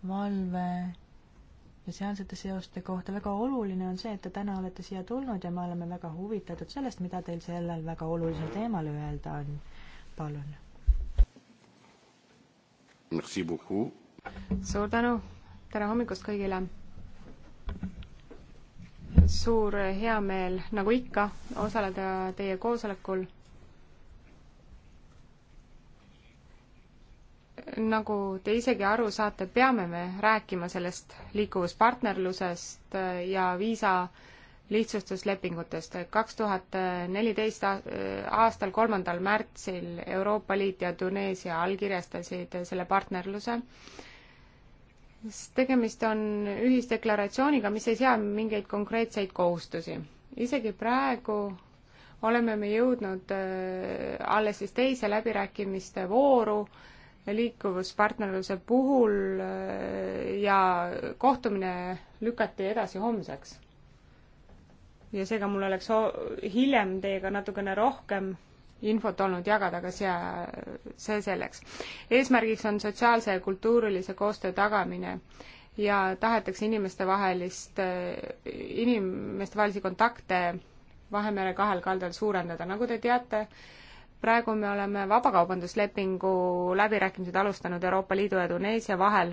valve ja sealsete seoste kohta. väga oluline on see, et te täna olete siia tulnud ja me oleme väga huvitatud sellest, mida teil sellel väga olulisel teemal öelda on. palun. suur tänu, tere hommikust kõigile. suur heameel, nagu ikka, osaleda teie koosolekul nagu te isegi aru saate, peame me rääkima sellest liikuvuspartnerlusest äh, ja viisa lihtsustuslepingutest. kaks tuhat neliteist äh, aastal kolmandal märtsil Euroopa Liit ja Tuneesia allkirjastasid äh, selle partnerluse. tegemist on ühisdeklaratsiooniga, mis ei sea mingeid konkreetseid kohustusi. isegi praegu oleme me jõudnud alles siis teise läbirääkimiste vooru liikuvuspartnerluse puhul äh, ja kohtumine lükati edasi homseks. ja seega mul oleks hiljem teiega natukene rohkem infot olnud jagada, aga see, see selleks. eesmärgiks on sotsiaalse ja kultuurilise koostöö tagamine ja tahetakse inimestevahelist, äh, inimestevahelisi kontakte Vahemere kahel kaldal suurendada, nagu te teate, praegu me oleme vabakaubanduslepingu läbirääkimised alustanud Euroopa Liidu ja Tuneesia vahel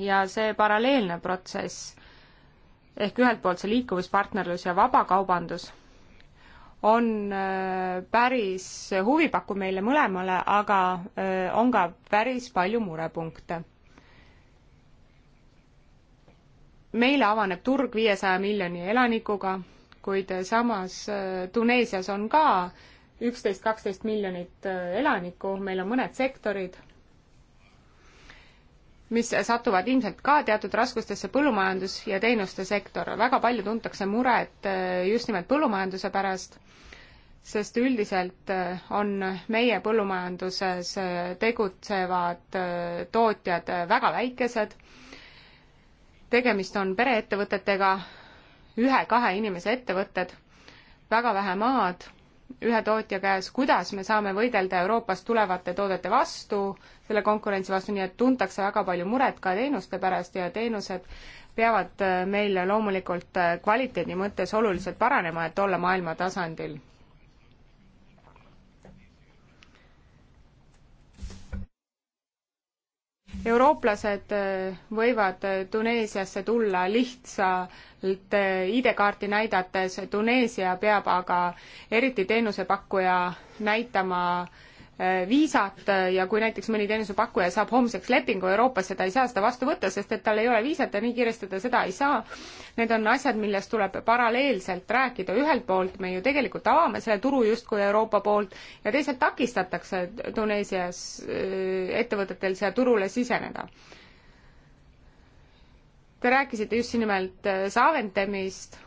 ja see paralleelne protsess ehk ühelt poolt see liikumispartnerlus ja vabakaubandus on äh, päris huvipakkuv meile mõlemale, aga äh, on ka päris palju murepunkte. meile avaneb turg viiesaja miljoni elanikuga, kuid samas äh, Tuneesias on ka äh, üksteist, kaksteist miljonit äh, elanikku, meil on mõned sektorid, mis satuvad ilmselt ka teatud raskustesse, põllumajandus ja teenuste sektor. väga palju tuntakse muret äh, just nimelt põllumajanduse pärast, sest üldiselt äh, on meie põllumajanduses tegutsevad tootjad väga väikesed, tegemist on pereettevõtetega, ühe-kahe inimese ettevõtted, väga vähe maad ühe tootja käes, kuidas me saame võidelda Euroopast tulevate toodete vastu, selle konkurentsi vastu, nii et tuntakse väga palju muret ka teenuste pärast ja teenused peavad äh, meil loomulikult äh, kvaliteedi mõttes oluliselt paranema, et olla maailma tasandil. eurooplased äh, võivad äh, Tuneesiasse tulla lihtsalt äh, ID-kaarti näidates, Tuneesia peab aga eriti teenusepakkuja näitama äh, viisat ja kui näiteks mõni teenusepakkuja saab homseks lepingu Euroopasse, ta ei saa seda vastu võtta, sest et tal ei ole viisat ja nii kiiresti ta seda ei saa. Need on asjad, millest tuleb paralleelselt rääkida, ühelt poolt me ju tegelikult avame selle turu justkui Euroopa poolt ja teisalt takistatakse Tuneesias äh, ettevõtetel siia turule siseneda. Te rääkisite just nimelt äh, Saventemist,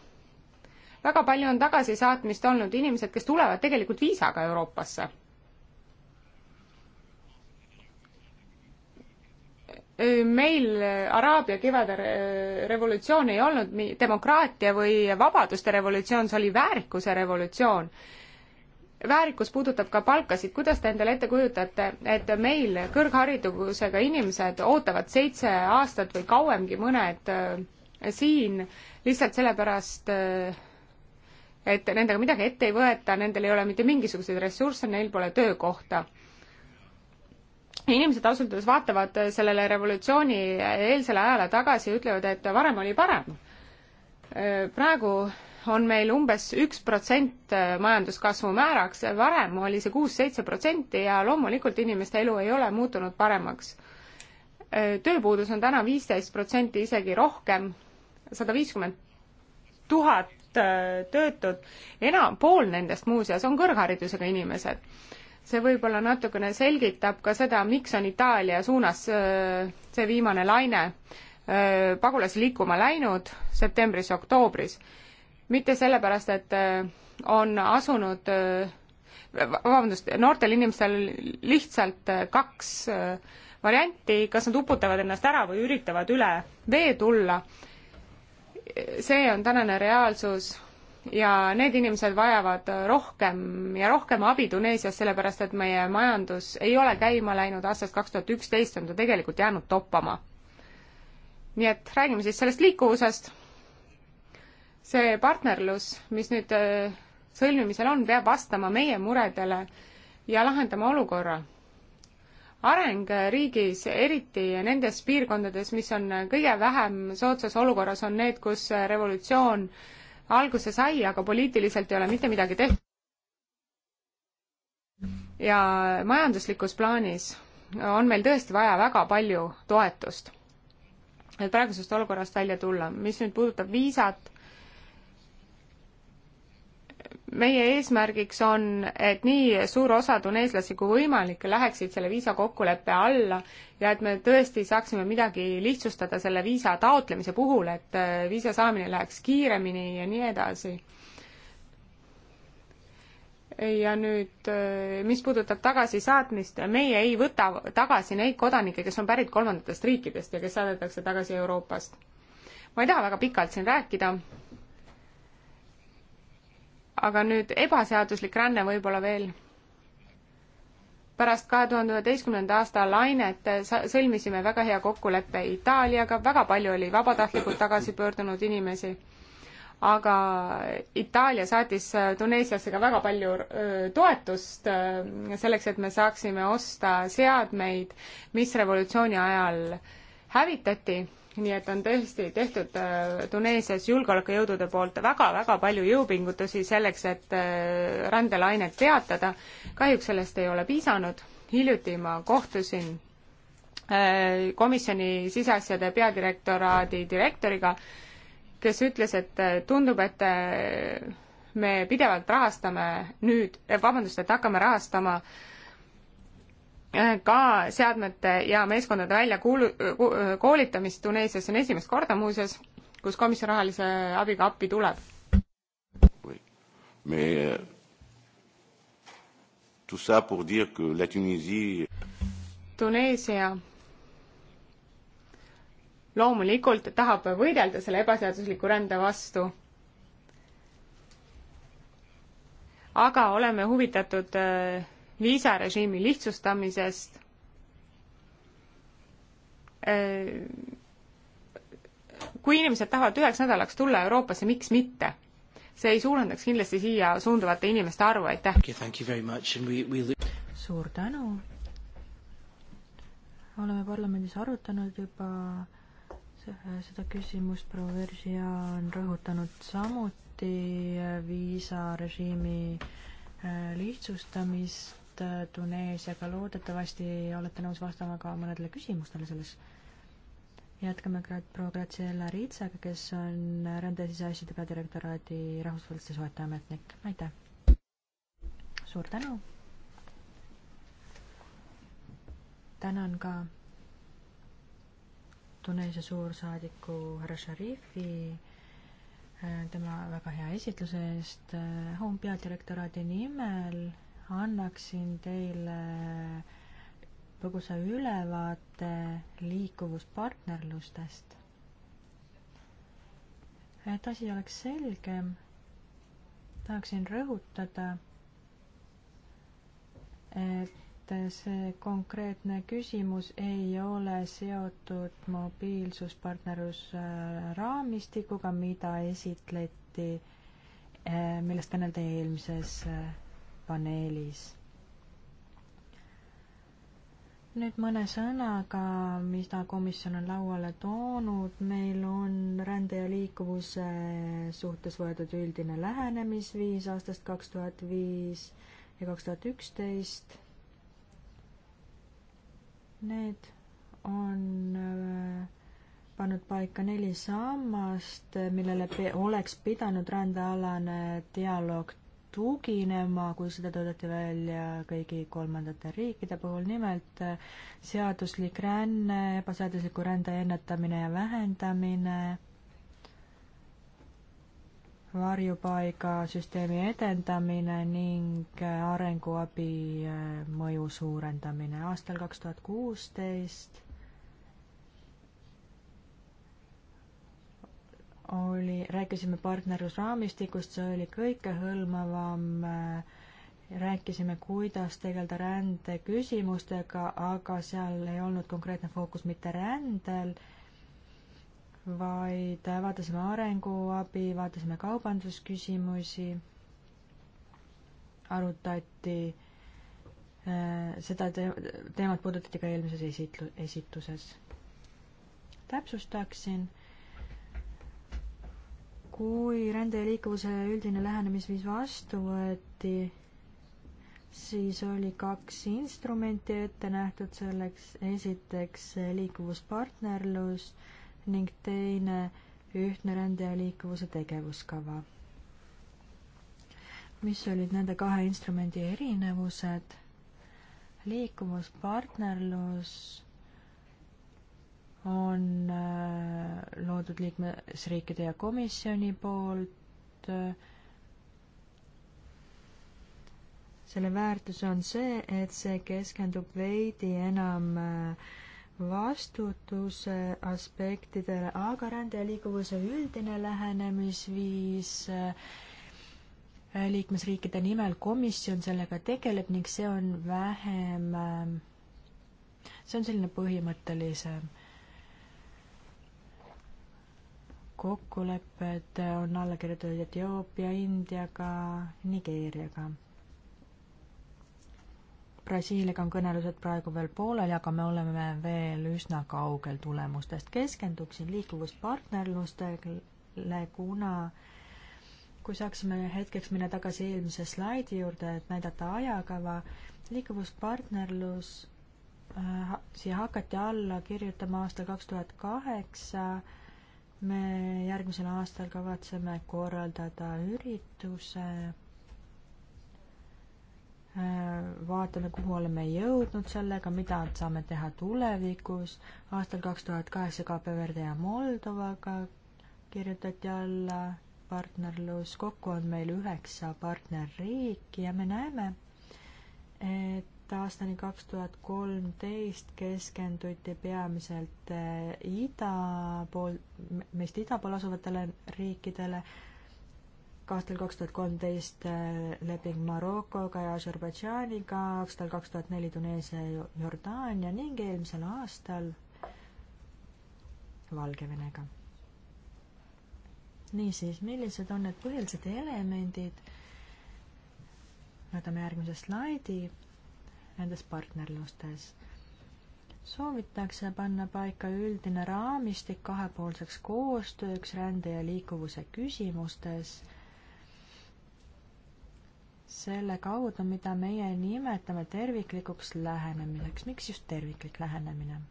väga palju on tagasisaatmist olnud, inimesed, kes tulevad tegelikult viisaga Euroopasse meil Araabia kevade revolutsioon ei olnud demokraatia või vabaduste revolutsioon, see oli väärikuse revolutsioon. väärikus puudutab ka palkasid, kuidas te endale ette kujutate, et meil kõrgharidusega inimesed ootavad seitse aastat või kauemgi mõned siin lihtsalt sellepärast, et nendega midagi ette ei võeta, nendel ei ole mitte mingisuguseid ressursse, neil pole töökohta inimesed ausalt öeldes vaatavad äh, sellele revolutsiooni eelsele ajale tagasi ja ütlevad, et varem oli parem. Äh, praegu on meil umbes üks protsent äh, majanduskasvu määraks, varem oli see kuus-seitse protsenti ja loomulikult inimeste elu ei ole muutunud paremaks. tööpuudus on täna viisteist protsenti, isegi rohkem, sada viiskümmend tuhat töötut, enam pool nendest muuseas on kõrgharidusega inimesed see võib-olla natukene selgitab ka seda, miks on Itaalia suunas see viimane laine pagulasi liikuma läinud septembris-oktoobris. mitte sellepärast, et on asunud, vabandust, noortel inimestel lihtsalt kaks varianti, kas nad uputavad ennast ära või üritavad üle vee tulla. see on tänane reaalsus ja need inimesed vajavad rohkem ja rohkem abi Tuneesias, sellepärast et meie majandus ei ole käima läinud, aastast kaks tuhat üksteist on ta tegelikult jäänud toppama. nii et räägime siis sellest liikuvusest. see partnerlus, mis nüüd äh, sõlmimisel on, peab vastama meie muredele ja lahendama olukorra. areng riigis, eriti nendes piirkondades, mis on kõige vähem soodsas olukorras, on need, kus revolutsioon äh, alguse sai, aga poliitiliselt ei ole mitte midagi tehtud. ja majanduslikus plaanis on meil tõesti vaja väga palju toetust, et praegusest olukorrast välja tulla. mis nüüd puudutab viisat meie eesmärgiks on, et nii suur osa tuneeslasi kui võimalik läheksid selle viisakokkuleppe alla ja et me tõesti saaksime midagi lihtsustada selle viisa taotlemise puhul, et äh, viisa saamine läheks kiiremini ja nii edasi ja nüüd, äh, mis puudutab tagasisaatmist, meie ei võta tagasi neid kodanikke, kes on pärit kolmandatest riikidest ja kes saadetakse tagasi Euroopast. ma ei taha väga pikalt siin rääkida, aga nüüd ebaseaduslik ränne võib-olla veel. pärast kahe tuhande üheteistkümnenda aasta lainet sõlmisime väga hea kokkuleppe Itaaliaga, väga palju oli vabatahtlikult tagasi pöördunud inimesi, aga Itaalia saatis äh, Tuneesiasse ka väga palju äh, toetust äh, selleks, et me saaksime osta seadmeid, mis revolutsiooni ajal hävitati nii et on tõesti tehtud äh, Tuneesias julgeolekujõudude poolt väga-väga palju jõupingutusi selleks, et äh, rändelainet peatada. kahjuks sellest ei ole piisanud. hiljuti ma kohtusin äh, komisjoni siseasjade peadirektoraadi direktoriga, kes ütles, et tundub, et me pidevalt rahastame nüüd, vabandust, et hakkame rahastama äh, ka seadmete ja meeskondade välja kuulu-, koolitamist Tuneesias on esimest korda muuseas, kus komisjon rahalise abiga appi tuleb. Mais euh, tout ça pour dire que la Tunisie Tuneesia loomulikult tahab võidelda selle ebaseadusliku rände vastu. aga oleme huvitatud äh, viisarežiimi lihtsustamisest eh, kui inimesed tahavad üheks nädalaks tulla Euroopasse, miks mitte? see ei suurendaks kindlasti siia suunduvate inimeste arvu, aitäh okay,! suur tänu! oleme parlamendis arutanud juba seda küsimust, proua Veržia on rõhutanud samuti viisarežiimi eh, lihtsustamist suhetest äh, Tuneesiaga, loodetavasti olete nõus vastama ka mõnedele küsimustele selles. jätkame proua Graziella Riitsaga, kes on Rände- ja siseasjade peadirektoraadi rahvusvaheliste suhete ametnik, aitäh! suur tänu! tänan ka Tuneesia suursaadiku härra Šarifi äh, tema väga hea esitluse eest. Äh, Home peadirektoraadi nimel annaksin teile põgusa ülevaate liikuvuspartnerlustest. et asi oleks selgem, tahaksin rõhutada, et see konkreetne küsimus ei ole seotud mobiilsuspartnerlusraamistikuga, mida esitleti, eh, millest kõneldi eelmises eh, paneelis. nüüd mõne sõnaga, mida komisjon on lauale toonud, meil on rände ja liikuvuse suhtes võetud üldine lähenemisviis aastast kaks tuhat viis ja kaks tuhat üksteist. Need on äh, pannud paika neli sammast, millele pe oleks pidanud rändealane dialoog tuginema, kui seda töötati välja kõigi kolmandate riikide puhul, nimelt seaduslik ränne, ebaseadusliku rände ennetamine ja vähendamine, varjupaigasüsteemi edendamine ning arenguabi mõju suurendamine. aastal kaks tuhat kuusteist oli, rääkisime partnerlusraamistikust, see oli kõikehõlmavam, äh, rääkisime, kuidas tegeleda rändeküsimustega, aga seal ei olnud konkreetne fookus mitte rändel, vaid vaatasime arenguabi, vaatasime kaubandusküsimusi, arutati äh, seda te-, teemat puudutati ka eelmises esitlu-, esituses. täpsustaksin kui rände ja liikuvuse üldine lähenemisviis vastu võeti, siis oli kaks instrumenti ette nähtud selleks, esiteks liikuvuspartnerlus ning teine ühtne rände ja liikuvuse tegevuskava. mis olid nende kahe instrumendi erinevused? liikuvuspartnerlus on äh, loodud liikmesriikide ja komisjoni poolt. Äh, selle väärtus on see, et see keskendub veidi enam äh, vastutuse aspektidele, aga rände ja liikuvuse üldine lähenemisviis liikmesriikide nimel komisjon sellega tegeleb ning see on vähem, see on selline põhimõttelisem kokkulepped on alla kirjutatud Etioopia, Indiaga, Nigeeriaga. Brasiiliaga on kõnelused praegu veel pooleli, aga me oleme veel üsna kaugel tulemustest. keskenduksin liikuvuspartnerlustele, kuna kui saaksime hetkeks minna tagasi eelmise slaidi juurde, et näidata ajakava, liikuvuspartnerlus äh, siia hakati alla kirjutama aastal kaks tuhat kaheksa me järgmisel aastal kavatseme korraldada ürituse äh, vaatame, kuhu oleme jõudnud sellega, mida saame teha tulevikus. aastal kaks tuhat kaheksa KPVRD ja Moldovaga kirjutati alla partnerlus, kokku on meil üheksa partnerriiki ja me näeme, et et aastani kaks tuhat kolmteist keskenduti peamiselt eh, ida pool, meist ida pool asuvatele riikidele, aastal kaks tuhat kolmteist eh, leping Marokoga ja Aserbaidžaaniga, aastal kaks tuhat neli Tuneesia ja Jordaania ning eelmisel aastal Valgevenega. niisiis, millised on need põhilised elemendid, võtame järgmise slaidi nendes partnerlustes. soovitakse panna paika üldine raamistik kahepoolseks koostööks rände ja liikuvuse küsimustes selle kaudu, mida meie nimetame terviklikuks lähenemiseks. miks just terviklik lähenemine?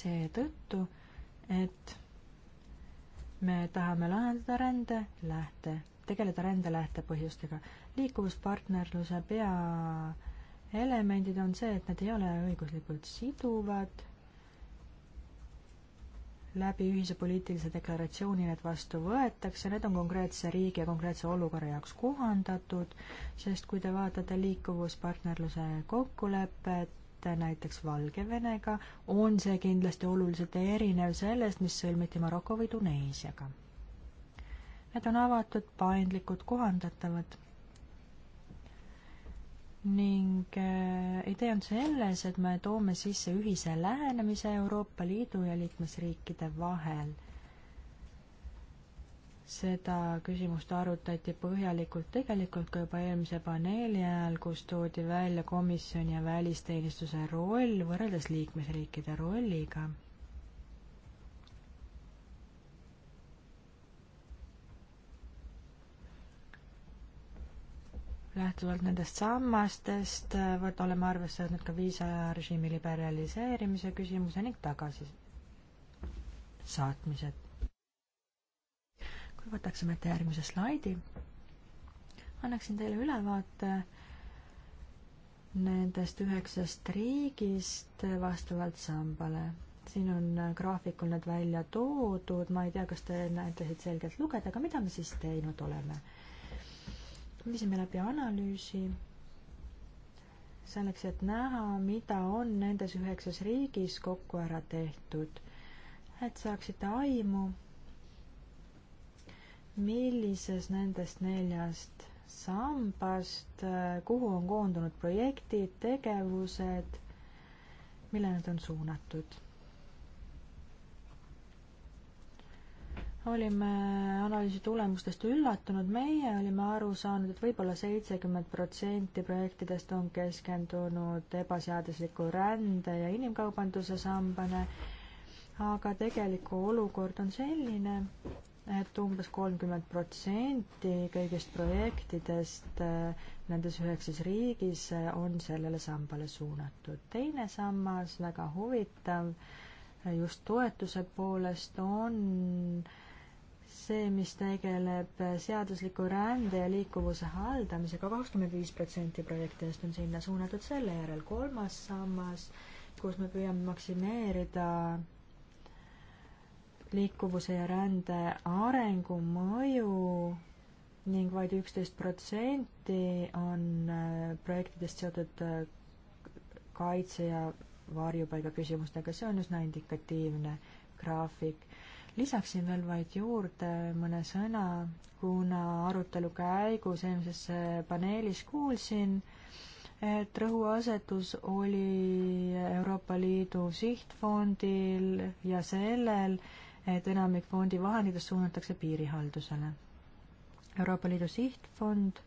seetõttu, et me tahame lahendada rände lähtepõhjuseid tegeleda rände lähtepõhjustega. liikuvuspartnerluse peaelemendid on see, et need ei ole õiguslikult siduvad, läbi ühise poliitilise deklaratsiooni need vastu võetakse, need on konkreetse riigi ja konkreetse olukorra jaoks kohandatud, sest kui te vaatate liikuvuspartnerluse kokkulepet, näiteks Valgevenega, on see kindlasti oluliselt erinev sellest, mis sõlmiti Maroko või Tuneesiaga Need on avatud, paindlikud, kohandatavad. ning äh, idee on selles, et me toome sisse ühise lähenemise Euroopa Liidu ja liikmesriikide vahel. seda küsimust arutati põhjalikult tegelikult ka juba eelmise paneeli ajal, kus toodi välja komisjoni ja välisteenistuse roll võrreldes liikmesriikide rolliga lähtuvalt nendest sammastest äh, võt-, oleme arvesse võtnud ka viisarežiimi liberaliseerimise küsimuse ning tagasisaatmised. kui võtaksime ette järgmise slaidi, annaksin teile ülevaate nendest üheksast riigist vastavalt sambale. siin on äh, graafikul need välja toodud, ma ei tea, kas te näitasid selgelt lugeda, aga mida me siis teinud oleme viisime läbi analüüsi selleks, et näha, mida on nendes üheksas riigis kokku ära tehtud, et saaksite aimu, millises nendest neljast sambast, kuhu on koondunud projektid, tegevused, millele need on suunatud olime analüüsi tulemustest üllatunud, meie olime aru saanud, et võib-olla seitsekümmend protsenti projektidest on keskendunud ebaseadusliku rände ja inimkaubanduse sambale, aga tegelik olukord on selline, et umbes kolmkümmend protsenti kõigist projektidest äh, nendes üheksas riigis äh, on sellele sambale suunatud. teine sammas, väga huvitav, äh, just toetuse poolest on äh, see, mis tegeleb seadusliku rände ja liikuvuse haldamisega, kakskümmend viis protsenti projektidest on sinna suunatud, selle järel kolmas sammas, kus me püüame maksimeerida liikuvuse ja rände arengu mõju ning vaid üksteist protsenti on äh, projektidest seotud äh, kaitse ja varjupaiga küsimustega, see on üsna indikatiivne graafik lisaksin veel vaid juurde mõne sõna, kuna arutelu käigus eelmises paneelis kuulsin, et rõhuasetus oli Euroopa Liidu sihtfondil ja sellel, et enamik fondi vahenditest suunatakse piirihaldusele. Euroopa Liidu sihtfond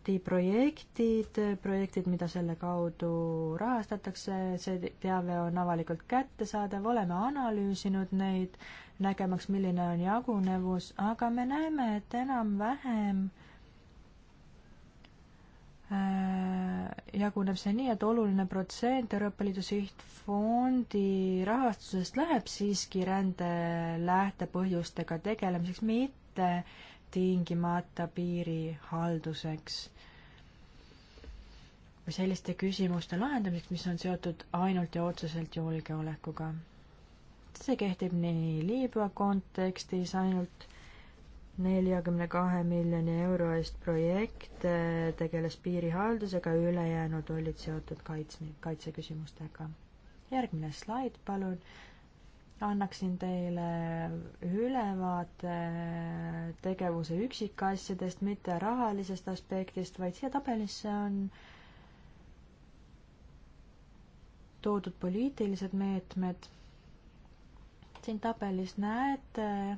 eraldi projektid, projektid, mida selle kaudu rahastatakse, see teave on avalikult kättesaadav, oleme analüüsinud neid, nägemaks, milline on jagunevus, aga me näeme, et enam-vähem äh, jaguneb see nii, et oluline protsent Euroopa Liidu sihtfondi rahastusest läheb siiski rände lähtepõhjustega tegelemiseks, mitte äh, tingimata piiri halduseks või selliste küsimuste lahendamiseks, mis on seotud ainult ja otseselt julgeolekuga. see kehtib nii Liibüa kontekstis ainult neljakümne kahe miljoni euro eest projekt eh, tegeles piirihaldusega, ülejäänud olid seotud kaitsmi-, kaitseküsimustega. järgmine slaid, palun annaksin teile ülevaate tegevuse üksikasjadest, mitte rahalisest aspektist, vaid siia tabelisse on toodud poliitilised meetmed. siin tabelis näete,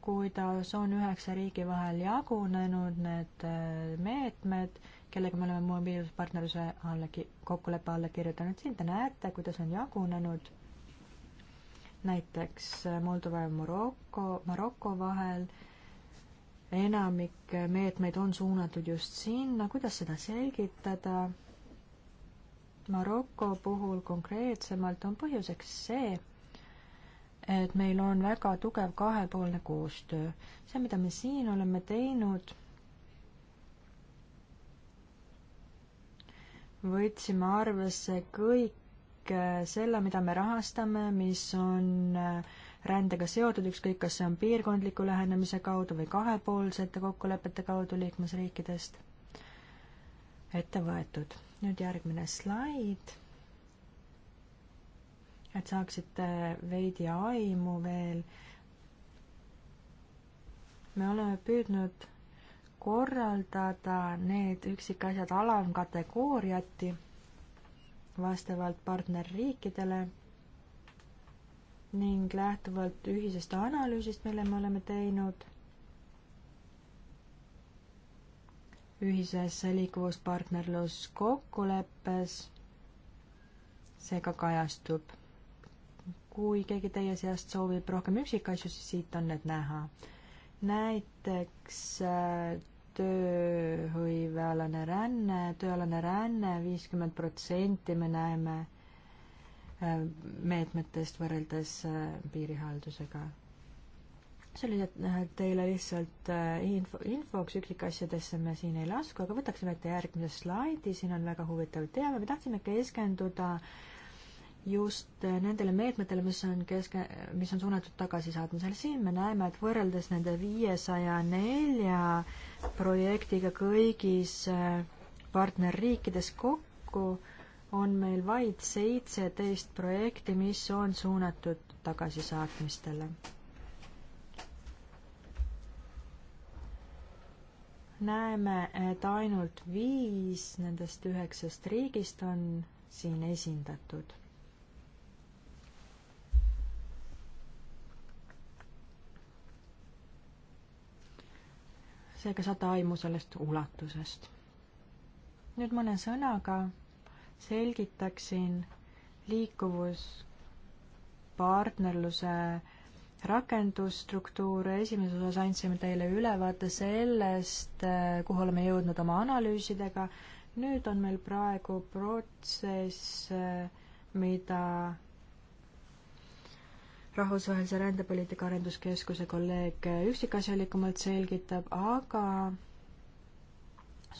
kuidas on üheksa riigi vahel jagunenud need äh, meetmed, kellega me oleme mobiilsuspartnerluse alla, kokkuleppe alla kirjutanud. siin te näete, kuidas on jagunenud näiteks äh, Moldova ja Maroko, Maroko vahel. enamik äh, meetmeid on suunatud just sinna, kuidas seda selgitada? Maroko puhul konkreetsemalt on põhjuseks see, et meil on väga tugev kahepoolne koostöö. see, mida me siin oleme teinud, võtsime arvesse kõik kõik äh, selle, mida me rahastame, mis on äh, rändega seotud, ükskõik kas see on piirkondliku lähenemise kaudu või kahepoolsete kokkulepete kaudu liikmesriikidest, ette võetud. nüüd järgmine slaid, et saaksite veidi aimu veel. me oleme püüdnud korraldada need üksikasjad alamkategooriati vastavalt partnerriikidele ning lähtuvalt ühisest analüüsist, mille me oleme teinud ühises liikuvuspartnerluskokkuleppes, see ka kajastub. kui keegi teie seast soovib rohkem üksikasju, siis siit on need näha. näiteks äh, tööhõivealane ränne, tööalane ränne, viiskümmend protsenti me näeme äh, meetmetest võrreldes äh, piirihaldusega. see oli äh, teile lihtsalt info, infoks, üksikasjadesse me siin ei lasku, aga võtaksime ette järgmise slaidi, siin on väga huvitav teave, me tahtsime keskenduda äh, just nendele meetmetele, mis on keske, mis on suunatud tagasisaatmisele. siin me näeme, et võrreldes nende viiesaja nelja projektiga kõigis äh, partnerriikides kokku on meil vaid seitseteist projekti, mis on suunatud tagasisaatmistele. näeme, et ainult viis nendest üheksast riigist on siin esindatud seega saada aimu sellest ulatusest. nüüd mõne sõnaga selgitaksin liikuvuspartnerluse rakendusstruktuure, esimeses osas andsime teile ülevaate sellest, eh, kuhu oleme jõudnud oma analüüsidega, nüüd on meil praegu protsess, eh, mida rahvusvahelise rändepoliitika arenduskeskuse kolleeg üksikasjalikumalt selgitab, aga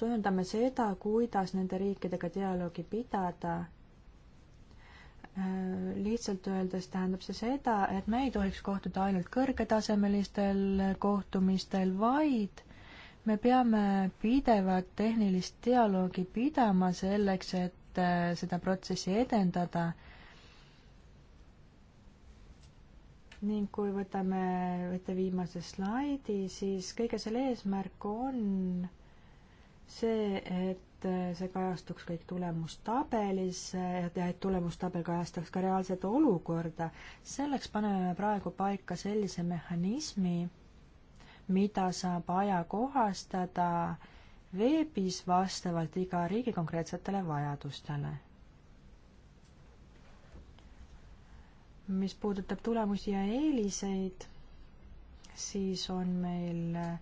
sujundame seda, kuidas nende riikidega dialoogi pidada. lihtsalt öeldes tähendab see seda, et me ei tohiks kohtuda ainult kõrgetasemelistel kohtumistel, vaid me peame pidevat tehnilist dialoogi pidama selleks, et eh, seda protsessi edendada ning kui võtame ette viimase slaidi, siis kõige selle eesmärk on see, et see kajastuks kõik tulemustabelis ja et tulemustabel kajastaks ka reaalset olukorda. selleks paneme praegu paika sellise mehhanismi, mida saab ajakohastada veebis vastavalt iga riigi konkreetsetele vajadustele mis puudutab tulemusi ja eeliseid, siis on meil äh,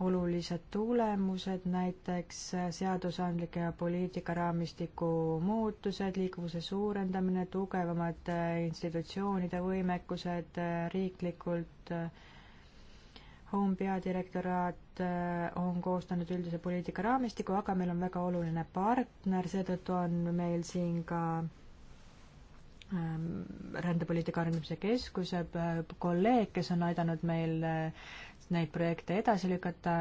olulised tulemused, näiteks äh, seadusandlike ja poliitikaraamistiku muutused, liikuvuse suurendamine, tugevamad äh, institutsioonide võimekused riiklikult. Home peadirektoraat on koostanud üldise poliitikaraamistiku, aga meil on väga oluline partner, seetõttu on meil siin ka Ähm, rändepoliitika arendamise keskuse äh, kolleeg, kes on aidanud meil äh, neid projekte edasi lükata,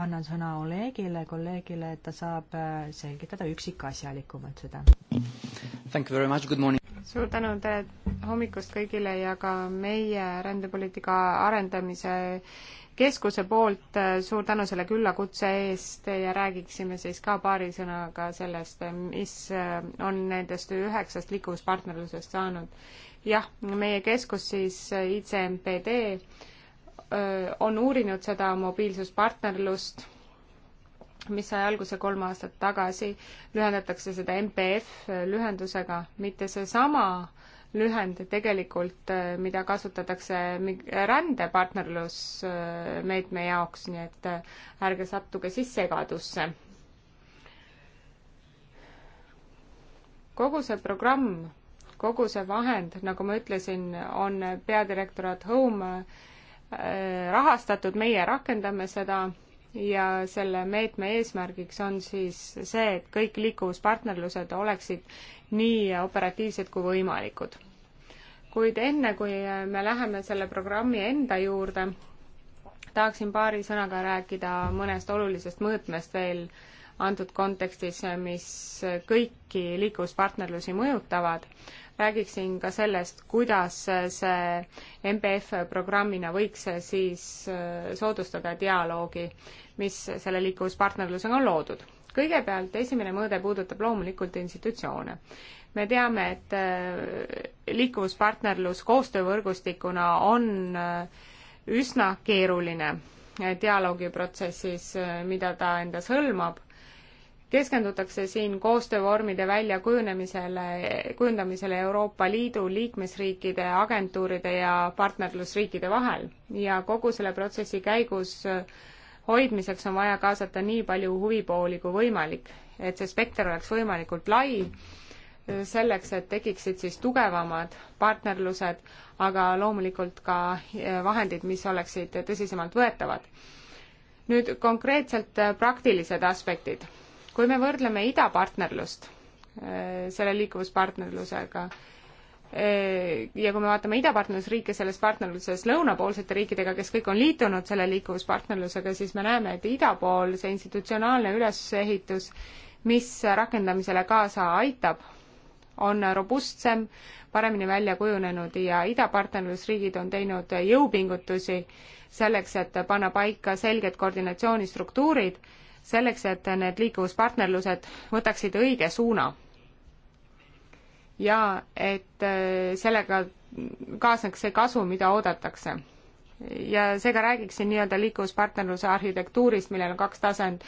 annan sõna Olegile, kolleegile, et ta saab äh, selgitada üksikasjalikumalt seda. suur tänu, tere hommikust kõigile ja ka meie rändepoliitika arendamise keskuse poolt äh, suur tänu selle küllakutse eest ja räägiksime siis ka paari sõnaga sellest, mis äh, on nendest üheksast liikuvuspartnerlusest saanud. jah, meie keskus siis äh, ICMPD on uurinud seda mobiilsuspartnerlust, mis sai alguse kolm aastat tagasi, lühendatakse seda MPF lühendusega, mitte seesama äh, lühend tegelikult, äh, mida kasutatakse rändepartnerlusmeetme äh, jaoks, nii et äh, ärge sattuge siis segadusse. kogu see programm, kogu see vahend, nagu ma ütlesin, on peadirektorat Home rahastatud, meie rakendame seda ja selle meetme eesmärgiks on siis see, et kõik liikuvuspartnerlused oleksid nii operatiivsed kui võimalikud. kuid enne, kui me läheme selle programmi enda juurde, tahaksin paari sõnaga rääkida mõnest olulisest mõõtmest veel antud kontekstis, mis kõiki liikluspartnerlusi mõjutavad. räägiksin ka sellest, kuidas see MPF programmina võiks siis soodustada dialoogi, mis selle liikluspartnerlusega on loodud kõigepealt esimene mõõde puudutab loomulikult institutsioone. me teame, et äh, liikuvuspartnerlus koostöövõrgustikuna on äh, üsna keeruline dialoogiprotsessis, äh, mida ta endas hõlmab. keskendutakse siin koostöövormide väljakujunemisele, kujundamisele Euroopa Liidu liikmesriikide, agentuuride ja partnerlusriikide vahel ja kogu selle protsessi käigus äh, hoidmiseks on vaja kaasata nii palju huvipooli kui võimalik, et see spekter oleks võimalikult lai, selleks, et tekiksid siis tugevamad partnerlused, aga loomulikult ka eh, vahendid, mis oleksid tõsisemalt võetavad. nüüd konkreetselt eh, praktilised aspektid. kui me võrdleme idapartnerlust eh, selle liikuvuspartnerlusega, ja kui me vaatame idapartnerlusriike selles partnerluses lõunapoolsete riikidega, kes kõik on liitunud selle liikuvuspartnerlusega, siis me näeme, et ida pool see institutsionaalne ülesehitus, mis rakendamisele kaasa aitab, on robustsem, paremini välja kujunenud ja idapartnerlusriigid on teinud jõupingutusi selleks, et panna paika selged koordinatsioonistruktuurid, selleks, et need liikuvuspartnerlused võtaksid õige suuna ja et äh, sellega kaasneks see kasu, mida oodatakse. ja seega räägiksin nii-öelda liikuvuspartnerluse arhitektuurist, millel on kaks tasand.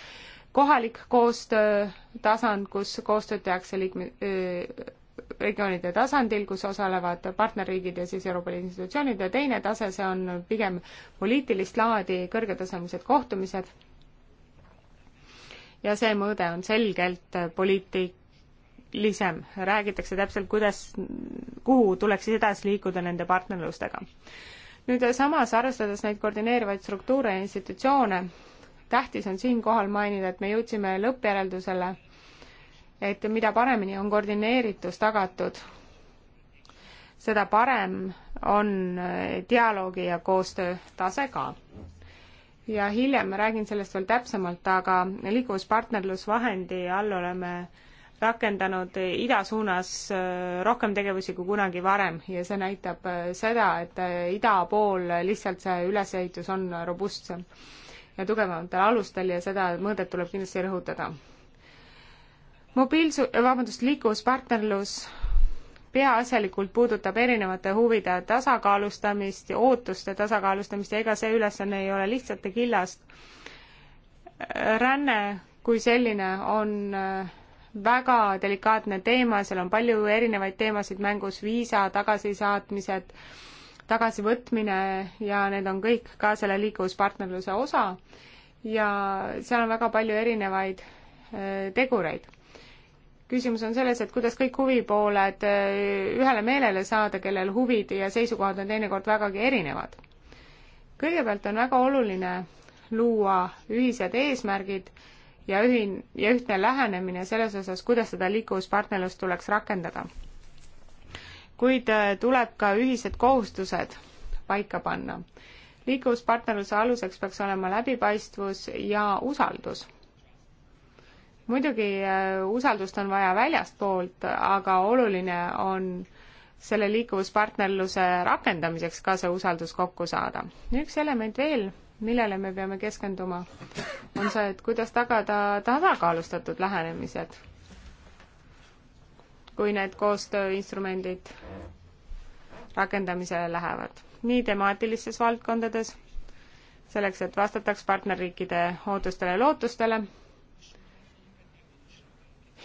kohalik koostöö tasand, kus koostööd tehakse liikme-, äh, regioonide tasandil, kus osalevad partnerriigid ja siis Euroopa Liidu institutsioonid ja teine tase, see on pigem poliitilist laadi kõrgetasemelised kohtumised. ja see mõõde on selgelt poliitik, lisem, räägitakse täpselt, kuidas, kuhu tuleks siis edasi liikuda nende partnerlustega. nüüd samas, arvestades neid koordineerivaid struktuure ja institutsioone, tähtis on siinkohal mainida, et me jõudsime lõppjäreldusele, et mida paremini on koordineeritus tagatud, seda parem on dialoogi ja koostöö tase ka. ja hiljem ma räägin sellest veel täpsemalt, aga liikuvuspartnerlusvahendi all oleme äh, rakendanud ida suunas äh, rohkem tegevusi kui kunagi varem ja see näitab äh, seda, et äh, ida pool lihtsalt see ülesehitus on robustsem ja tugevamatel alustel ja seda mõõdet tuleb kindlasti rõhutada. mobiilsu-, vabandust, liikuvuspartnerlus peaasjalikult puudutab erinevate huvide tasakaalustamist ja ootuste tasakaalustamist ja ega see ülesanne ei ole lihtsalt ja killast. ränne kui selline on äh, väga delikaatne teema, seal on palju erinevaid teemasid mängus, viisa tagasisaatmised, tagasivõtmine ja need on kõik ka selle liikuvuspartnerluse osa ja seal on väga palju erinevaid äh, tegureid. küsimus on selles, et kuidas kõik huvipooled äh, ühele meelele saada, kellel huvid ja seisukohad on teinekord vägagi erinevad. kõigepealt on väga oluline luua ühised eesmärgid ja ühin- ja ühtne lähenemine selles osas, kuidas seda liikuvuspartnerlust tuleks rakendada. kuid äh, tuleb ka ühised kohustused paika panna. liikuvuspartnerluse aluseks peaks olema läbipaistvus ja usaldus muidugi äh, usaldust on vaja väljastpoolt, aga oluline on selle liikuvuspartnerluse rakendamiseks ka see usaldus kokku saada. üks element veel millele me peame keskenduma, on see, et kuidas tagada tasakaalustatud lähenemised, kui need koostööinstrumendid rakendamisele lähevad. nii temaatilistes valdkondades, selleks et vastataks partnerriikide ootustele ja lootustele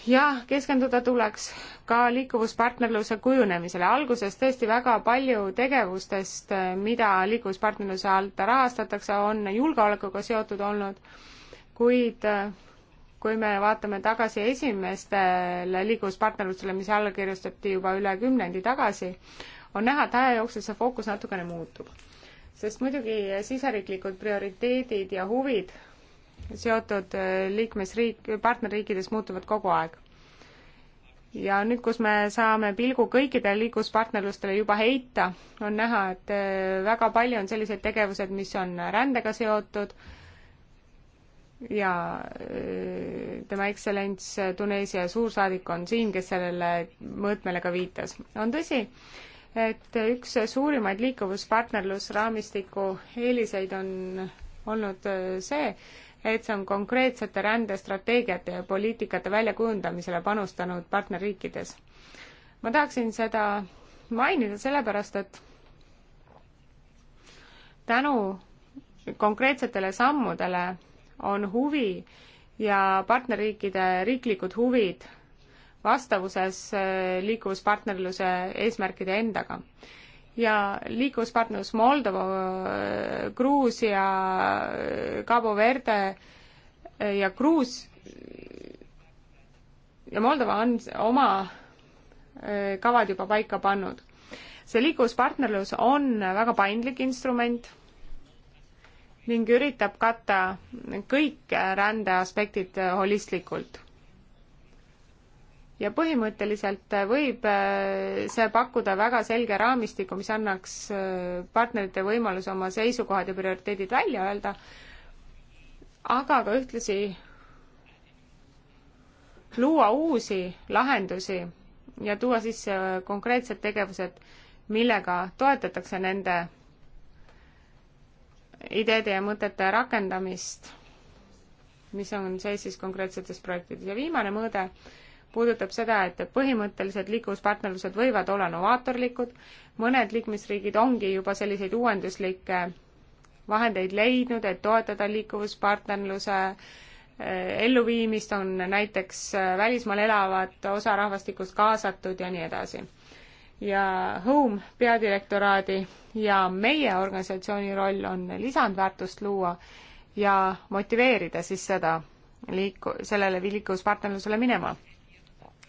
ja keskenduda tuleks ka liikuvuspartnerluse kujunemisele. alguses tõesti väga palju tegevustest, eh, mida liikuvuspartnerluse alt rahastatakse, on julgeolekuga seotud olnud, kuid eh, kui me vaatame tagasi esimestele liikuvuspartnerlustele, mis allakirjastati juba üle kümnendi tagasi, on näha, et aja jooksul see fookus natukene muutub. sest muidugi siseriiklikud prioriteedid ja huvid seotud äh, liikmesriik, partnerriikides muutuvad kogu aeg. ja nüüd, kus me saame pilgu kõikidele liikluspartnerlustele juba heita, on näha, et äh, väga palju on selliseid tegevused, mis on rändega seotud ja äh, tema ekstsellents Tuneesia suursaadik on siin, kes sellele mõõtmele ka viitas. on tõsi, et üks suurimaid liikuvuspartnerlusraamistiku eeliseid on olnud see, et see on konkreetsete rändestrateegiate ja poliitikate väljakujundamisele panustanud partnerriikides. ma tahaksin seda mainida sellepärast, et tänu konkreetsetele sammudele on huvi ja partnerriikide riiklikud huvid vastavuses äh, liikuvuspartnerluse eesmärkide endaga ja liikluspartnerlus Moldova, Gruusia, Cabo Verde ja Gruus ja Moldova on oma äh, kavad juba paika pannud. see liikluspartnerlus on väga paindlik instrument ning üritab katta kõik rände aspektid holistlikult ja põhimõtteliselt võib äh, see pakkuda väga selge raamistiku, mis annaks äh, partnerite võimaluse oma seisukohad ja prioriteedid välja öelda, aga ka ühtlasi luua uusi lahendusi ja tuua sisse äh, konkreetsed tegevused, millega toetatakse nende ideede ja mõtete rakendamist, mis on sees siis konkreetsetes projektides ja viimane mõõde puudutab seda, et põhimõtteliselt liikluspartnerlused võivad olla novaatorlikud, mõned liikmesriigid ongi juba selliseid uuenduslikke vahendeid leidnud, et toetada liikuvuspartnerluse eh, elluviimist, on näiteks eh, välismaal elavad osa rahvastikust kaasatud ja nii edasi. ja Home peadirektoraadi ja meie organisatsiooni roll on lisandväärtust luua ja motiveerida siis seda liiku-, sellele liikuvuspartnerlusele minema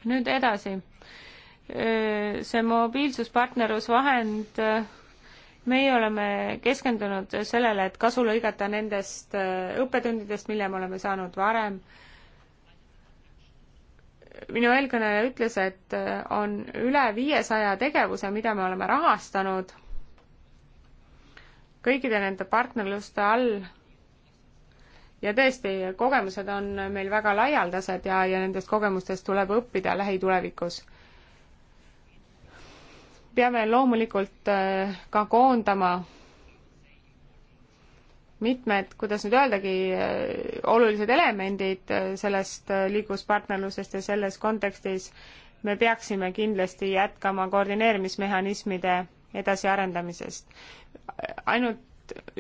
nüüd edasi. see mobiilsuspartnerlusvahend, meie oleme keskendunud sellele, et kasu lõigata nendest õppetundidest, mille me oleme saanud varem. minu eelkõneleja ütles, et on üle viiesaja tegevuse, mida me oleme rahastanud kõikide nende partnerluste all ja tõesti, kogemused on meil väga laialdased ja, ja nendest kogemustest tuleb õppida lähitulevikus. peame loomulikult äh, ka koondama mitmed, kuidas nüüd öeldagi, äh, olulised elemendid äh, sellest liikluspartnerlusest ja selles kontekstis me peaksime kindlasti jätkama koordineerimismehhanismide edasiarendamisest. ainult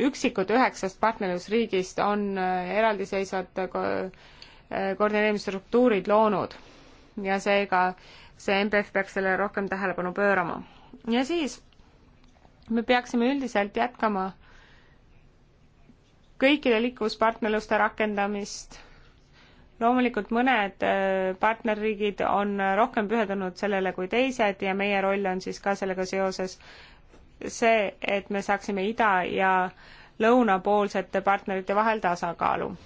üksikud üheksast partnerlusriigist on äh, eraldiseisvad äh, ko äh, koordineerimisstruktuurid loonud ja seega see MPF peaks sellele rohkem tähelepanu pöörama. ja siis me peaksime üldiselt jätkama kõikide liikuvuspartnerluste rakendamist. loomulikult mõned partnerriigid on rohkem pühendunud sellele kui teised ja meie roll on siis ka sellega seoses see, et me saaksime ida- ja lõunapoolsete partnerite vahel tasakaalu.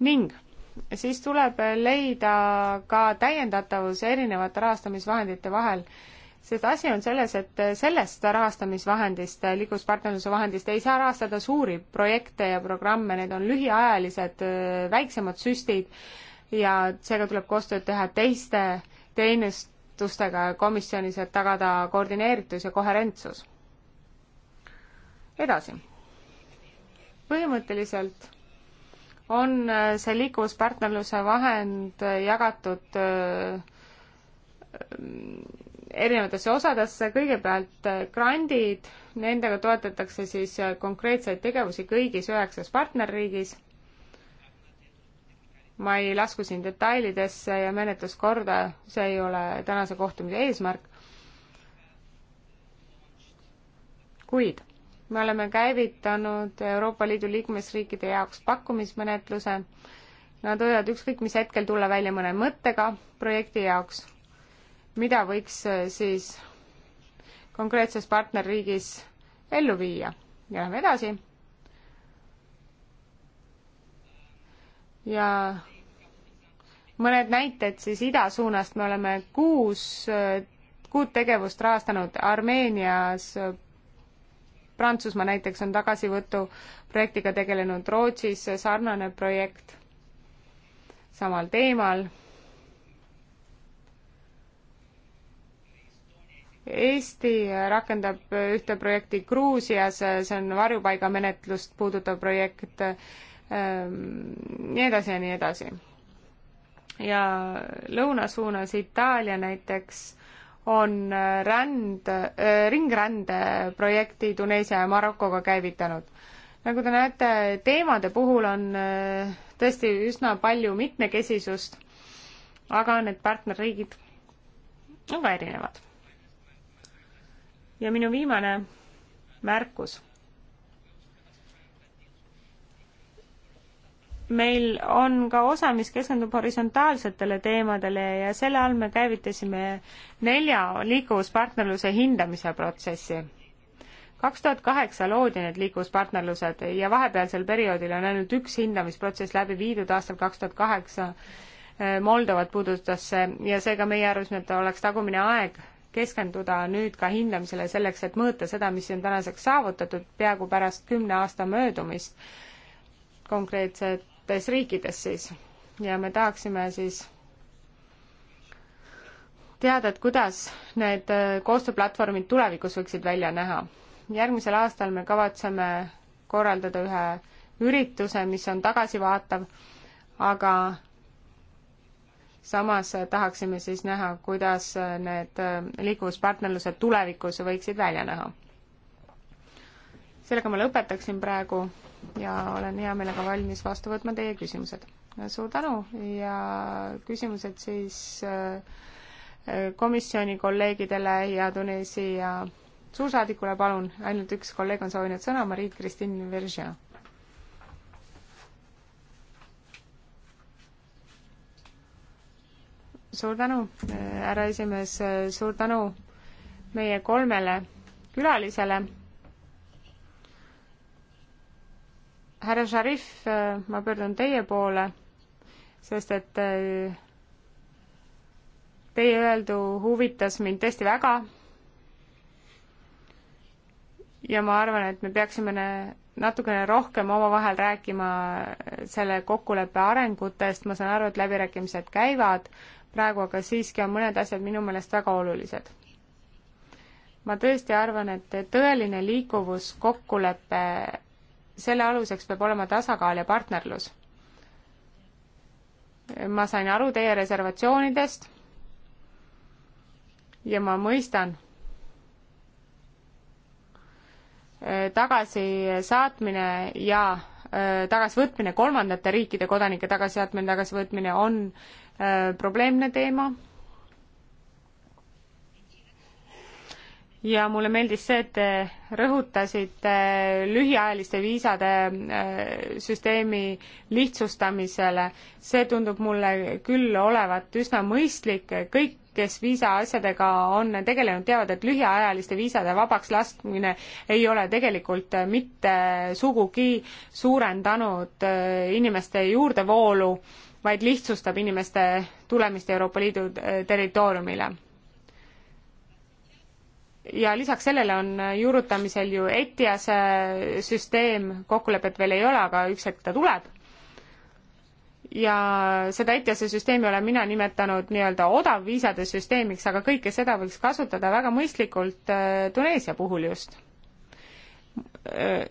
ning siis tuleb leida ka täiendatavus erinevate rahastamisvahendite vahel, sest asi on selles, et sellest rahastamisvahendist, liikluspartnerluse vahendist ei saa rahastada suuri projekte ja programme, need on lühiajalised väiksemad süstid ja seega tuleb koostööd teha teiste teenust, algatustega komisjonis, et tagada koordineeritus ja koherentsus. edasi. põhimõtteliselt on äh, see liikuvuspartnerluse vahend äh, jagatud äh, erinevatesse osadesse, kõigepealt grandid, nendega toetatakse siis konkreetseid tegevusi kõigis üheksas partnerriigis ma ei lasku siin detailidesse ja menetluskorda, see ei ole tänase kohtumise eesmärk. kuid me oleme käivitanud Euroopa Liidu liikmesriikide jaoks pakkumismenetluse. Nad võivad ükskõik mis hetkel tulla välja mõne mõttega projekti jaoks, mida võiks äh, siis konkreetses partnerriigis ellu viia ja lähme edasi ja mõned näited siis ida suunast, me oleme kuus, äh, kuut tegevust rahastanud Armeenias, äh, Prantsusmaa näiteks on tagasivõtuprojektiga tegelenud, Rootsis äh, sarnane projekt samal teemal. Eesti rakendab ühte projekti Gruusias, see on varjupaigamenetlust puudutav projekt Ehm, nii edasi ja nii edasi. ja lõunasuunas Itaalia näiteks on äh, ränd, äh, ringrändeprojekti Tuneesia ja Marokoga käivitanud. nagu te näete, teemade puhul on äh, tõesti üsna palju mitmekesisust, aga need partnerriigid on ka erinevad. ja minu viimane märkus meil on ka osa, mis keskendub horisontaalsetele teemadele ja selle all me käivitasime nelja liikuvuspartnerluse hindamise protsessi. kaks tuhat kaheksa loodi need liikuvuspartnerlused ja vahepealsel perioodil on ainult üks hindamisprotsess läbi viidud aastal kaks tuhat kaheksa eh, Moldovat puudutas see ja seega meie arvasime, et oleks tagumine aeg keskenduda nüüd ka hindamisele selleks, et mõõta seda, mis on tänaseks saavutatud peaaegu pärast kümne aasta möödumist konkreetset kolmandates riikides siis ja me tahaksime siis teada, et kuidas need äh, koostööplatvormid tulevikus võiksid välja näha. järgmisel aastal me kavatseme korraldada ühe ürituse, mis on tagasivaatav, aga samas tahaksime siis näha, kuidas äh, need äh, liikuvuspartnerlused tulevikus võiksid välja näha sellega ma lõpetaksin praegu ja olen hea meelega valmis vastu võtma teie küsimused. suur tänu ja küsimused siis äh, äh, komisjoni kolleegidele ja Tuneesia suursaadikule palun, ainult üks kolleeg on soovinud sõna, Marie-Christine Vergia. suur tänu, äh, härra esimees, suur tänu meie kolmele külalisele härra Šarif, äh, ma pöördun teie poole, sest et äh, teie öeldu huvitas mind tõesti väga. ja ma arvan, et me peaksime natukene rohkem omavahel rääkima äh, selle kokkuleppe arengutest, ma saan aru, et läbirääkimised käivad praegu, aga siiski on mõned asjad minu meelest väga olulised. ma tõesti arvan, et tõeline liikuvus kokkuleppe selle aluseks peab olema tasakaal ja partnerlus. ma sain aru teie reservatsioonidest ja ma mõistan. Äh, tagasisaatmine ja äh, tagasivõtmine, kolmandate riikide kodanike tagasisaatmine, tagasivõtmine on äh, probleemne teema ja mulle meeldis see, et te rõhutasite lühiajaliste viisade äh, süsteemi lihtsustamisele. see tundub mulle küll olevat üsna mõistlik, kõik, kes viisa asjadega on tegelenud, teavad, et lühiajaliste viisade vabaks laskmine ei ole tegelikult mitte sugugi suurendanud äh, inimeste juurdevoolu, vaid lihtsustab inimeste tulemist Euroopa Liidu äh, territooriumile ja lisaks sellele on juurutamisel ju ETIAS-e äh, süsteem, kokkulepet veel ei ole, aga üks hetk ta tuleb. ja seda ETIAS-e süsteemi olen mina nimetanud nii-öelda odavviisade süsteemiks, aga kõike seda võiks kasutada väga mõistlikult äh, Tuneesia puhul just. Äh,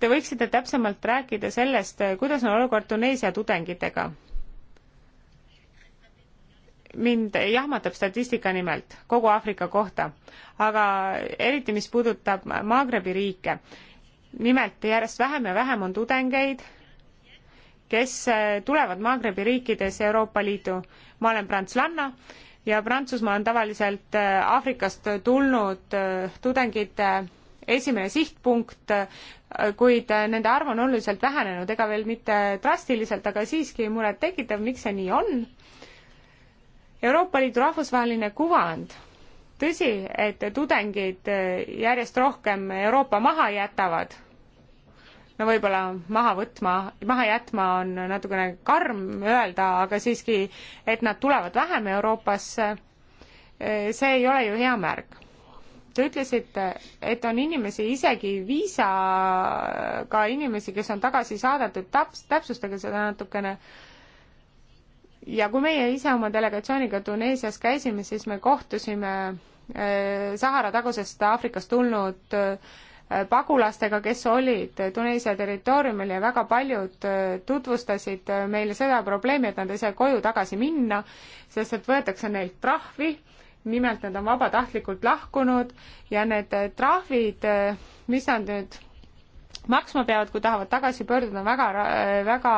te võiksite täpsemalt rääkida sellest, kuidas on olukord Tuneesia tudengitega mind jahmatab statistika nimelt kogu Aafrika kohta, aga eriti, mis puudutab Maagrebi riike. nimelt järjest vähem ja vähem on tudengeid, kes eh, tulevad Maagrebi riikides Euroopa Liidu. ma olen prantslanna ja Prantsusmaa on tavaliselt eh, Aafrikast tulnud eh, tudengite esimene sihtpunkt, kuid nende arv on oluliselt vähenenud, ega veel mitte drastiliselt, aga siiski murettekitav, miks see nii on Euroopa Liidu rahvusvaheline kuvand, tõsi, et tudengid eh, järjest rohkem Euroopa maha jätavad, no võib-olla maha võtma, maha jätma on natukene karm öelda, aga siiski, et nad tulevad vähem Euroopasse, eh, see ei ole ju hea märk. Te ütlesite, et on inimesi, isegi viisaga inimesi, kes on tagasi saadetud, taps-, täpsustage seda natukene äh, ja kui meie ise oma delegatsiooniga Tuneesias käisime, siis me kohtusime äh, Sahara tagusest Aafrikast tulnud äh, pagulastega, kes olid Tuneesia territooriumil ja väga paljud äh, tutvustasid meile seda probleemi, et nad ei saa koju tagasi minna, sest et võetakse neilt trahvi, nimelt nad on vabatahtlikult lahkunud ja need trahvid, mis nad nüüd maksma peavad, kui tahavad tagasi pöörduda, on väga, väga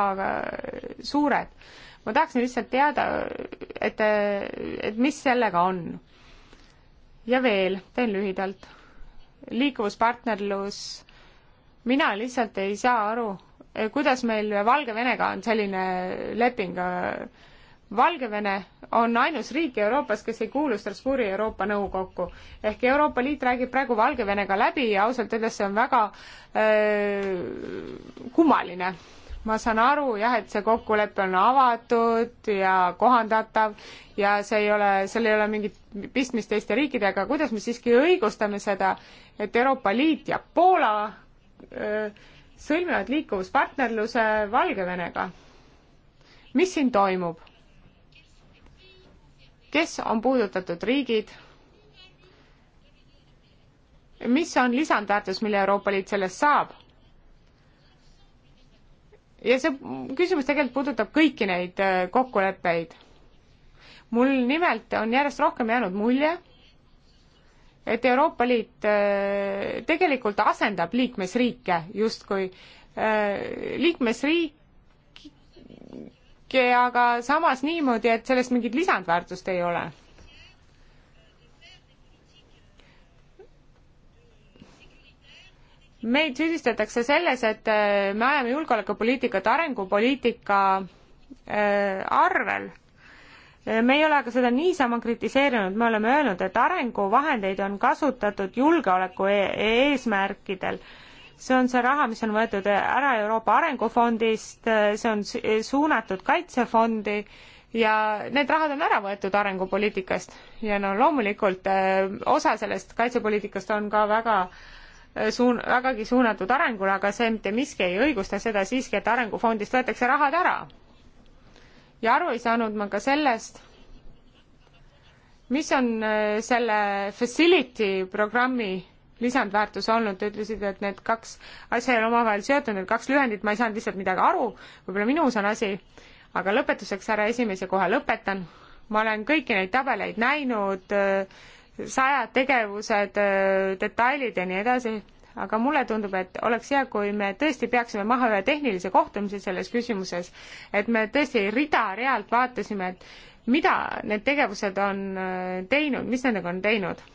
suured ma tahaksin lihtsalt teada, et, et mis sellega on. ja veel, teen lühidalt. liikuvuspartnerlus, mina lihtsalt ei saa aru, kuidas meil Valgevenega on selline leping. Valgevene on ainus riik Euroopas, kes ei kuulu Strasbourgi Euroopa Nõukokku. ehk Euroopa Liit räägib praegu Valgevenega läbi ja ausalt öeldes see on väga öö, äh, kummaline ma saan aru jah, et see kokkulepe on avatud ja kohandatav ja see ei ole, seal ei ole mingit pistmist teiste riikidega, kuidas me siiski õigustame seda, et Euroopa Liit ja Poola öö, sõlmivad liikuvuspartnerluse Valgevenega? mis siin toimub? kes on puudutatud riigid? mis on lisandväärtus, mille Euroopa Liit sellest saab? ja see küsimus tegelikult puudutab kõiki neid äh, kokkuleppeid. mul nimelt on järjest rohkem jäänud mulje, et Euroopa Liit äh, tegelikult asendab liikmesriike justkui, äh, liikmesriik aga samas niimoodi, et sellest mingit lisandväärtust ei ole meid süüdistatakse selles, et äh, me ajame julgeolekupoliitikat arengupoliitika äh, arvel. Äh, me ei ole aga seda niisama kritiseerinud, me oleme öelnud, et arenguvahendeid on kasutatud julgeoleku e-, eesmärkidel. see on see raha, mis on võetud ära Euroopa Arengufondist, see on suunatud kaitsefondi ja need rahad on ära võetud arengupoliitikast ja no loomulikult osa sellest kaitsepoliitikast on ka väga äh, suun-, vägagi suunatud arengule, aga see mitte miski ei õigusta seda siiski, et arengufondist võetakse rahad ära. ja aru ei saanud ma ka sellest, mis on äh, selle facility programmi lisandväärtus olnud, te ütlesite, et need kaks asja ei ole omavahel seotud, need kaks lühendit, ma ei saanud lihtsalt midagi aru, võib-olla minus on asi, aga lõpetuseks, härra esimees, ja kohe lõpetan, ma olen kõiki neid tabeleid näinud äh, sajad tegevused, äh, detailid ja nii edasi, aga mulle tundub, et oleks hea, kui me tõesti peaksime maha ühe tehnilise kohtumise selles küsimuses, et me tõesti rida-realt vaatasime, et mida need tegevused on äh, teinud, mis nendega on teinud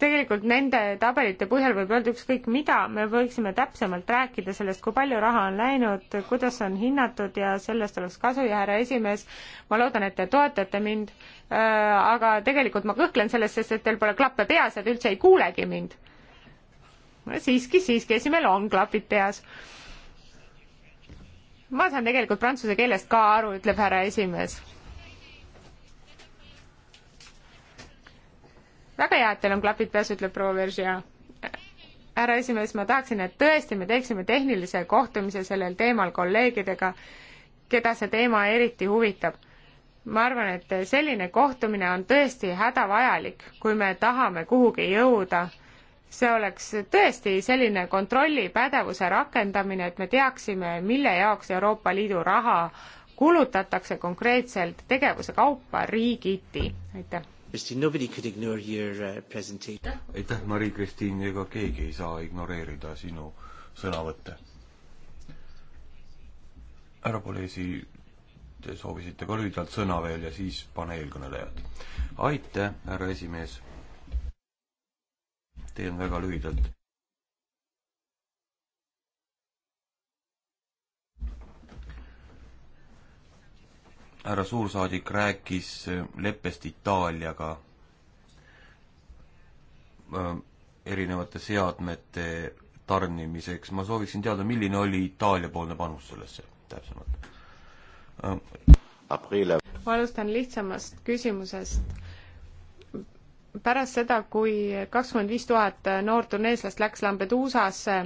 tegelikult nende tabelite põhjal võib öelda ükskõik mida, me võiksime täpsemalt rääkida sellest, kui palju raha on läinud, kuidas on hinnatud ja sellest oleks kasu ja härra esimees, ma loodan, et te toetate mind, äh, aga tegelikult ma kõhklen selles, sest et teil pole klappe peas ja te üldse ei kuulegi mind. siiski, siiski, esimehel on klapid peas. ma saan tegelikult prantsuse keelest ka aru, ütleb härra esimees väga hea, et teil on klapid peas, ütleb proua Veržia. härra esimees, ma tahaksin, et tõesti me teeksime tehnilise kohtumise sellel teemal kolleegidega, keda see teema eriti huvitab. ma arvan, et selline kohtumine on tõesti hädavajalik, kui me tahame kuhugi jõuda. see oleks tõesti selline kontrollipädevuse rakendamine, et me teaksime, mille jaoks Euroopa Liidu raha kulutatakse konkreetselt tegevuse kaupa riigiti. aitäh! Christine, nobody could ignore your uh, presentation. aitäh, Mari-Kristiin, ega keegi ei saa ignoreerida sinu sõnavõtte. härra Polesi, te soovisite ka lühidalt sõna veel ja siis pane eelkõnelejad. aitäh, härra esimees. teen väga lühidalt härra suursaadik rääkis leppest Itaaliaga äh, erinevate seadmete tarnimiseks, ma sooviksin teada, milline oli Itaalia-poolne panus sellesse täpsemalt? ma alustan lihtsamast küsimusest pärast seda, kui kakskümmend viis tuhat noort tuneeslast läks Lampeduusasse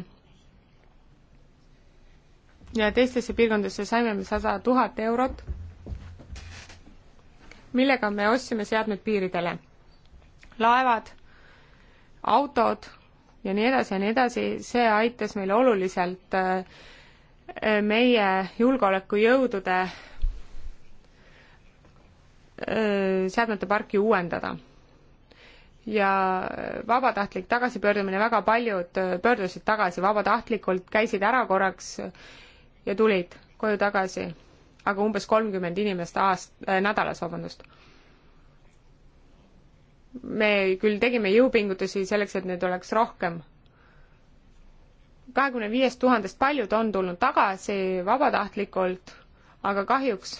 ja teistesse piirkondadesse, saime me sada tuhat eurot millega me ostsime seadmed piiridele. laevad, autod ja nii edasi ja nii edasi, see aitas meil oluliselt äh, meie julgeolekujõudude äh, seadmete parki uuendada. ja vabatahtlik tagasipöördumine, väga paljud äh, pöördusid tagasi vabatahtlikult, käisid ära korraks ja tulid koju tagasi aga umbes kolmkümmend inimest aast- äh,, nädalas, vabandust. me küll tegime jõupingutusi selleks, et neid oleks rohkem. kahekümne viiest tuhandest paljud on tulnud tagasi vabatahtlikult, aga kahjuks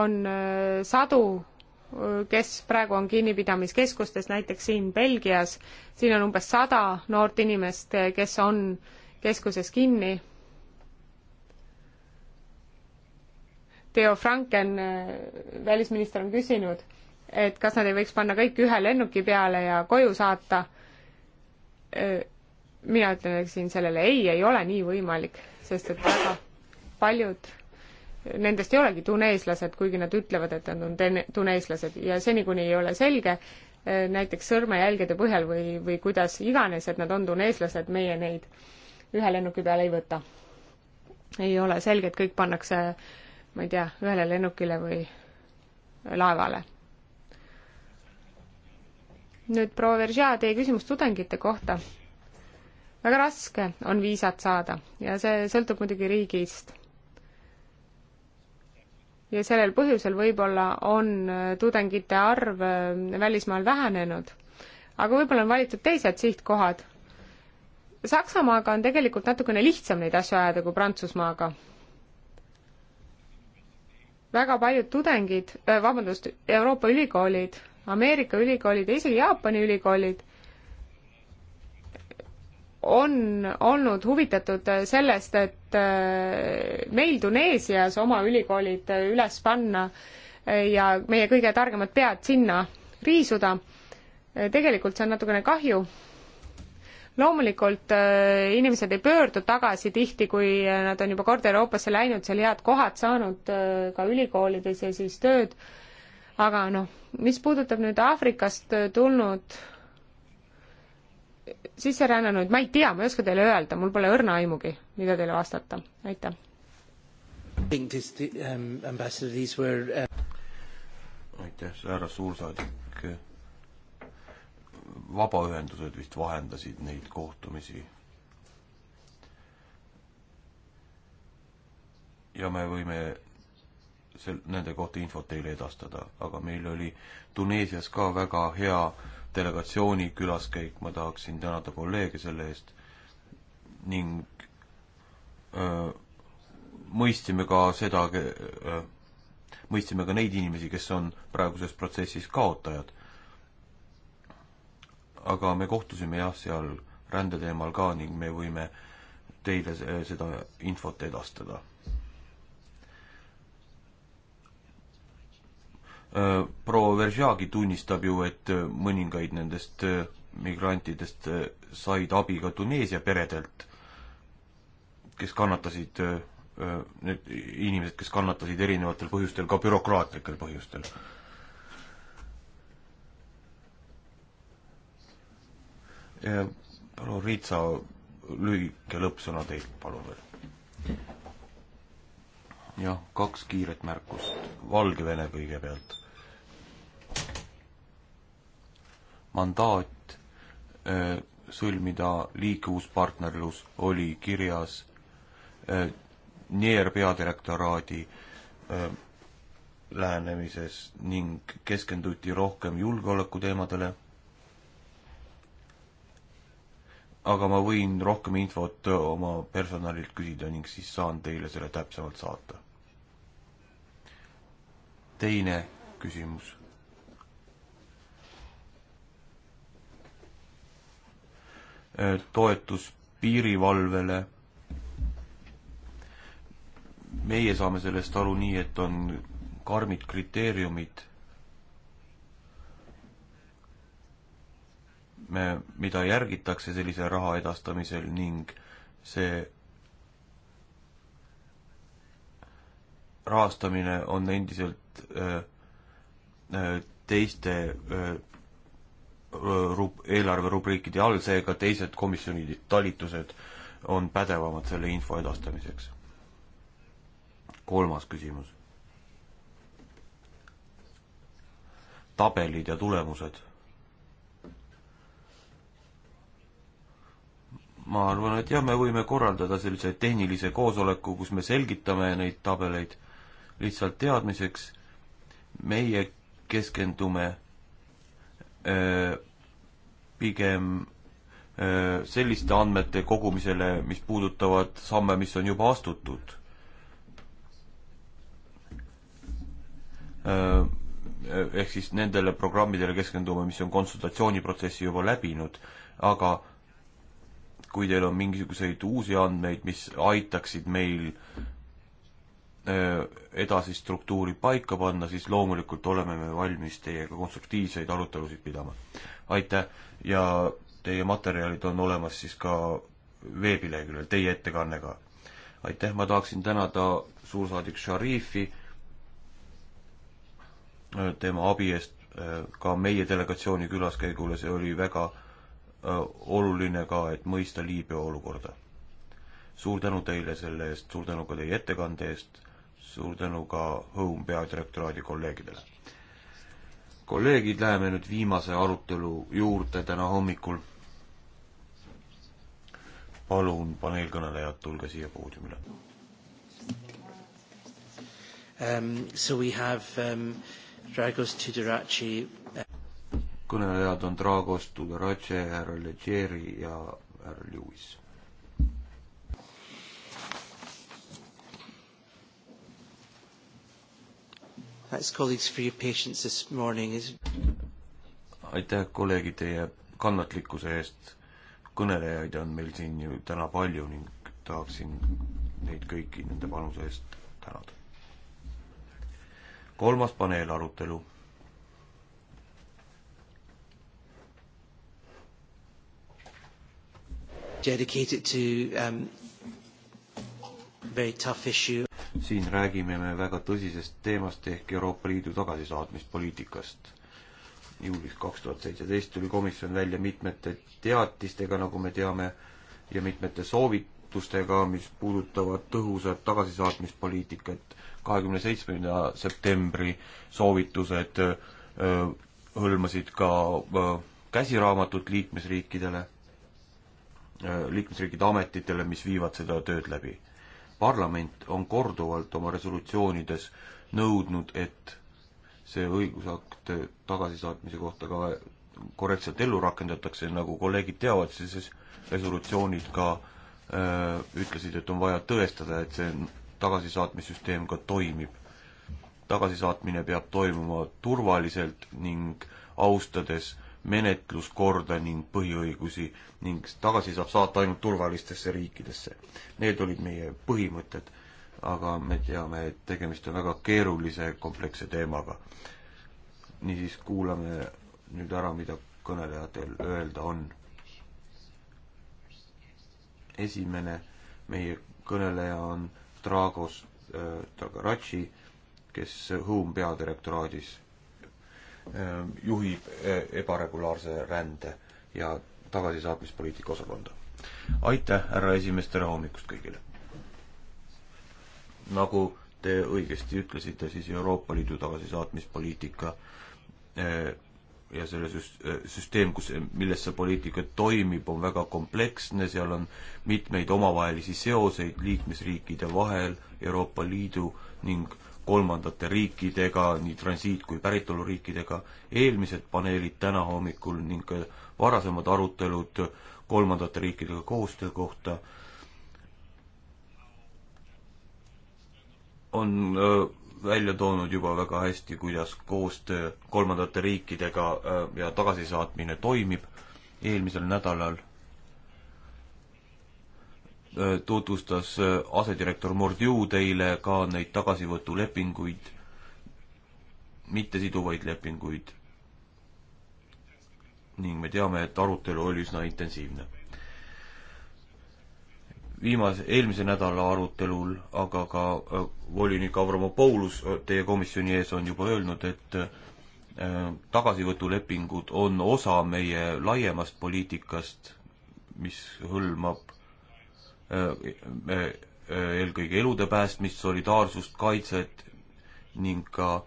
on äh, sadu, äh, kes praegu on kinnipidamiskeskustes, näiteks siin Belgias, siin on umbes sada noort inimest, äh, kes on keskuses kinni Theo Franken, äh, välisminister, on küsinud, et kas nad ei võiks panna kõik ühe lennuki peale ja koju saata. Äh, mina ütleksin sellele ei, ei ole nii võimalik, sest et väga paljud nendest ei olegi tuneeslased, kuigi nad ütlevad, et nad on tuneeslased ja seni, kuni ei ole selge, äh, näiteks sõrmejälgede põhjal või, või kuidas iganes, et nad on tuneeslased, meie neid ühe lennuki peale ei võta. ei ole selge, et kõik pannakse äh, ma ei tea, ühele lennukile või laevale. nüüd proua Veržea, teie küsimus tudengite kohta. väga raske on viisat saada ja see sõltub muidugi riigist. ja sellel põhjusel võib-olla on tudengite arv äh, välismaal vähenenud, aga võib-olla on valitud teised sihtkohad Saksamaaga on tegelikult natukene lihtsam neid asju ajada kui Prantsusmaaga väga paljud tudengid, äh, vabandust, Euroopa ülikoolid, Ameerika ülikoolid ja isegi Jaapani ülikoolid on olnud huvitatud äh, sellest, et äh, meil Tuneesias oma ülikoolid üles panna ja meie kõige targemad pead sinna riisuda. tegelikult see on natukene kahju, loomulikult äh, inimesed ei pöördu tagasi tihti, kui äh, nad on juba kord Euroopasse läinud, seal head kohad saanud äh, ka ülikoolides ja siis tööd, aga noh, mis puudutab nüüd Aafrikast tulnud sisserännanuid, ma ei tea, ma ei oska teile öelda, mul pole õrna aimugi, mida teile vastata, aitäh. Um, uh, aitäh, härra suursaadik vabaühendused vist vahendasid neid kohtumisi. ja me võime sel-, nende kohta infot teile edastada, aga meil oli Tuneesias ka väga hea delegatsiooni külaskäik, ma tahaksin tänada kolleege selle eest ning öö, mõistsime ka seda, mõistsime ka neid inimesi, kes on praeguses protsessis kaotajad aga me kohtusime jah, seal rändeteemal ka ning me võime teile seda infot edastada. Äh, proua Veržagi tunnistab ju, et mõningaid nendest äh, migrantidest äh, said abi ka Tuneesia peredelt, kes kannatasid, need inimesed, kes kannatasid erinevatel põhjustel, ka bürokraatlikel põhjustel Eh, palun, Riitsa, lühike lõppsõna teilt, palun veel. jah, kaks kiiret märkust. Valgevene kõigepealt. mandaat eh, sõlmida liikuvuspartnerlus oli kirjas eh, NIER peadirektoraadi lähenemises ning keskenduti rohkem julgeolekuteemadele aga ma võin rohkem infot oma personalilt küsida ning siis saan teile selle täpsemalt saata. teine küsimus. toetus piirivalvele. meie saame sellest aru nii, et on karmid kriteeriumid me, mida järgitakse sellise raha edastamisel ning see rahastamine on endiselt öö, äh, äh, teiste äh, rub-, eelarverubriikide all, seega teised komisjoni talitused on pädevamad selle info edastamiseks. kolmas küsimus. tabelid ja tulemused ma arvan, et jah, me võime korraldada sellise tehnilise koosoleku, kus me selgitame neid tabeleid lihtsalt teadmiseks. meie keskendume öö, pigem öö, selliste andmete kogumisele, mis puudutavad samme, mis on juba astutud ehk siis nendele programmidele keskendume, mis on konsultatsiooniprotsessi juba läbinud, aga kui teil on mingisuguseid uusi andmeid, mis aitaksid meil edasist struktuuri paika panna, siis loomulikult oleme me valmis teiega konstruktiivseid arutelusid pidama. aitäh ja teie materjalid on olemas siis ka veebileheküljel teie ettekannega. aitäh, ma tahaksin tänada suursaadik Šarifi tema abi eest ka meie delegatsiooni külaskäigule, see oli väga Äh, oluline ka, et mõista Liibüa olukorda. suur tänu teile selle eest, suur tänu ka teie ettekande eest, suur tänu ka Home peadirektoraadi kolleegidele. kolleegid, läheme nüüd viimase arutelu juurde täna hommikul. palun, paneelkõnelejad, tulge siia poodiumile. Um, so we have um, Dragos Tudorachi kõnelejad on Dragos, Tudoratše, härra Leggeri ja härra Lewis. Thanks colleagues for your patience this morning is aitäh kolleegid teie kannatlikkuse eest. kõnelejaid on meil siin ju täna palju ning tahaksin neid kõiki nende panuse eest tänada. kolmas paneelarutelu dedicate it to um, very tough issue. siin räägime me väga tõsisest teemast ehk Euroopa Liidu tagasisaatmispoliitikast. juulis kaks tuhat seitseteist tuli komisjon välja mitmete teatistega, nagu me teame, ja mitmete soovitustega, mis puudutavad tõhusat tagasisaatmispoliitikat. kahekümne seitsmenda septembri soovitused äh, hõlmasid ka äh, käsiraamatut liikmesriikidele Äh, liikmesriikide ametitele, mis viivad seda tööd läbi. parlament on korduvalt oma resolutsioonides nõudnud, et see õigusakt tagasisaatmise kohta ka korrektselt ellu rakendatakse, nagu kolleegid teavad, siis resolutsioonid ka öö, äh, ütlesid, et on vaja tõestada, et see tagasisaatmissüsteem ka toimib. tagasisaatmine peab toimuma turvaliselt ning austades öö, menetluskorda ning põhiõigusi ning tagasi saab saata ainult turvalistesse riikidesse. Need olid meie põhimõtted, aga me teame, et tegemist on väga keerulise, kompleksse teemaga. niisiis kuulame nüüd ära, mida kõnelejatel öelda on. esimene meie kõneleja on Dragos äh, Tagaratši, kes Home peadirektoraadis Ähm, juhib e, ebaregulaarse rände ja tagasisaatmispoliitika osakonda. aitäh, härra esimees, tere hommikust kõigile! nagu te õigesti ütlesite, siis Euroopa Liidu tagasisaatmispoliitika e, ja selle e, süsteem, kus, milles see poliitika toimib, on väga kompleksne, seal on mitmeid omavahelisi seoseid liikmesriikide vahel, Euroopa Liidu ning kolmandate riikidega, nii transiit- kui päritoluriikidega, eelmised paneelid täna hommikul ning varasemad arutelud kolmandate riikidega koostöö kohta on äh, välja toonud juba väga hästi, kuidas koostöö kolmandate riikidega äh, ja tagasisaatmine toimib. eelmisel nädalal Äh, tutvustas äh, asedirektor Mordiu teile ka neid tagasivõtulepinguid, mittesiduvaid lepinguid. ning me teame, et arutelu oli üsna intensiivne. viimase, eelmise nädala arutelul aga ka äh, volinik Avramopoulus teie komisjoni ees on juba öelnud, et tagasivõtulepingud on osa meie laiemast poliitikast, mis hõlmab Äh, äh, äh, eelkõige elude päästmist, solidaarsust, kaitset ning ka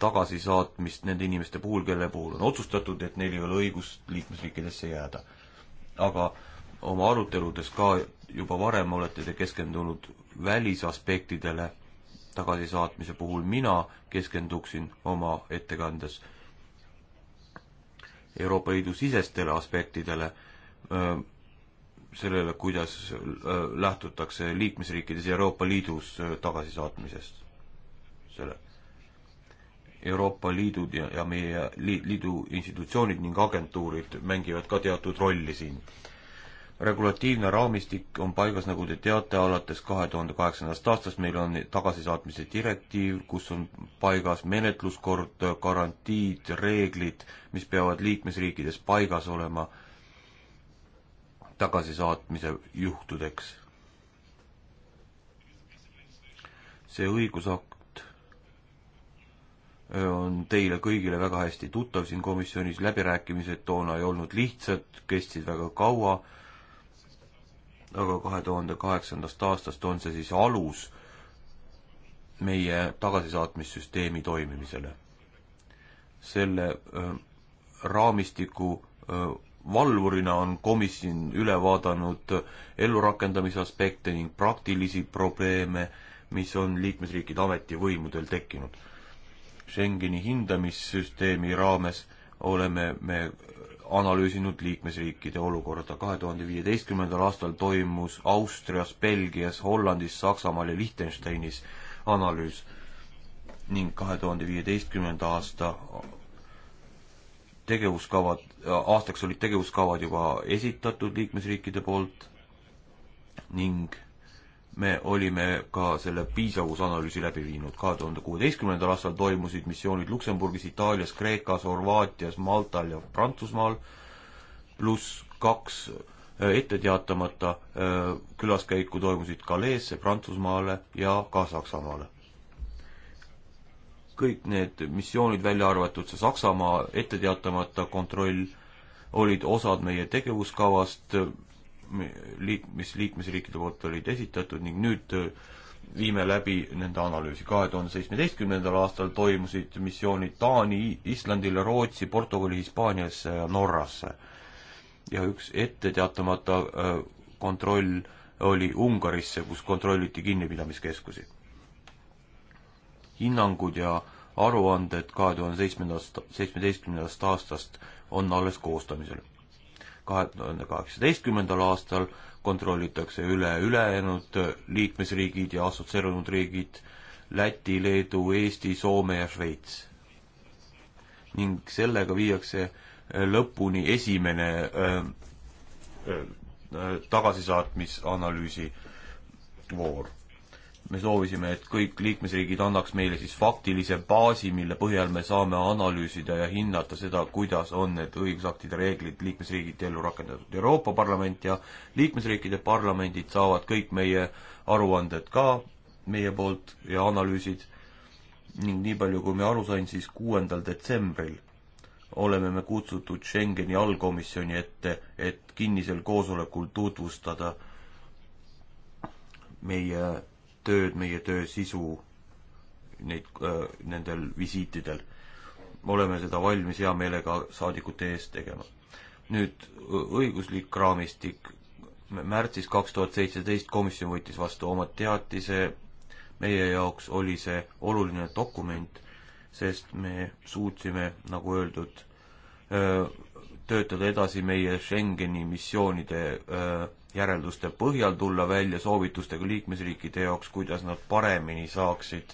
tagasisaatmist nende inimeste puhul, kelle puhul on otsustatud, et neil ei ole õigust liikmesriikidesse jääda. aga oma aruteludes ka juba varem olete te keskendunud välisaspektidele tagasisaatmise puhul, mina keskenduksin oma ettekandes Euroopa Liidu sisestele aspektidele, sellele, kuidas äh, lähtutakse liikmesriikides ja Euroopa Liidus äh, tagasisaatmisest. selle Euroopa Liidud ja, ja meie liidu institutsioonid ning agentuurid mängivad ka teatud rolli siin. regulatiivne raamistik on paigas, nagu te teate, alates kahe tuhande kaheksandast aastast meil on tagasisaatmise direktiiv, kus on paigas menetluskord, garantiid, reeglid, mis peavad liikmesriikides paigas olema äh, tagasisaatmise juhtudeks. see õigusakt on teile kõigile väga hästi tuttav siin komisjonis, läbirääkimised toona ei olnud lihtsad, kestsid väga kaua, aga kahe tuhande kaheksandast aastast on see siis alus meie tagasisaatmissüsteemi toimimisele. selle öö, äh, raamistiku öö, äh, valvurina on komisjon üle vaadanud ellurakendamise aspekte ning praktilisi probleeme, mis on liikmesriikide ametivõimudel tekkinud. Schengeni hindamissüsteemi raames oleme me analüüsinud liikmesriikide olukorda. kahe tuhande viieteistkümnendal aastal toimus Austrias, Belgias, Hollandis, Saksamaal ja Liechtensteinis analüüs ning kahe tuhande viieteistkümnenda aasta tegevuskavad, aastaks olid tegevuskavad juba esitatud liikmesriikide poolt ning me olime ka selle piisavusanalüüsi läbi viinud. kahe tuhande kuueteistkümnendal aastal toimusid missioonid Luksemburgis, Itaalias, Kreekas, Horvaatias, Maltal ja Prantsusmaal, pluss kaks äh, ette teatamata äh, külaskäiku toimusid Galeesse, Prantsusmaale ja ka Saksamaale kõik need missioonid, välja arvatud see Saksamaa ette teatamata kontroll, olid osad meie tegevuskavast, liik-, mis liikmesriikide poolt olid esitatud ning nüüd äh, viime läbi nende analüüsi. kahe tuhande seitsmeteistkümnendal aastal toimusid missioonid Taani, Islandile, Rootsi, Portugali, Hispaaniasse ja Norrasse. ja üks ette teatamata äh, kontroll oli Ungarisse, kus kontrolliti kinnipidamiskeskusi. hinnangud ja aruanded kahe tuhande seitsmendast, seitsmeteistkümnendast aastast on alles koostamisel. kahe tuhande kaheksateistkümnendal aastal kontrollitakse üle ülejäänud liikmesriigid ja assotsieerunud riigid Läti, Leedu, Eesti, Soome ja Šveits. ning sellega viiakse äh, lõpuni esimene äh, äh, tagasisaatmisanalüüsi voor me soovisime, et kõik liikmesriigid annaks meile siis faktilise baasi, mille põhjal me saame analüüsida ja hinnata seda, kuidas on need õigusaktide reeglid liikmesriigiti ellu rakendatud. Euroopa Parlament ja liikmesriikide parlamendid saavad kõik meie aruanded ka meie poolt ja analüüsid ning nii palju, kui ma aru sain, siis kuuendal detsembril oleme me kutsutud Schengeni allkomisjoni ette, et kinnisel koosolekul tutvustada meie tööd, meie töö sisu neid, äh, nendel visiitidel. me oleme seda valmis hea meelega saadikute ees tegema. nüüd õiguslik raamistik. märtsis kaks tuhat seitseteist komisjon võttis vastu oma teatise. meie jaoks oli see oluline dokument, sest me suutsime, nagu öeldud, äh, töötada edasi meie Schengeni missioonide öö, äh, järelduste põhjal tulla välja soovitustega liikmesriikide jaoks, kuidas nad paremini saaksid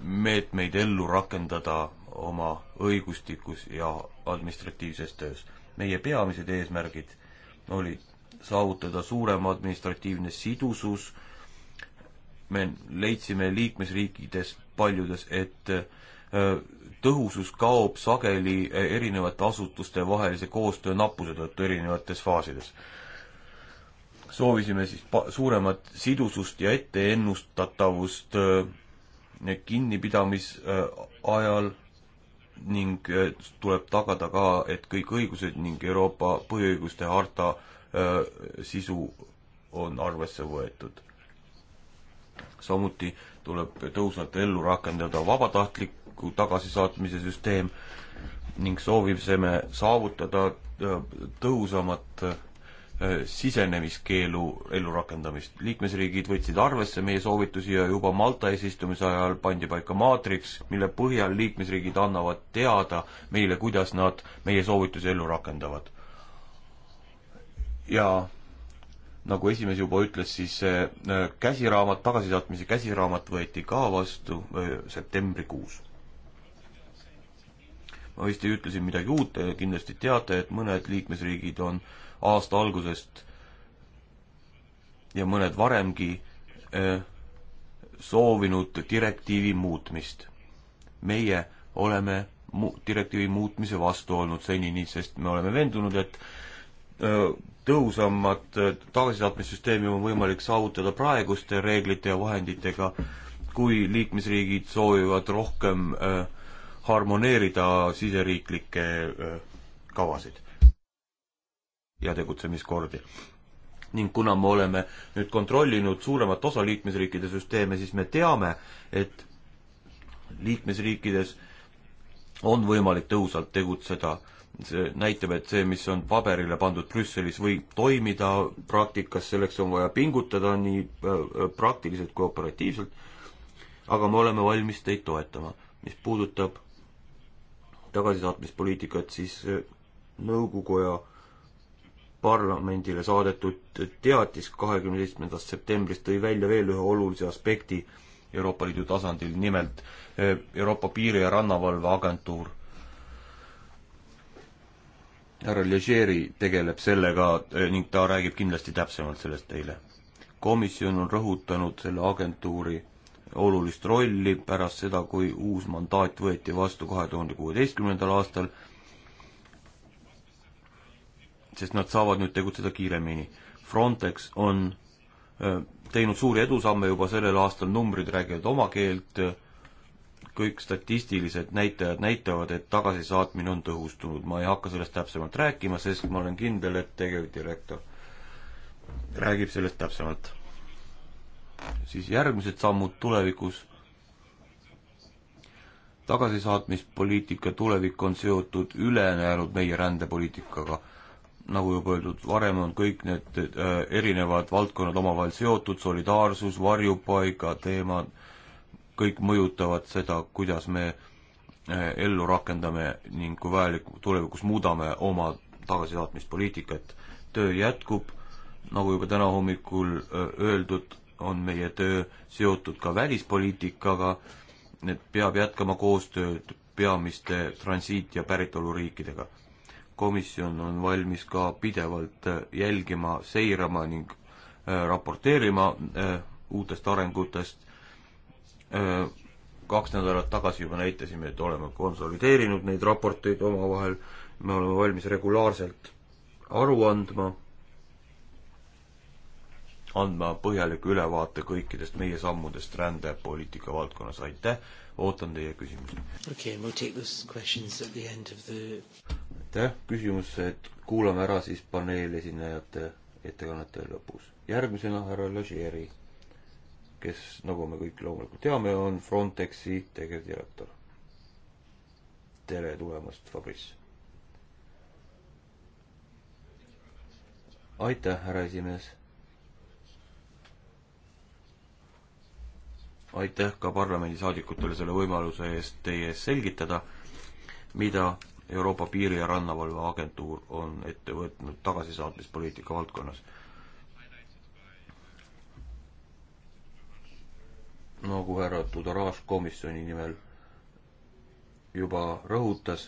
meetmeid ellu rakendada oma õigustikus ja administratiivses töös. meie peamised eesmärgid olid saavutada suurem administratiivne sidusus, me leidsime liikmesriikides paljudes, et tõhusus kaob sageli eh, erinevate asutuste vahelise koostöö nappuse tõttu erinevates faasides. soovisime siis suuremat sidusust ja etteennustatavust eh, kinnipidamisajal eh, ning tuleb tagada ka, et kõik õigused ning Euroopa põhiõiguste harta sisu on arvesse võetud. samuti tuleb tõhusalt ellu rakendada vabatahtlik kodaniku tagasisaatmise süsteem ning soovisime saavutada äh, tõhusamat äh, sisenemiskeelu ellurakendamist. liikmesriigid võtsid arvesse meie soovitusi ja juba Malta eesistumise ajal pandi paika maatriks, mille põhjal liikmesriigid annavad teada meile, kuidas nad meie soovitusi ellu rakendavad. ja nagu esimees juba ütles, siis see äh, käsiraamat, tagasisaatmise käsiraamat võeti ka vastu septembrikuus ma vist ei ütle siin midagi uut, te kindlasti teate, et mõned liikmesriigid on aasta algusest ja mõned varemgi äh, soovinud direktiivi muutmist. meie oleme mu-, direktiivi muutmise vastu olnud senini, sest me oleme veendunud, et äh, tõhusamat äh, tagasisaatmissüsteemi on võimalik saavutada praeguste reeglite ja vahenditega, kui liikmesriigid soovivad rohkem äh, harmoneerida siseriiklikke kavasid ja tegutsemiskordi. ning kuna me oleme nüüd kontrollinud suuremat osa liikmesriikide süsteeme, siis me teame, et liikmesriikides on võimalik tõhusalt tegutseda. see näitab, et see, mis on paberile pandud Brüsselis, võib toimida praktikas, selleks on vaja pingutada nii praktiliselt kui operatiivselt, aga me oleme valmis teid toetama. mis puudutab tagasisaatmispoliitikat, siis äh, nõukogu ja parlamendile saadetud teatis kahekümne seitsmendast septembrist tõi välja veel ühe olulise aspekti Euroopa Liidu tasandil, nimelt äh, Euroopa Piiri- ja Rannavalveagentuur. härra Legeri tegeleb sellega äh, ning ta räägib kindlasti täpsemalt sellest teile. komisjon on rõhutanud selle agentuuri olulist rolli pärast seda, kui uus mandaat võeti vastu kahe tuhande kuueteistkümnendal aastal, sest nad saavad nüüd tegutseda kiiremini. Frontex on teinud suuri edusamme juba sellel aastal, numbrid räägivad oma keelt, kõik statistilised näitajad näitavad, et tagasisaatmine on tõhustunud. ma ei hakka sellest täpsemalt rääkima, sest ma olen kindel, et tegevdirektor räägib sellest täpsemalt siis järgmised sammud tulevikus. tagasisaatmispoliitika tulevik on seotud ülejäänud meie rändepoliitikaga. nagu juba öeldud, varem on kõik need äh, erinevad valdkonnad omavahel seotud, solidaarsus, varjupaiga teemad, kõik mõjutavad seda, kuidas me äh, ellu rakendame ning kui vajalik, tulevikus muudame oma tagasisaatmispoliitikat. töö jätkub, nagu juba täna hommikul äh, öeldud, on meie töö seotud ka välispoliitikaga, et peab jätkama koostööd peamiste transiit- ja päritoluriikidega. komisjon on valmis ka pidevalt äh, jälgima, seirama ning äh, raporteerima äh, uutest arengutest. kaks nädalat tagasi juba näitasime, et oleme konsolideerinud neid raporteid omavahel, me oleme valmis regulaarselt aru andma andma põhjaliku ülevaate kõikidest meie sammudest rändepoliitika valdkonnas, aitäh, ootan teie küsimusi. okei okay,, we'll take those questions at the end of the aitäh küsimuse, et kuulame ära siis paneelesinejate ettekannete lõpus. järgmisena härra Lajeri, kes, nagu me kõik loomulikult teame, on Frontexi tegevdirektor. tere tulemast, Fabrice! aitäh, härra esimees aitäh ka parlamendisaadikutele selle võimaluse eest teie ees selgitada, mida Euroopa Piiri- ja Rannavalveagentuur on ette võtnud tagasisaatmispoliitika valdkonnas. nagu härra Tudoraaž komisjoni nimel juba rõhutas,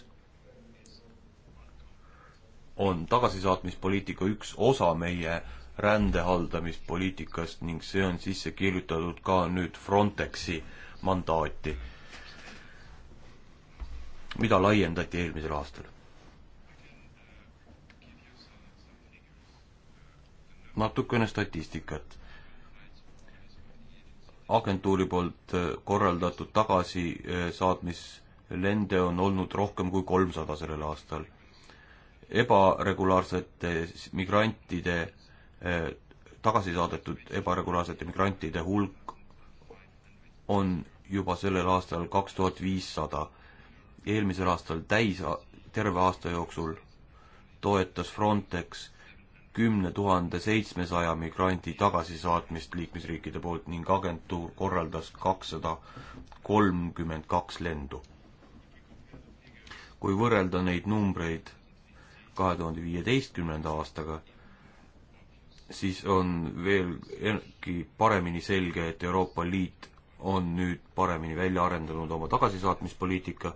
on tagasisaatmispoliitika üks osa meie rände haldamispoliitikast ning see on sisse kirjutatud ka nüüd Frontexi mandaati, mida laiendati eelmisel aastal. natukene statistikat agentuuri poolt äh, korraldatud tagasisaatmislende äh, on olnud rohkem kui kolmsada sellel aastal. ebaregulaarsete migrantide Eh, tagasi saadetud ebaregulaarsete migrantide hulk on juba sellel aastal kaks tuhat viissada. eelmisel aastal täis, terve aasta jooksul toetas Frontex kümne tuhande seitsmesaja migrandi tagasisaatmist liikmesriikide poolt ning agentuur korraldas kakssada kolmkümmend kaks lendu. kui võrrelda neid numbreid kahe tuhande viieteistkümnenda aastaga, siis on veelgi paremini selge, et Euroopa Liit on nüüd paremini välja arendanud oma tagasisaatmispoliitika.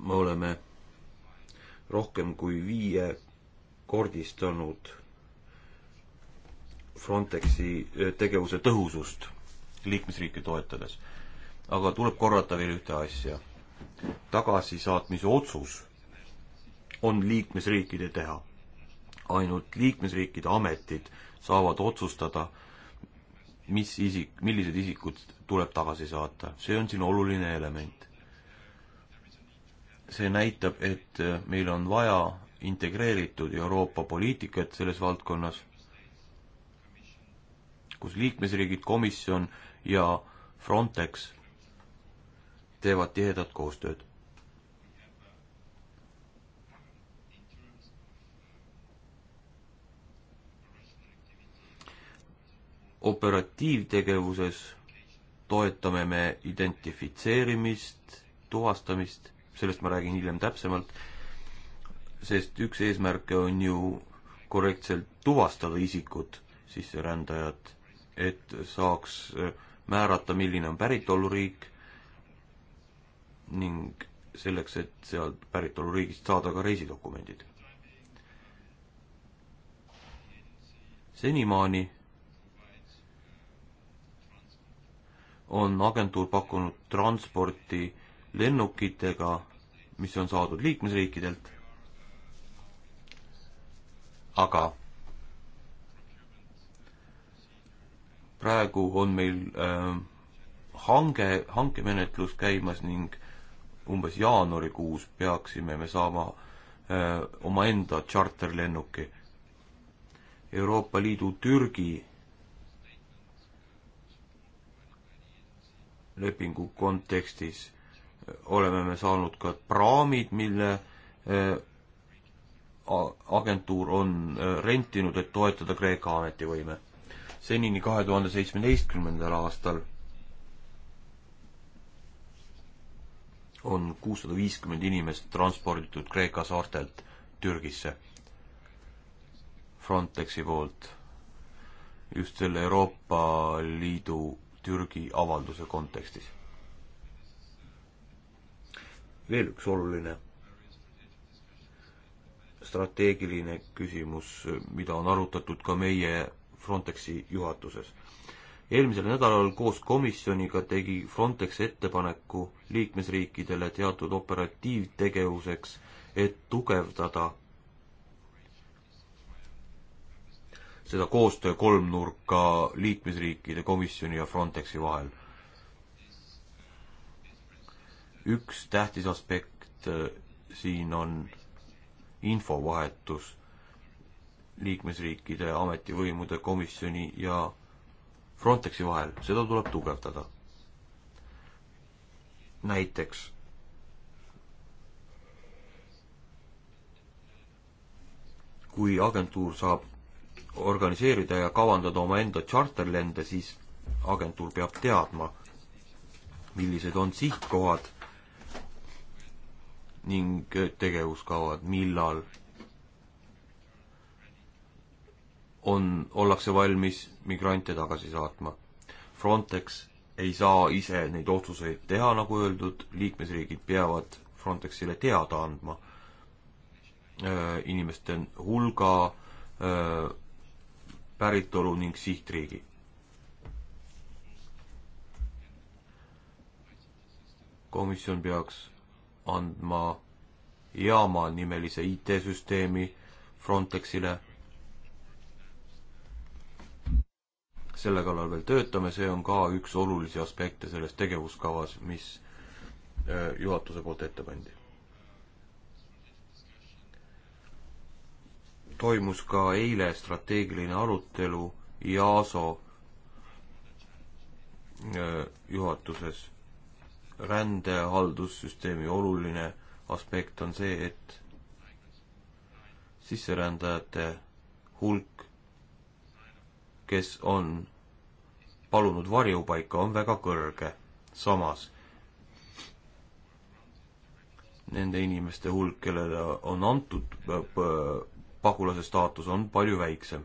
me oleme rohkem kui viiekordistanud Frontexi eh, tegevuse tõhusust liikmesriike toetades. aga tuleb korrata veel ühte asja. tagasisaatmise otsus on liikmesriikide teha ainult liikmesriikide ametid saavad otsustada, mis isik, millised isikud tuleb tagasi saata, see on siin oluline element. see näitab, et meil on vaja integreeritud Euroopa poliitikat selles valdkonnas, kus liikmesriigid, komisjon ja Frontex teevad tihedat koostööd operatiivtegevuses toetame me identifitseerimist, tuvastamist, sellest ma räägin hiljem täpsemalt, sest üks eesmärke on ju korrektselt tuvastada isikud, sisserändajad, et saaks äh, määrata, milline on päritoluriik ning selleks, et sealt päritoluriigist saada ka reisidokumendid. senimaani on agentuur pakkunud transporti lennukitega, mis on saadud liikmesriikidelt, aga praegu on meil äh, hange, hankemenetlus käimas ning umbes jaanuarikuus peaksime me saama äh, omaenda tšarterlennuki. Euroopa Liidu Türgi lepingu kontekstis äh, oleme me saanud ka praamid, mille äh, agentuur on äh, rentinud, et toetada Kreeka ametivõime. senini kahe tuhande seitsmeteistkümnendal aastal on kuussada viiskümmend inimest transporditud Kreeka saartelt Türgisse Frontexi poolt just selle Euroopa Liidu Türgi avalduse kontekstis. veel üks oluline strateegiline küsimus, mida on arutatud ka meie Frontexi juhatuses. eelmisel nädalal koos komisjoniga tegi Frontex ettepaneku liikmesriikidele teatud operatiivtegevuseks, et tugevdada seda koostöö kolmnurka liikmesriikide komisjoni ja Frontexi vahel. üks tähtis aspekt äh, siin on infovahetus liikmesriikide ametivõimude komisjoni ja Frontexi vahel, seda tuleb tugevdada. näiteks kui agentuur saab organiseerida ja kavandada omaenda tšarterlende, siis agentuur peab teadma, millised on sihtkohad ning tegevuskavad, millal on, ollakse valmis migrante tagasi saatma. Frontex ei saa ise neid otsuseid teha, nagu öeldud, liikmesriigid peavad Frontexile teada andma äh, inimeste hulga, äh, päritolu ning sihtriigi. komisjon peaks andma Jaama nimelise IT-süsteemi Frontexile. selle kallal veel töötame, see on ka üks olulisi aspekte selles tegevuskavas, mis äh, juhatuse poolt ette pandi toimus ka eile strateegiline arutelu EASO äh, juhatuses. rändehaldussüsteemi oluline aspekt on see, et sisserändajate hulk, kes on palunud varjupaika, on väga kõrge. samas nende inimeste hulk, kellele on antud äh, pagulase staatus on palju väiksem.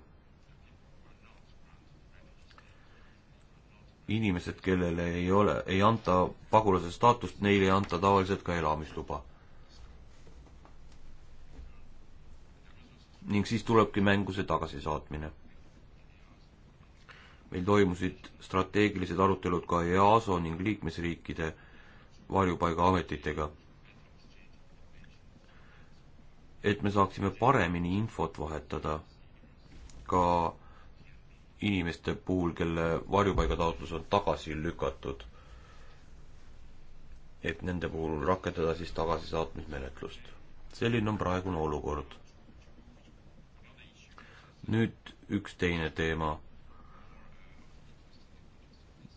inimesed, kellele ei ole, ei anta pagulase staatust, neile ei anta tavaliselt ka elamisluba. ning siis tulebki mängu see tagasisaatmine. meil toimusid strateegilised arutelud ka EASO ning liikmesriikide varjupaigaametitega et me saaksime paremini infot vahetada ka inimeste puhul, kelle varjupaigataotlus on tagasi lükatud. et nende puhul rakendada siis tagasisaatmismenetlust. selline on praegune olukord. nüüd üks teine teema,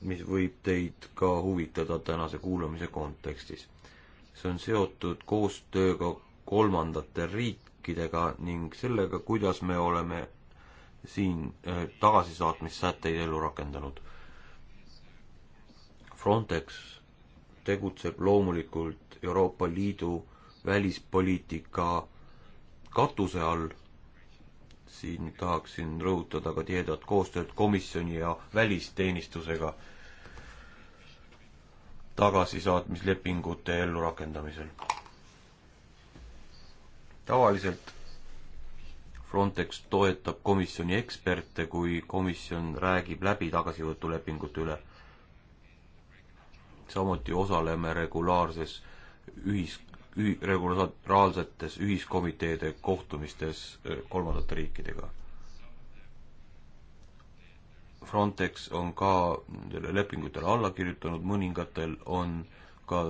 mis võib teid ka huvitada tänase kuulamise kontekstis. see on seotud koostööga kolmandate riikidega ning sellega, kuidas me oleme siin äh, tagasisaatmissätteid ellu rakendanud. Frontex tegutseb loomulikult Euroopa Liidu välispoliitika katuse all. siin tahaksin rõhutada ka tihedat koostööd komisjoni ja välisteenistusega tagasisaatmislepingute ellurakendamisel tavaliselt Frontex toetab komisjoni eksperte, kui komisjon räägib läbi tagasivõtulepingute üle. samuti osaleme regulaarses ühis, ühi-, regulaarsetes ühiskomiteede kohtumistes äh, kolmandate riikidega. Frontex on ka nendele lepingutele alla kirjutanud, mõningatel on ka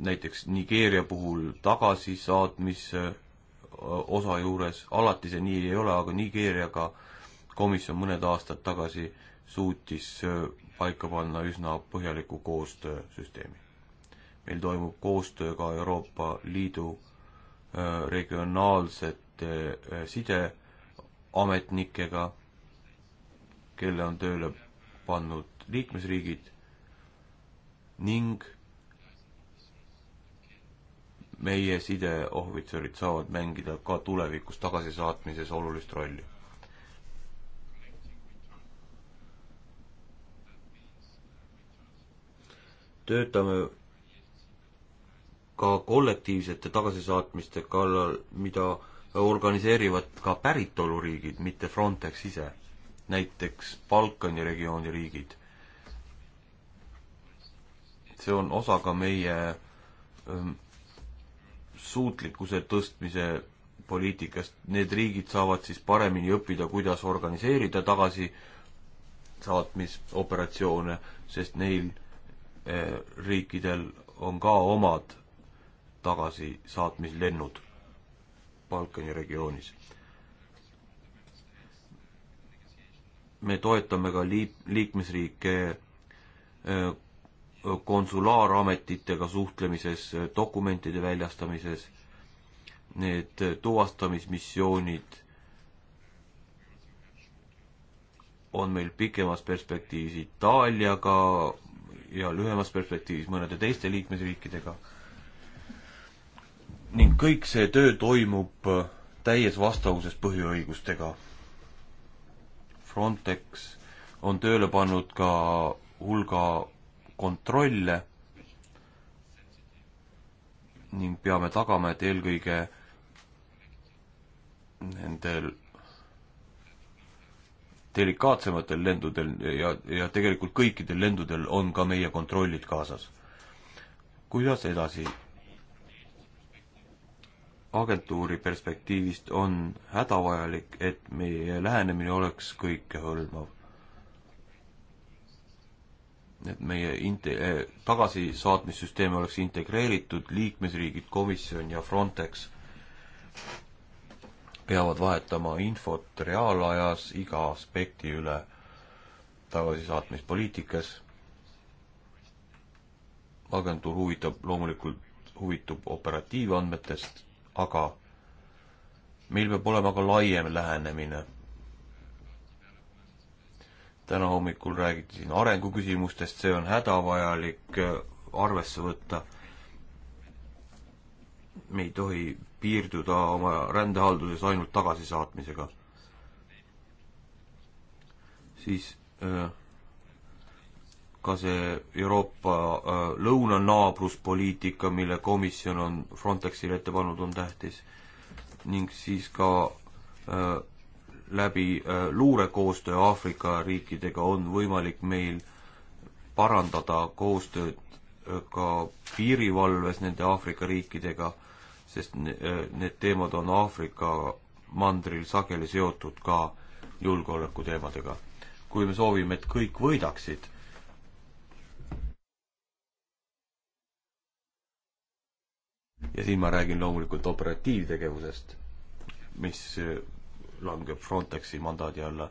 näiteks Nigeeria puhul tagasisaatmise osa juures, alati see nii ei ole, aga Nigeeriaga komisjon mõned aastad tagasi suutis paika panna üsna põhjaliku koostöösüsteemi. meil toimub koostöö ka Euroopa Liidu regionaalsete sideametnikega, kelle on tööle pannud liikmesriigid ning meie sideohvitserid saavad mängida ka tulevikus tagasisaatmises olulist rolli. töötame ka kollektiivsete tagasisaatmiste kallal, mida organiseerivad ka päritoluriigid, mitte Frontex ise. näiteks Balkani regiooni riigid. see on osa ka meie ähm, suutlikkuse tõstmise poliitikast, need riigid saavad siis paremini õppida, kuidas organiseerida tagasisaatmisoperatsioone, sest neil eh, riikidel on ka omad tagasisaatmislennud Balkani regioonis. me toetame ka liip-, liikmesriike eh, konsulaarametitega suhtlemises, dokumentide väljastamises, need tuvastamismissioonid on meil pikemas perspektiivis Itaaliaga ja lühemas perspektiivis mõnede teiste liikmesriikidega. ning kõik see töö toimub täies vastavuses põhiõigustega. Frontex on tööle pannud ka hulga kontrolle ning peame tagama, et eelkõige nendel delikaatsematel lendudel ja, ja tegelikult kõikidel lendudel on ka meie kontrollid kaasas. kuidas edasi? agentuuri perspektiivist on hädavajalik, et meie lähenemine oleks kõikehõlmav et meie inte-, eh, tagasisaatmissüsteem oleks integreeritud, liikmesriigid, komisjon ja Frontex peavad vahetama infot reaalajas iga aspekti üle tagasisaatmispoliitikas. agentuur huvitab loomulikult, huvitub operatiivandmetest, aga meil peab olema ka laiem lähenemine täna hommikul räägiti siin arenguküsimustest, see on hädavajalik äh, arvesse võtta. me ei tohi piirduda oma rändehalduses ainult tagasisaatmisega. siis äh, ka see Euroopa äh, lõunanaabruspoliitika, mille komisjon on Frontexile ette pannud, on tähtis. ning siis ka läbi äh, luurekoostöö Aafrika riikidega on võimalik meil parandada koostööd äh, ka piirivalves nende Aafrika riikidega, sest äh, need teemad on Aafrika mandril sageli seotud ka julgeoleku teemadega. kui me soovime, et kõik võidaksid, ja siin ma räägin loomulikult operatiivtegevusest, mis langeb Frontexi mandaadi alla.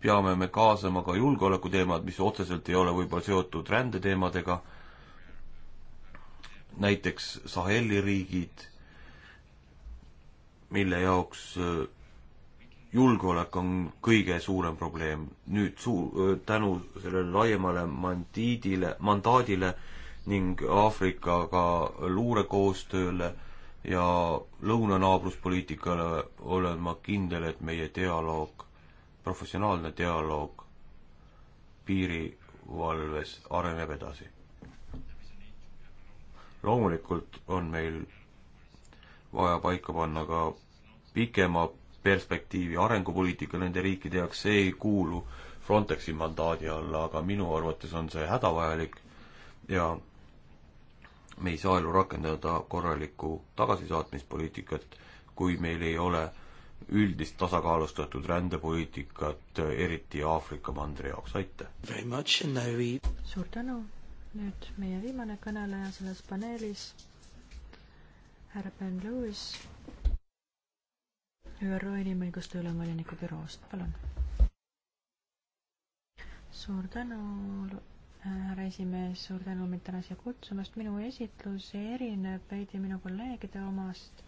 peame me kaasama ka julgeolekuteemad, mis otseselt ei ole võib-olla seotud rändeteemadega, näiteks Saheli riigid, mille jaoks äh, julgeolek on kõige suurem probleem. nüüd suu-, äh, tänu sellele laiemale mandiidile, mandaadile ning Aafrikaga luurekoostööle ja lõunanaabruspoliitikale olen ma kindel, et meie dialoog, professionaalne dialoog piirivalves areneb edasi. loomulikult on meil vaja paika panna ka pikema perspektiivi arengupoliitika nende riikide jaoks, see ei kuulu Frontexi mandaadi alla, aga minu arvates on see hädavajalik ja me ei saa ju rakendada korralikku tagasisaatmispoliitikat, kui meil ei ole üldist tasakaalustatud rändepoliitikat, eriti Aafrika mandri jaoks, aitäh! suur tänu, nüüd meie viimane kõneleja selles paneelis, härra Ben Lewis ÜRO inimõiguste ülemvoliniku büroost, palun! suur tänu, härra esimees, suur tänu mind täna siia kutsumast. minu esitlus erineb veidi minu kolleegide omast.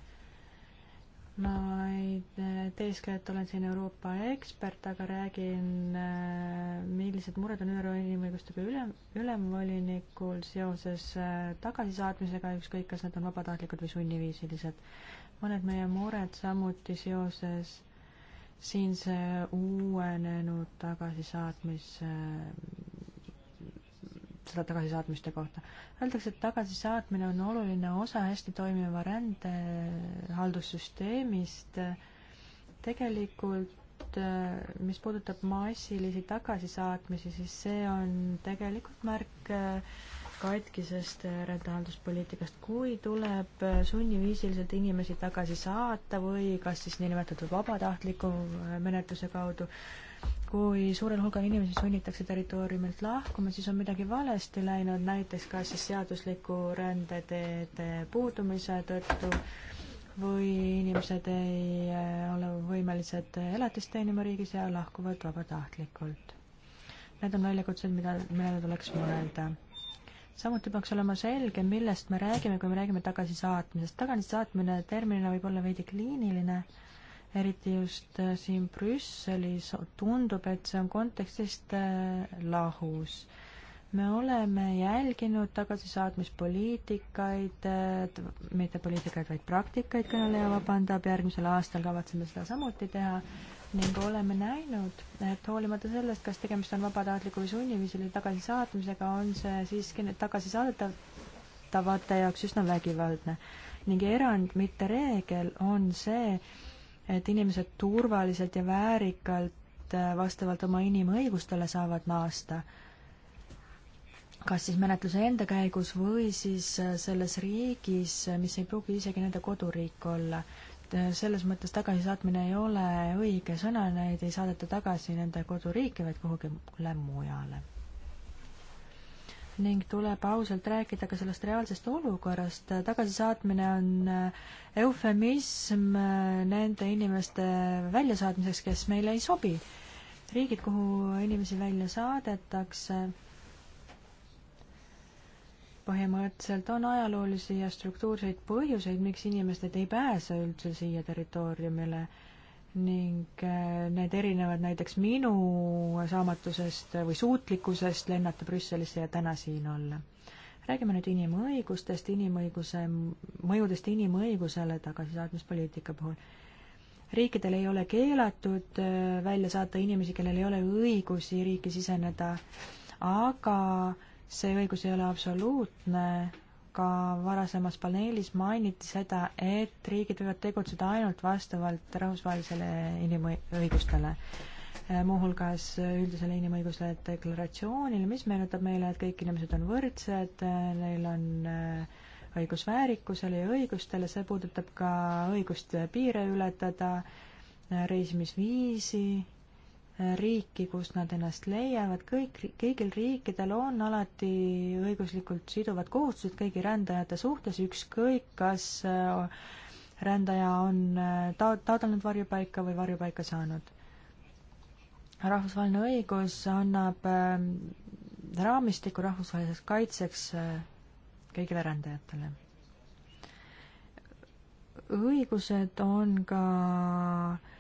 ma ei tee eeskätt, olen siin Euroopa ekspert, aga räägin, äh, millised mured on ÜRO inimõiguste ülem, ülemvolinikul seoses äh, tagasisaatmisega, ükskõik, kas nad on vabatahtlikud või sunniviisilised. mõned meie mured samuti seoses siin see uuenenud tagasisaatmise äh, seda tagasisaatmiste kohta. Öeldakse, et tagasisaatmine on oluline osa hästi toimiva rändehaldussüsteemist. tegelikult äh, mis puudutab massilisi tagasisaatmisi, siis see on tegelikult märk äh, katkisest äh, rändehalduspoliitikast, kui tuleb sunniviisiliselt inimesi tagasi saata või kas siis niinimetatud vabatahtliku menetluse kaudu, kui suurel hulgal inimesi sunnitakse territooriumilt lahkuma, siis on midagi valesti läinud, näiteks kas siis seadusliku rändeteede puudumise tõttu või inimesed ei äh, ole võimelised elatist teenima riigis ja lahkuvad vabatahtlikult. Need on väljakutsed, mida, millele tuleks mõelda. samuti peaks olema selge, millest me räägime, kui me räägime tagasisaatmisest. tagasisaatmine terminina võib olla veidi kliiniline eriti just äh, siin Brüsselis tundub, et see on kontekstist äh, lahus. me oleme jälginud tagasisaatmispoliitikaid, mitte poliitikaid, vaid praktikaid, kõneleja vabandab, järgmisel aastal kavatseme seda samuti teha ning oleme näinud, et hoolimata sellest, kas tegemist on vabatahtliku või sunniviisilise tagasisaatmisega, on see siiski tagasisaadetavate jaoks üsna vägivaldne ning erand, mitte reegel, on see, et inimesed turvaliselt ja väärikalt äh, vastavalt oma inimõigustele saavad naasta, kas siis menetluse enda käigus või siis äh, selles riigis, äh, mis ei pruugi isegi nende koduriik olla. selles mõttes tagasisaatmine ei ole õige sõna, neid ei saadeta tagasi nende koduriiki, vaid kuhugile mujale ning tuleb ausalt rääkida ka sellest reaalsest olukorrast. tagasisaatmine on äh, eufemism äh, nende inimeste väljasaatmiseks, kes meile ei sobi. riigid, kuhu inimesi välja saadetakse, põhimõtteliselt on ajaloolisi ja struktuurseid põhjuseid, miks inimesed ei pääse üldse siia territooriumile ning äh, need erinevad näiteks minu saamatusest või suutlikkusest lennata Brüsselisse ja täna siin olla. räägime nüüd inimõigustest, inimõiguse, mõjudest inimõigusele tagasisaatmispoliitika puhul. riikidel ei ole keelatud äh, välja saata inimesi, kellel ei ole õigusi riiki siseneda, aga see õigus ei ole absoluutne ka varasemas paneelis mainiti seda, et riigid võivad tegutseda ainult vastavalt rahvusvahelisele inimõigustele, eh, muuhulgas üldisele inimõiguse deklaratsioonile, mis meenutab meile, et kõik inimesed on võrdsed, eh, neil on eh, õigus väärikusele ja õigustele, see puudutab ka õigust piire ületada, reisimisviisi riiki, kust nad ennast leiavad, kõik, kõigil riikidel on alati õiguslikult siduvad kohustused kõigi rändajate suhtes, ükskõik kas äh, rändaja on äh, ta-, taotlenud varjupaika või varjupaika saanud. rahvusvaheline õigus annab äh, raamistiku rahvusvaheliseks kaitseks kõigile rändajatele. õigused on ka äh,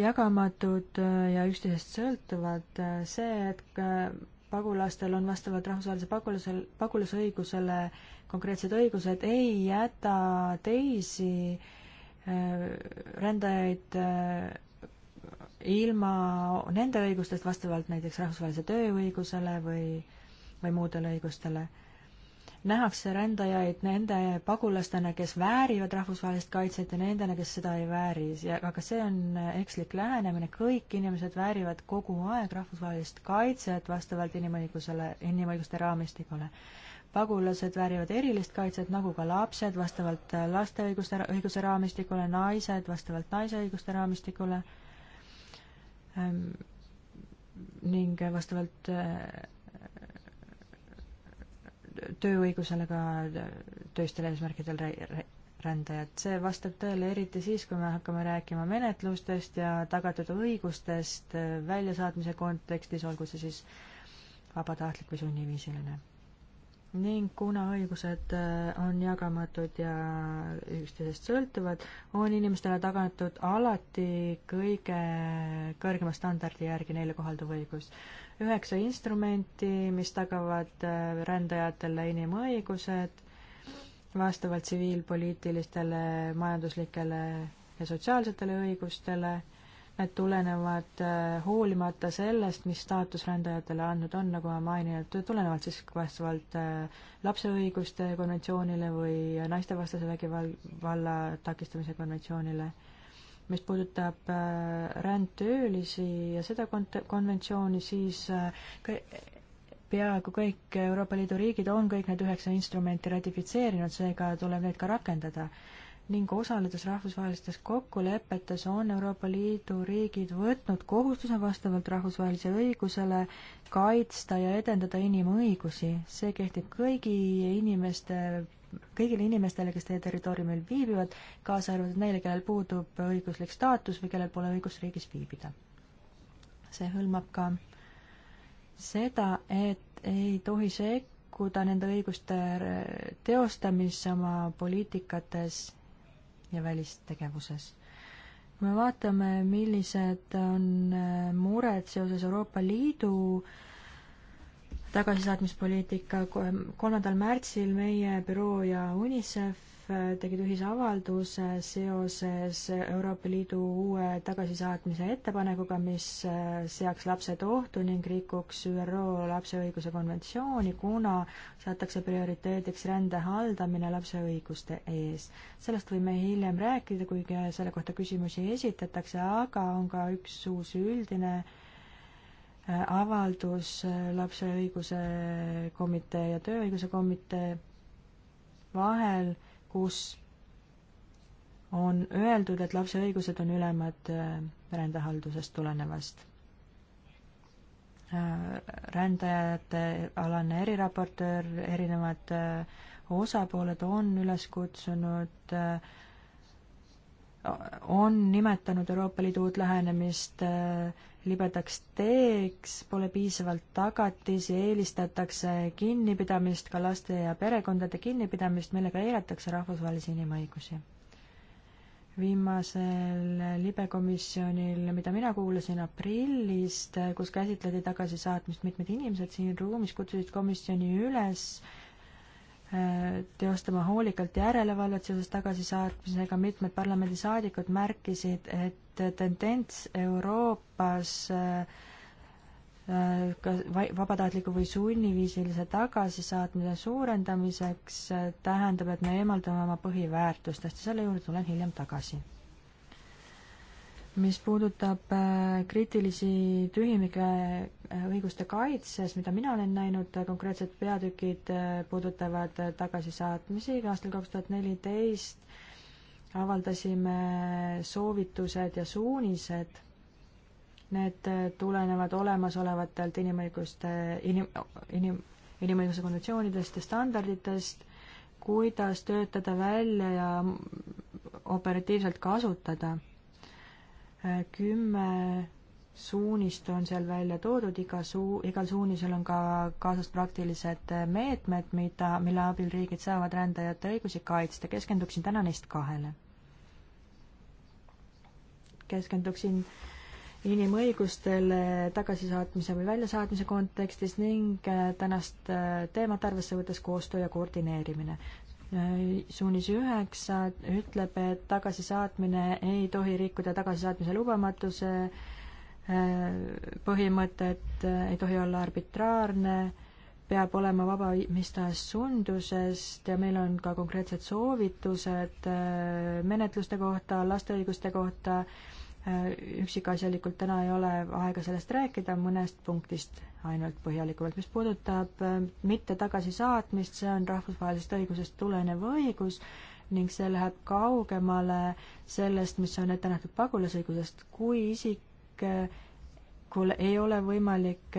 jagamatud äh, ja üksteisest sõltuvad. Äh, see, et äh, pagulastel on vastavalt rahvusvahelise pagulasel, pagulasõigusele konkreetsed õigused, ei jäta teisi rändajaid ilma nende õigustest vastavalt näiteks rahvusvahelise tööõigusele või, või muudele õigustele nähakse rändajaid nende pagulastena, kes väärivad rahvusvahelist kaitset ja nendena, kes seda ei vääri ja aga see on ekslik lähenemine, kõik inimesed väärivad kogu aeg rahvusvahelist kaitset vastavalt inimõigusele, inimõiguste raamistikule. pagulased väärivad erilist kaitset, nagu ka lapsed, vastavalt laste õiguste, õiguse raamistikule, naised vastavalt naise õiguste raamistikule ähm, ning vastavalt tööõigusele ka töistel eesmärkidel rändajad. see vastab tõele eriti siis, kui me hakkame rääkima menetlustest ja tagatud õigustest väljasaatmise kontekstis, olgu see siis vabatahtlik või sunniviisiline ning kuna õigused äh, on jagamatud ja üksteisest sõltuvad, on inimestele tagatud alati kõige kõrgema standardi järgi neile kohalduv õigus. üheksa instrumenti, mis tagavad äh, rändajatele inimõigused vastavalt tsiviilpoliitilistele, majanduslikele ja sotsiaalsetele õigustele meetmed tulenevad äh, hoolimata sellest, mis staatus rändajatele andnud on, nagu ma mainin, et tulenevalt siis vastavalt äh, lapse õiguste konventsioonile või naistevastase vägivalla takistamise konventsioonile. mis puudutab äh, rändtöölisi ja seda kont-, konventsiooni, siis peaaegu kõik Euroopa Liidu riigid on kõik need üheksa instrumenti ratifitseerinud, seega tuleb neid ka rakendada ning osaledes rahvusvahelistes kokkulepetes on Euroopa Liidu riigid võtnud kohustuse vastavalt rahvusvahelise õigusele kaitsta ja edendada inimõigusi. see kehtib kõigi inimeste, kõigile inimestele, kes teie territooriumil viibivad, kaasa arvatud neile, kellel puudub õiguslik staatus või kellel pole õigust riigis viibida. see hõlmab ka seda, et ei tohi sekkuda nende õiguste teostamisse oma poliitikates ja välistegevuses. kui me vaatame, millised on äh, mured seoses Euroopa Liidu tagasisaatmispoliitika, kolmandal märtsil meie büroo ja UNICEF tegid ühise avalduse seoses Euroopa Liidu uue tagasisaatmise ettepanekuga, mis äh, seaks lapsed ohtu ning rikuks ÜRO lapse õiguse konventsiooni, kuna seatakse prioriteediks rände haldamine lapse õiguste ees. sellest võime hiljem rääkida, kuigi selle kohta küsimusi esitatakse, aga on ka üks uus üldine äh, avaldus äh, lapse õiguse komitee ja tööõiguse komitee vahel kus on öeldud, et lapse õigused on ülemad äh, rändehaldusest tulenevast. Äh, rändajate alane eriraportöör, erinevad äh, osapooled on üles kutsunud äh, on nimetanud Euroopa Liidu uut lähenemist äh, libedaks teeks, pole piisavalt tagatisi, eelistatakse kinnipidamist, ka laste ja perekondade kinnipidamist, millega eiratakse rahvusvahelisi inimõigusi. viimasel libekomisjonil, mida mina kuulasin aprillist, äh, kus käsitleti tagasisaatmist, mitmed inimesed siin ruumis kutsusid komisjoni üles äh, teostama hoolikalt järelevalvet seoses tagasisaatmisega, mitmed parlamendisaadikud märkisid, et tendents Euroopas äh, ka vabatahtliku või sunniviisilise tagasisaatmise suurendamiseks äh, tähendab, et me eemaldame oma põhiväärtustest ja selle juurde tulen hiljem tagasi mis puudutab äh, kriitilisi tühimike äh, õiguste kaitses, mida mina olen näinud, äh, konkreetsed peatükid puudutavad tagasisaatmisi, aastal kaks tuhat neliteist avaldasime soovitused ja suunised, need tulenevad olemasolevatelt inimõiguste, inim-, inim-, inimõiguse konventsioonidest ja standarditest, kuidas töötada välja ja operatiivselt kasutada kümme suunist on seal välja toodud, iga suu, igal suunisel on ka kaasas praktilised meetmed, mida, mille abil riigid saavad rändajate õigusi kaitsta, keskenduksin täna neist kahele. keskenduksin inimõigustele tagasisaatmise või väljasaatmise kontekstis ning tänast teemat arvesse võttes koostöö ja koordineerimine suunis üheksa ütleb, et tagasisaatmine ei tohi rikkuda tagasisaatmise lubamatuse äh, põhimõtet, ei tohi olla arbitraarne, peab olema vaba mis tahes sundusest ja meil on ka konkreetsed soovitused äh, menetluste kohta, laste õiguste kohta, Äh, üksikasjalikult täna ei ole aega sellest rääkida, mõnest punktist ainult põhjalikumalt. mis puudutab äh, mitte tagasisaatmist, see on rahvusvahelisest õigusest tulenev õigus ning see läheb kaugemale sellest, mis on ette nähtud pagulasõigusest, kui isikul äh, ei ole võimalik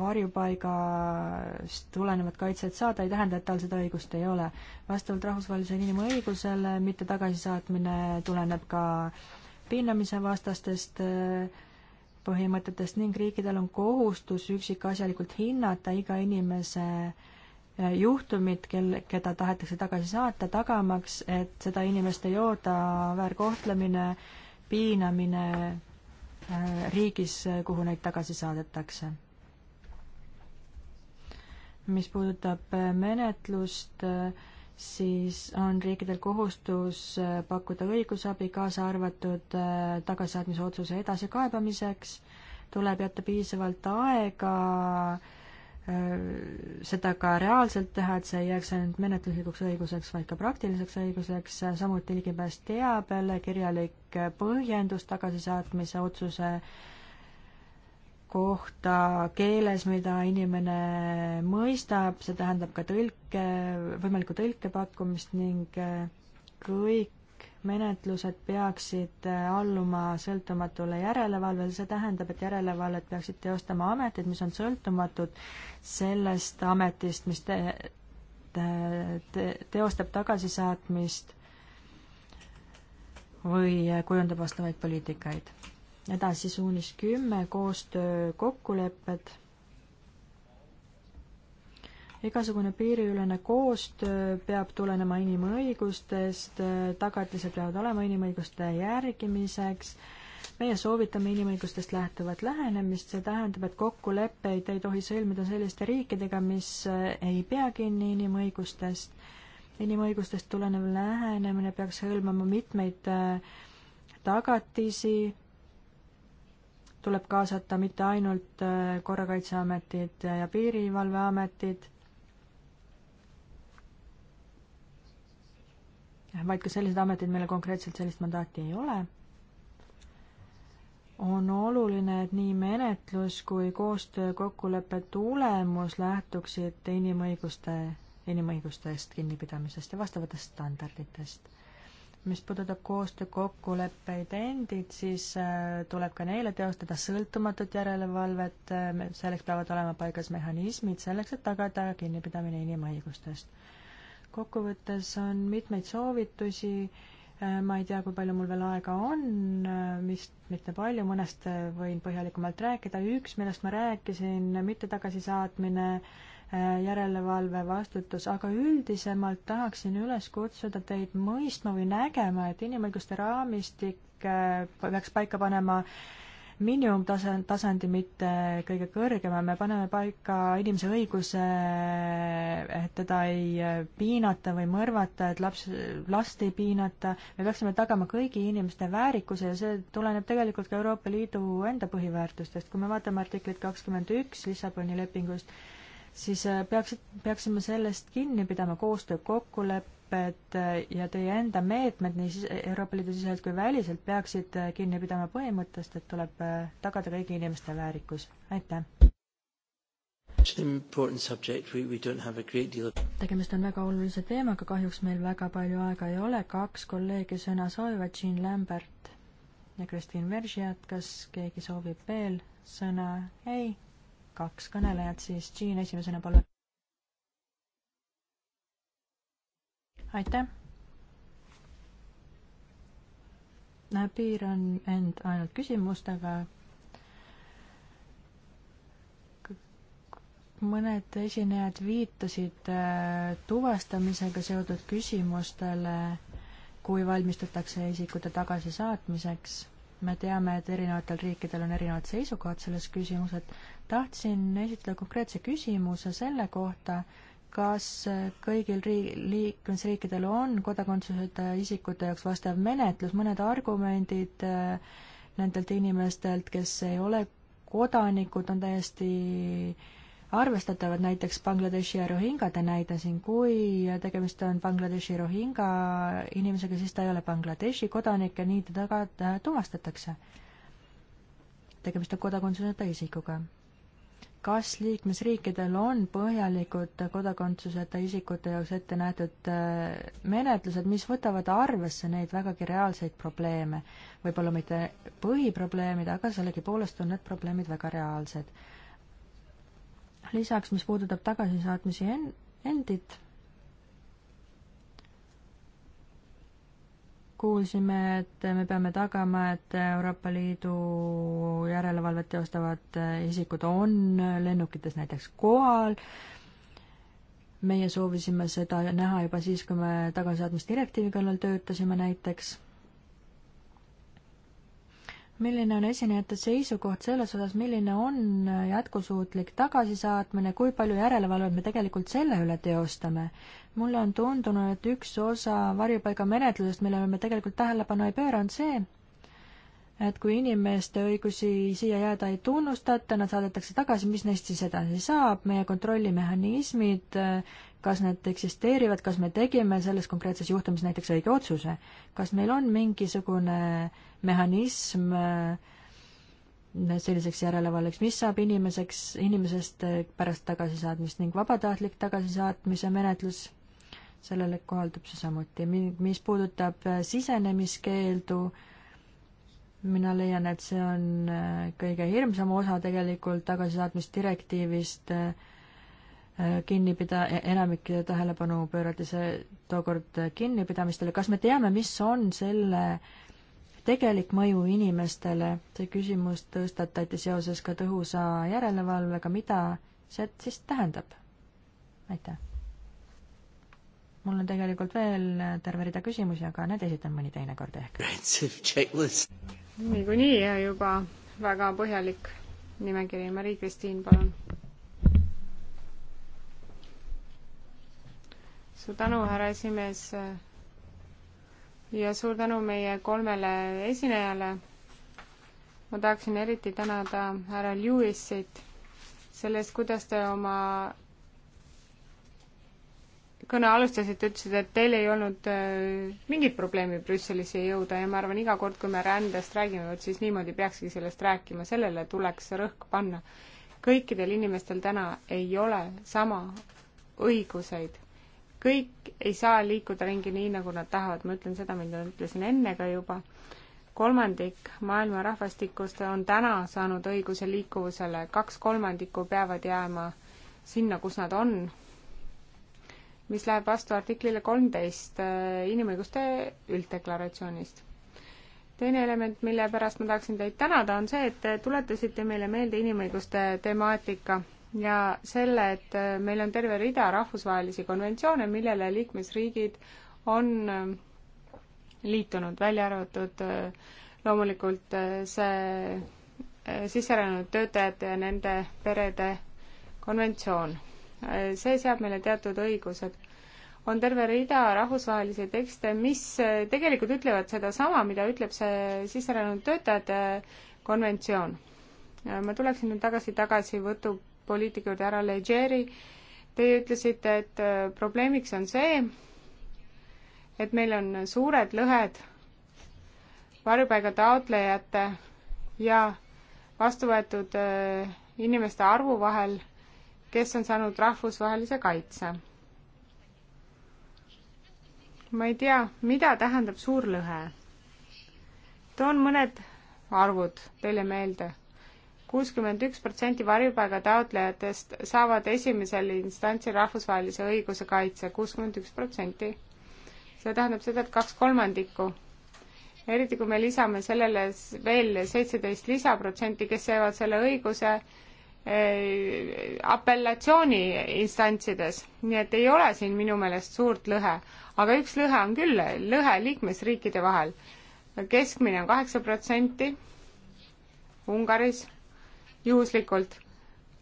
varjupaigast tulenevat kaitset saada, ei tähenda, et tal seda õigust ei ole. vastavalt rahvusvahelisele inimõigusele mitte tagasisaatmine tuleneb ka äh, piinamise vastastest äh, põhimõtetest ning riikidel on kohustus üksikasjalikult hinnata iga inimese äh, juhtumit, kel, keda tahetakse tagasi saata, tagamaks, et seda inimest ei ooda väärkohtlemine, piinamine äh, riigis, kuhu neid tagasi saadetakse. mis puudutab menetlust äh, siis on riikidel kohustus äh, pakkuda õigusabi, kaasa arvatud äh, tagasisaatmise otsuse edasikaebamiseks, tuleb jätta piisavalt aega äh, seda ka reaalselt teha, et see ei jääks ainult menetluslikuks õiguseks, vaid ka praktiliseks õiguseks, samuti ligipääs teabele, kirjalik põhjendus tagasisaatmise otsuse äh, kohta keeles, mida inimene mõistab, see tähendab ka tõlke, võimalikku tõlke pakkumist ning äh, kõik menetlused peaksid äh, alluma sõltumatule järelevalvele, see tähendab, et järelevalvet peaksid teostama ametid, mis on sõltumatud sellest ametist, mis te, te, te, teostab tagasisaatmist või äh, kujundab vastavaid poliitikaid edasi suunis kümme, koostöö kokkulepped. igasugune piiriülene koostöö peab tulenema inimõigustest, tagatised peavad olema inimõiguste järgimiseks meie soovitame inimõigustest lähtuvat lähenemist, see tähendab, et kokkuleppeid ei tohi sõlmida selliste riikidega, mis ei pea kinni inimõigustest. inimõigustest tulenev lähenemine peaks hõlmama mitmeid äh, tagatisi, tuleb kaasata mitte ainult äh, Korrakaitseametid ja Piirivalveametid, vaid ka sellised ametid, millel konkreetselt sellist mandaati ei ole. on oluline, et nii menetlus kui koostöökokkuleppe tulemus lähtuksid inimõiguste, inimõigustest kinnipidamisest ja vastavatest standarditest mis puudutab koostöökokkuleppeid endid, siis äh, tuleb ka neile teostada sõltumatut järelevalvet, äh, selleks peavad olema paigas mehhanismid selleks, et tagada kinnipidamine inimõigustest. kokkuvõttes on mitmeid soovitusi, äh, ma ei tea, kui palju mul veel aega on, vist mitte palju, mõnest võin põhjalikumalt rääkida, üks, millest ma rääkisin, mittetagasisaatmine, Äh, järelevalve vastutus, aga üldisemalt tahaksin üles kutsuda teid mõistma või nägema, et inimõiguste raamistik äh, peaks paika panema miinimumtasand, tasandi, mitte kõige kõrgema, me paneme paika inimese õiguse, et teda ei äh, piinata või mõrvata, et laps, last ei piinata, me peaksime tagama kõigi inimeste väärikuse ja see tuleneb tegelikult ka Euroopa Liidu enda põhiväärtustest, kui me vaatame artiklit kakskümmend üks Lissaboni lepingust, siis äh, peaksid, peaksime sellest kinni pidama, koostöökokkulepped äh, ja teie enda meetmed nii Euroopa Liidu siseselt kui väliselt peaksid äh, kinni pidama põhimõttest, et tuleb tagada kõigi inimeste väärikus. aitäh! tegemist on väga olulise teemaga, kahjuks meil väga palju aega ei ole, kaks kolleegi sõna soovivad, Jean Lambert ja Kristiin Veržiat, kas keegi soovib veel sõna? ei kaks kõnelejat, siis Jean esimesena, palun. aitäh. piiran end ainult küsimustega. mõned esinejad viitasid äh, tuvastamisega seotud küsimustele, kui valmistutakse isikute tagasisaatmiseks me teame, et erinevatel riikidel on erinevad seisukohad selles küsimuses. tahtsin esitada konkreetse küsimuse selle kohta, kas kõigil rii-, liikmesriikidel on kodakondsuseta isikute jaoks vastav menetlus, mõned argumendid äh, nendelt inimestelt, kes ei ole kodanikud, on täiesti äh, arvestatavad, näiteks Bangladeshi ja Rohingade näide siin, kui tegemist on Bangladeshi Rohinga inimesega, siis ta ei ole Bangladeshi kodanik ja nii teda ka äh, tuvastatakse. tegemist on kodakondsuseta isikuga. kas liikmesriikidel on põhjalikud kodakondsuseta isikute jaoks ette nähtud äh, menetlused, mis võtavad arvesse neid vägagi reaalseid probleeme? võib-olla mitte põhiprobleemid, aga sellegipoolest on need probleemid väga reaalsed lisaks, mis puudutab tagasisaatmisi en-, endid, kuulsime, et me peame tagama, et Euroopa Liidu järelevalvet teostavad isikud on lennukites näiteks kohal, meie soovisime seda näha juba siis, kui me tagasisaatmisdirektiivi kallal töötasime näiteks milline on esinejate seisukoht selles osas, milline on jätkusuutlik tagasisaatmine, kui palju järelevalvet me tegelikult selle üle teostame? mulle on tundunud, et üks osa varjupaigamenetlusest, millele me tegelikult tähelepanu ei pööra, on see, et kui inimeste õigusi siia jääda ei tunnustata, nad saadetakse tagasi, mis neist siis edasi saab, meie kontrollimehhanismid kas need eksisteerivad, kas me tegime selles konkreetses juhtumis näiteks õige otsuse, kas meil on mingisugune mehhanism äh, selliseks järelevalveks, mis saab inimeseks, inimesest äh, pärast tagasisaatmist ning vabatahtlik tagasisaatmise menetlus, sellele kohaldub see samuti. mis puudutab äh, sisenemiskeeldu, mina leian, et see on kõige hirmsam osa tegelikult tagasisaatmisdirektiivist äh, kinni pida, e-, enamik tähelepanu pöörati see tookord kinnipidamistele, kas me teame, mis on selle tegelik mõju inimestele, see küsimus tõstatati seoses ka tõhusa järelevalvega, mida see siis tähendab? aitäh. mul on tegelikult veel terve rida küsimusi, aga need esitan mõni teinekord ehk. niikuinii juba väga põhjalik nimekiri, Mari-Kristiin, palun suur tänu, härra esimees. ja suur tänu meie kolmele esinejale. ma tahaksin eriti tänada härra Lewisit selle eest, kuidas te oma kõne alustasite, ütlesite, et teil ei olnud äh, mingit probleemi Brüsselisse jõuda ja ma arvan, iga kord, kui me rändest räägime, vot siis niimoodi peakski sellest rääkima, sellele tuleks rõhk panna. kõikidel inimestel täna ei ole sama õiguseid kõik ei saa liikuda ringi nii, nagu nad tahavad, ma ütlen seda, mida ma ütlesin enne ka juba, kolmandik maailma rahvastikust on täna saanud õiguse liikuvusele, kaks kolmandikku peavad jääma sinna, kus nad on, mis läheb vastu artiklile kolmteist äh, inimõiguste ülddeklaratsioonist. teine element, mille pärast ma tahaksin teid tänada, on see, et tuletasite meile meelde inimõiguste temaatika ja selle, et äh, meil on terve rida rahvusvahelisi konventsioone, millele liikmesriigid on äh, liitunud, välja arvatud äh, loomulikult see sisserännanud töötajate ja nende perede konventsioon. see seab meile teatud õigused. on terve rida rahvusvahelisi tekste, mis tegelikult ütlevad sedasama, mida ütleb see sisserännanud töötajate konventsioon. ma tuleksin nüüd tagasi tagasivõtu poliitika juurde, härra Legeri, teie ütlesite, et äh, probleemiks on see, et meil on suured lõhed varjupaiga taotlejate ja vastu võetud äh, inimeste arvu vahel, kes on saanud rahvusvahelise kaitse. ma ei tea, mida tähendab suur lõhe. toon mõned arvud teile meelde kuuskümmend üks protsenti varjupaiga taotlejatest saavad esimesel instantsil rahvusvahelise õiguse kaitse, kuuskümmend üks protsenti. see tähendab seda, et kaks kolmandikku. eriti kui me lisame sellele veel seitseteist lisaprotsenti, kes jäävad selle õiguse eh, apellatsiooni instantsides, nii et ei ole siin minu meelest suurt lõhe. aga üks lõhe on küll, lõhe liikmesriikide vahel. keskmine on kaheksa protsenti Ungaris juhuslikult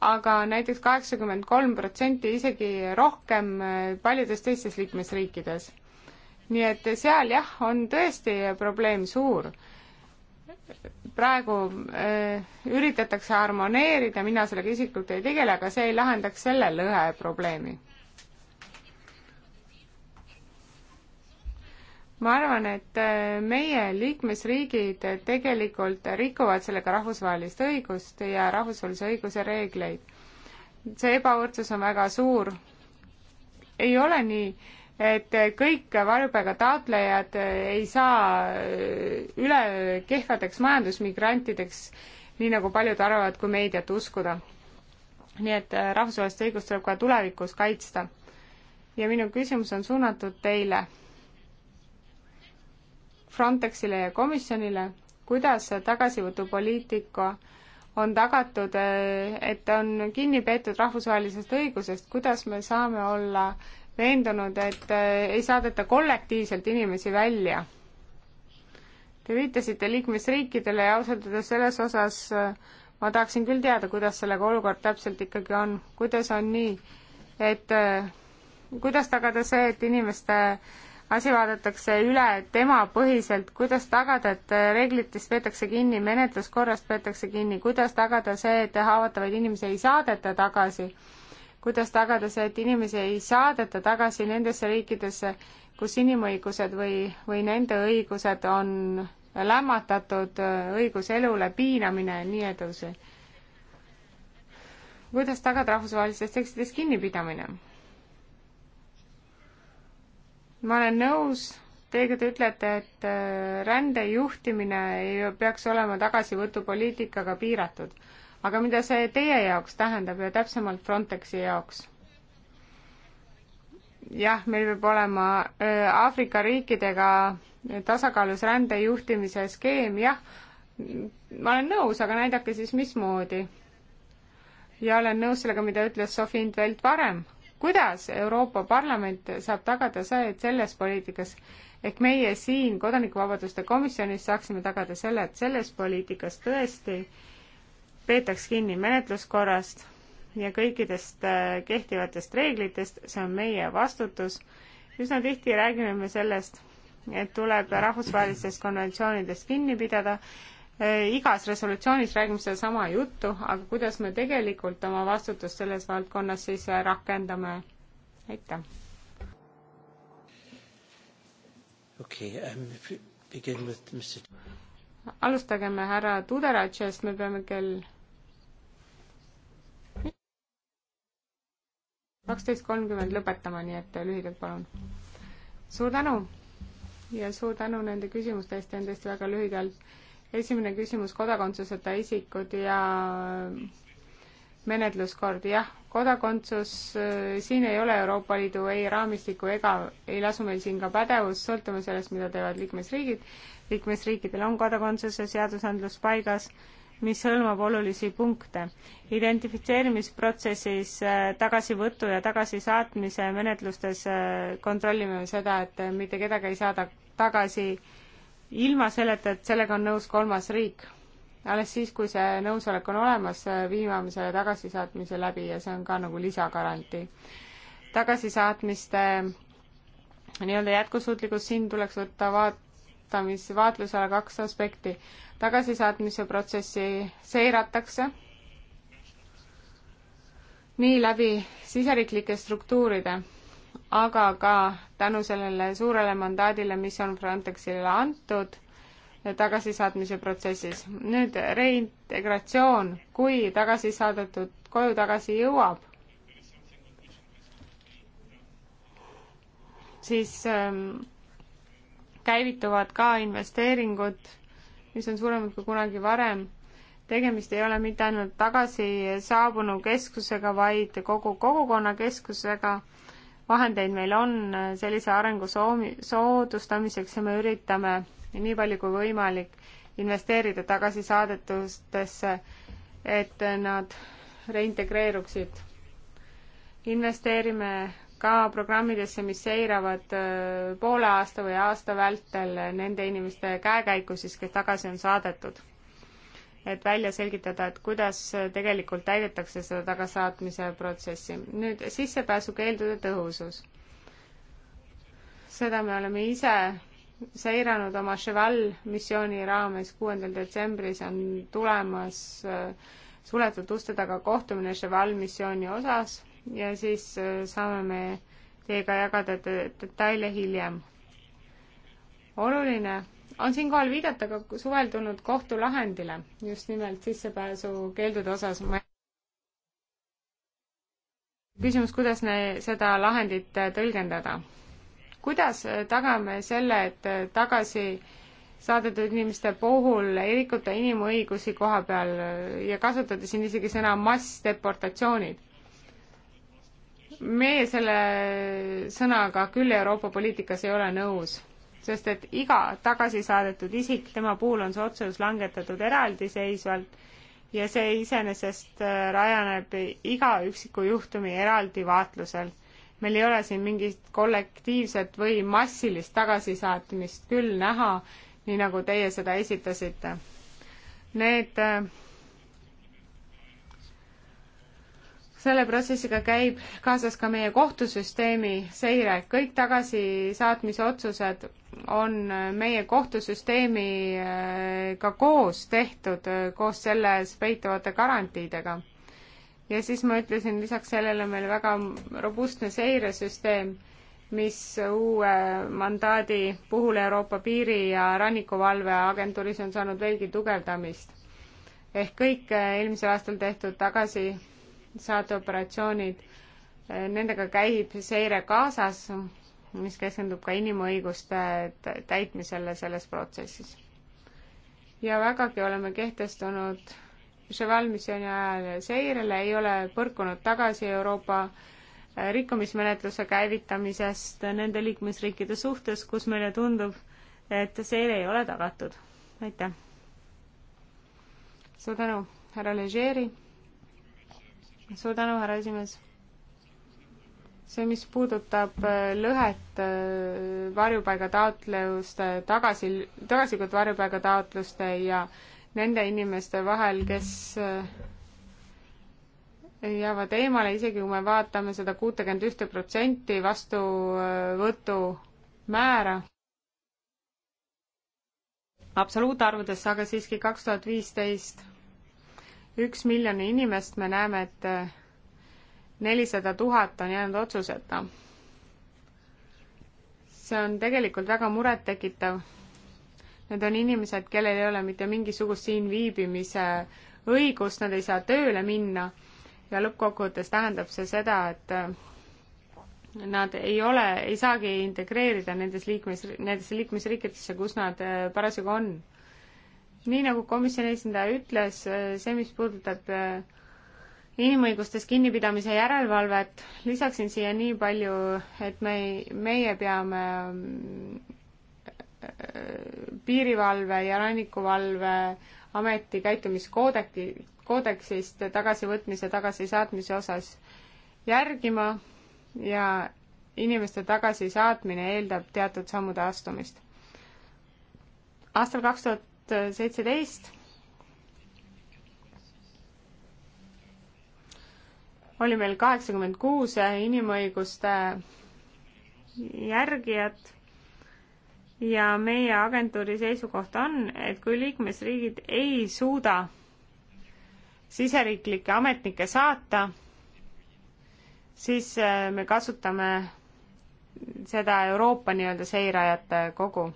aga näiteks kaheksakümmend kolm protsenti, isegi rohkem äh, paljudes teistes liikmesriikides. nii et seal jah, on tõesti probleem suur. praegu äh, üritatakse harmoneerida, mina sellega isiklikult ei tegele, aga see ei lahendaks selle lõhe probleemi. ma arvan, et äh, meie liikmesriigid tegelikult rikuvad sellega rahvusvahelist õigust ja rahvusvahelise õiguse reegleid. see ebavõrdsus on väga suur. ei ole nii, et kõik varjupaiga taotlejad äh, ei saa äh, üle kehvadeks majandusmigrantideks, nii nagu paljud arvavad, kui meediat uskuda. nii et rahvusvahelist õigust tuleb ka tulevikus kaitsta. ja minu küsimus on suunatud teile Frontexile ja komisjonile, kuidas tagasivõtupoliitika on tagatud, et on kinni peetud rahvusvahelisest õigusest, kuidas me saame olla veendunud, et ei saadeta kollektiivselt inimesi välja. Te viitasite liikmesriikidele ja ausalt öeldes selles osas äh, ma tahaksin küll teada, kuidas sellega olukord täpselt ikkagi on, kuidas on nii, et äh, kuidas tagada see, et inimeste äh, asi vaadatakse üle temapõhiselt, kuidas tagada, et reeglitest peetakse kinni, menetluskorrast peetakse kinni, kuidas tagada see, et haavatavaid inimesi ei saadeta tagasi, kuidas tagada see, et inimesi ei saadeta tagasi nendesse riikidesse, kus inimõigused või, või nende õigused on lämmatatud, õigus elule, piinamine ja nii edasi. kuidas tagada rahvusvahelistes tekstides kinnipidamine? ma olen nõus teiega, te ütlete, et äh, rände juhtimine ei peaks olema tagasivõtupoliitikaga piiratud. aga mida see teie jaoks tähendab ja täpsemalt Frontexi jaoks? jah, meil peab olema äh, Aafrika riikidega tasakaalus rände juhtimise skeem, jah, ma olen nõus, aga näidake siis, mismoodi. ja olen nõus sellega, mida ütles Sofi Intvelt varem kuidas Euroopa Parlament saab tagada see, et selles poliitikas ehk meie siin Kodanikuvabaduste komisjonis saaksime tagada selle, et selles poliitikas tõesti peetaks kinni menetluskorrast ja kõikidest äh, kehtivatest reeglitest, see on meie vastutus. üsna tihti räägime me sellest, et tuleb rahvusvahelistest konventsioonidest kinni pidada Eh, igas resolutsioonis räägime sedasama juttu, aga kuidas me tegelikult oma vastutust selles valdkonnas siis eh, rakendame? aitäh. okei okay, um,, begin with Mr. alustageme härra Tudoratšest, me peame kell kaksteist kolmkümmend lõpetama, nii et eh, lühidalt palun. suur tänu ja suur tänu nende küsimuste eest, see on tõesti väga lühidalt esimene küsimus, kodakondsuseta isikud ja menetluskord, jah, kodakondsus, äh, siin ei ole Euroopa Liidu ei raamistiku ega ei lasu meil siin ka pädevust, sõltume sellest, mida teevad liikmesriigid. liikmesriikidel on kodakondsuse seadusandlus paigas, mis hõlmab olulisi punkte. identifitseerimisprotsessis äh, tagasivõtu ja tagasisaatmise menetlustes äh, kontrollime seda, et mitte kedagi ei saada tagasi äh, ilma selleta, et sellega on nõus kolmas riik. alles siis, kui see nõusolek on olemas, äh, viimame selle tagasisaatmise läbi ja see on ka nagu lisagarantii. tagasisaatmiste äh, nii-öelda jätkusuutlikkus, siin tuleks võtta vaatamis, vaatluse alla kaks aspekti. tagasisaatmise protsessi seiratakse nii läbi siseriiklike struktuuride aga ka tänu sellele suurele mandaadile, mis on Frontexile antud tagasisaatmise protsessis. nüüd reintegratsioon, kui tagasi saadetud koju tagasi jõuab, siis ähm, käivituvad ka investeeringud, mis on suuremad kui kunagi varem. tegemist ei ole mitte ainult tagasi saabunu keskusega, vaid kogu kogukonna keskusega vahendeid meil on äh, sellise arengu soomi-, soodustamiseks ja me üritame nii palju kui võimalik investeerida tagasi saadetustesse, et nad reintegreeruksid. investeerime ka programmidesse, mis seiravad äh, poole aasta või aasta vältel nende inimeste käekäiku siis, kes tagasi on saadetud et välja selgitada, et kuidas tegelikult täidetakse seda tagasaatmise protsessi. nüüd sissepääsukeeldude tõhusus. seda me oleme ise seiranud oma Cheval missiooni raames, kuuendal detsembris on tulemas äh, suletud uste taga kohtumine Cheval missiooni osas ja siis äh, saame me teiega jagada detaile hiljem. oluline on siinkohal viidata ka suvel tulnud kohtulahendile just nimelt sissepääsukeeldude osas. küsimus, kuidas ne-, seda lahendit tõlgendada? kuidas tagame selle, et tagasi saadetud inimeste puhul ei rikuta inimõigusi koha peal ja kasutades siin isegi sõna massdeportatsioonid? meie selle sõnaga küll Euroopa poliitikas ei ole nõus sest et iga tagasi saadetud isik, tema puhul on see otsus langetatud eraldiseisvalt ja see iseenesest äh, rajaneb iga üksiku juhtumi eraldi vaatlusel. meil ei ole siin mingit kollektiivset või massilist tagasisaatmist küll näha, nii nagu teie seda esitasite. Need äh, selle protsessiga käib kaasas ka meie kohtusüsteemi seire, kõik tagasisaatmise otsused on meie kohtusüsteemiga äh, koos tehtud, äh, koos selles peituvate garantiidega. ja siis ma ütlesin, lisaks sellele meil väga robustne seiresüsteem, mis uue mandaadi puhul Euroopa Piiri- ja Rannikuvalveagentuuris on saanud veelgi tugevdamist. ehk kõik äh, eelmisel aastal tehtud tagasi saateoperatsioonid, nendega käib seire kaasas mis keskendub ka inimõiguste täitmisele selles protsessis. ja vägagi oleme kehtestanud Cheval missiooni ajal seirele, ei ole põrkunud tagasi Euroopa äh, rikkumismenetluse käivitamisest nende liikmesriikide suhtes, kus meile tundub, et seire ei ole tagatud. aitäh! suur tänu, härra Legeri! suur tänu, härra esimees! see, mis puudutab äh, lõhet äh, varjupaigataotluste tagasi, tagasikord varjupaigataotluste ja nende inimeste vahel, kes äh, jäävad eemale, isegi kui me vaatame seda kuutekümmet ühte protsenti vastuvõtu määra. absoluutarvudes aga siiski kaks tuhat viisteist üks miljon inimest, me näeme, et nelisada tuhat on jäänud otsuseta. see on tegelikult väga murettekitav. Need on inimesed, kellel ei ole mitte mingisugust siin viibimise õigust, nad ei saa tööle minna ja lõppkokkuvõttes tähendab see seda, et nad ei ole, ei saagi integreerida nendes liikmes, nendesse liikmesriikidesse, kus nad äh, parasjagu on. nii nagu komisjoni esindaja ütles, äh, see, mis puudutab äh, inimõigustes kinnipidamise järelevalvet, lisaksin siia nii palju, et me, meie peame mm, piirivalve ja rannikuvalve ameti käitumiskoodeki, koodeksist tagasivõtmise, tagasisaatmise osas järgima ja inimeste tagasisaatmine eeldab teatud sammude astumist. aastal kaks tuhat seitseteist oli meil kaheksakümmend kuus inimõiguste järgijat ja meie agentuuri seisukoht on, et kui liikmesriigid ei suuda siseriiklikke ametnikke saata, siis äh, me kasutame seda Euroopa nii-öelda seirajate kogu.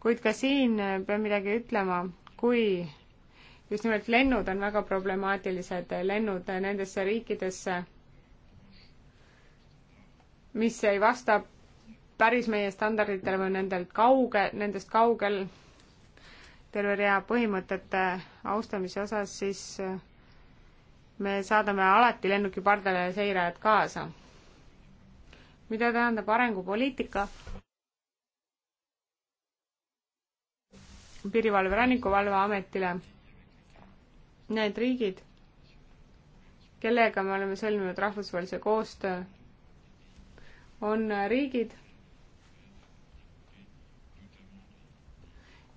kuid ka siin pean midagi ütlema, kui just nimelt lennud on väga problemaatilised, lennud nendesse riikidesse, mis ei vasta päris meie standarditele või nendelt kauge, nendest kaugel terve rea põhimõtete austamise osas, siis äh, me saadame alati lennuki pardale seirajad kaasa. mida tähendab arengupoliitika? piirivalve Rannikuvalveametile need riigid, kellega me oleme sõlminud rahvusvahelise koostöö, on riigid,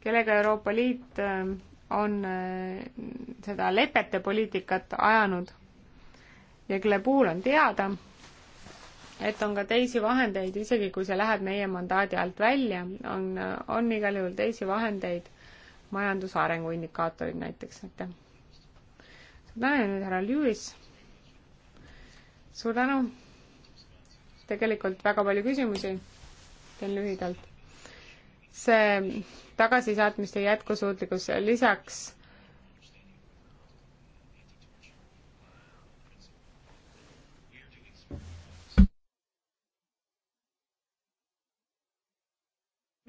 kellega Euroopa Liit ähm, on äh, seda lepete poliitikat ajanud ja kelle puhul on teada, et on ka teisi vahendeid, isegi kui see läheb meie mandaadi alt välja, on, äh, on igal juhul teisi vahendeid majandusarengu indikaatorid näiteks, aitäh tänan ja nüüd härra Lewis. suur tänu. tegelikult väga palju küsimusi. teen lühidalt. see tagasisaatmiste jätkusuutlikkus lisaks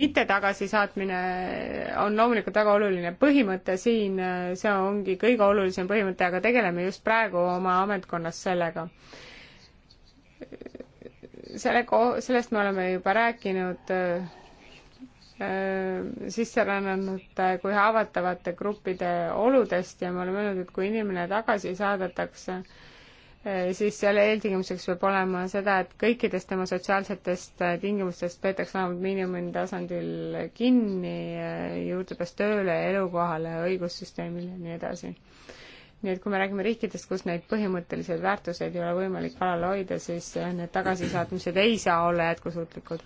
mitte tagasisaatmine on loomulikult väga oluline põhimõte siin, see ongi kõige olulisem põhimõte, aga tegeleme just praegu oma ametkonnas sellega. selle ko-, sellest me oleme juba rääkinud äh, sisserännanute äh, kui haavatavate gruppide oludest ja me oleme öelnud, et kui inimene tagasi saadetakse, Äh, siis selle eeltingimuseks peab olema seda, et kõikidest tema sotsiaalsetest äh, tingimustest peetakse vähemalt miinimumtasandil kinni, äh, juurdepääs tööle, elukohale, õigussüsteemile ja nii edasi. nii et kui me räägime riikidest, kus neid põhimõttelisi väärtuseid ei ole võimalik alal hoida, siis need tagasisaatmised ei saa olla jätkusuutlikud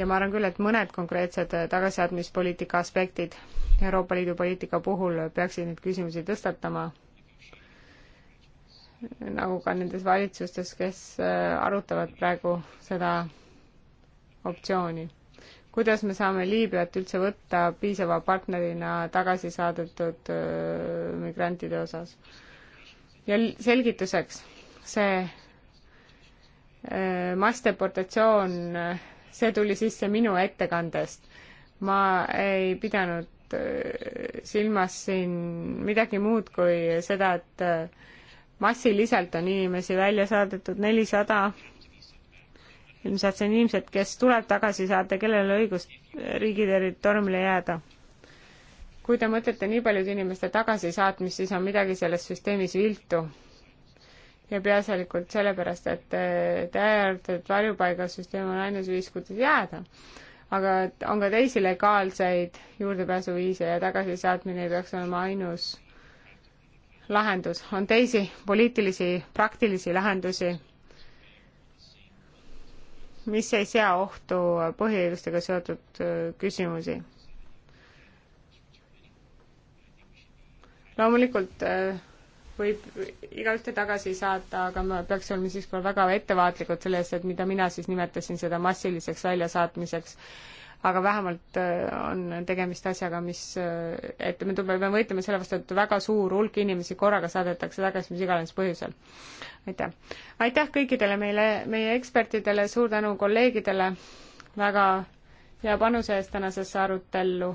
ja ma arvan küll, et mõned konkreetsed tagasisaatmispoliitika aspektid Euroopa Liidu poliitika puhul peaksid neid küsimusi tõstatama nagu ka nendes valitsustes, kes äh, arutavad praegu seda optsiooni. kuidas me saame Liibüat üldse võtta piisava partnerina tagasi saadetud äh, migrantide osas? ja selgituseks, see äh, massdeportatsioon, see tuli sisse minu ettekandest. ma ei pidanud silmas siin midagi muud kui seda, et massiliselt on inimesi välja saadetud, nelisada ilmselt see on inimesed, kes tuleb tagasi saata, kellel ei ole õigust riigi territooriumile jääda. kui te mõtlete nii paljude inimeste tagasisaatmist, siis on midagi selles süsteemis viltu. ja peaasjalikult sellepärast, et te arvate, et varjupaigasüsteem on ainus viis, kuidas jääda. aga on ka teisi legaalseid juurdepääsuviise ja tagasisaatmine ei peaks olema ainus lahendus, on teisi poliitilisi, praktilisi lahendusi, mis ei sea ohtu põhiõigustega seotud äh, küsimusi. loomulikult äh, võib igaühte tagasi saata, aga me peaks olema siiski väga ettevaatlikud selle eest, et mida mina siis nimetasin seda massiliseks väljasaatmiseks aga vähemalt äh, on tegemist asjaga, mis, äh, et me peame võitlema selle vastu, et väga suur hulk inimesi korraga saadetakse tagasi, mis iganes põhjusel. aitäh. aitäh kõikidele meile, meie ekspertidele, suur tänu kolleegidele väga hea panuse eest tänasesse arutellu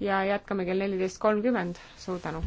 ja jätkame kell neliteist kolmkümmend, suur tänu!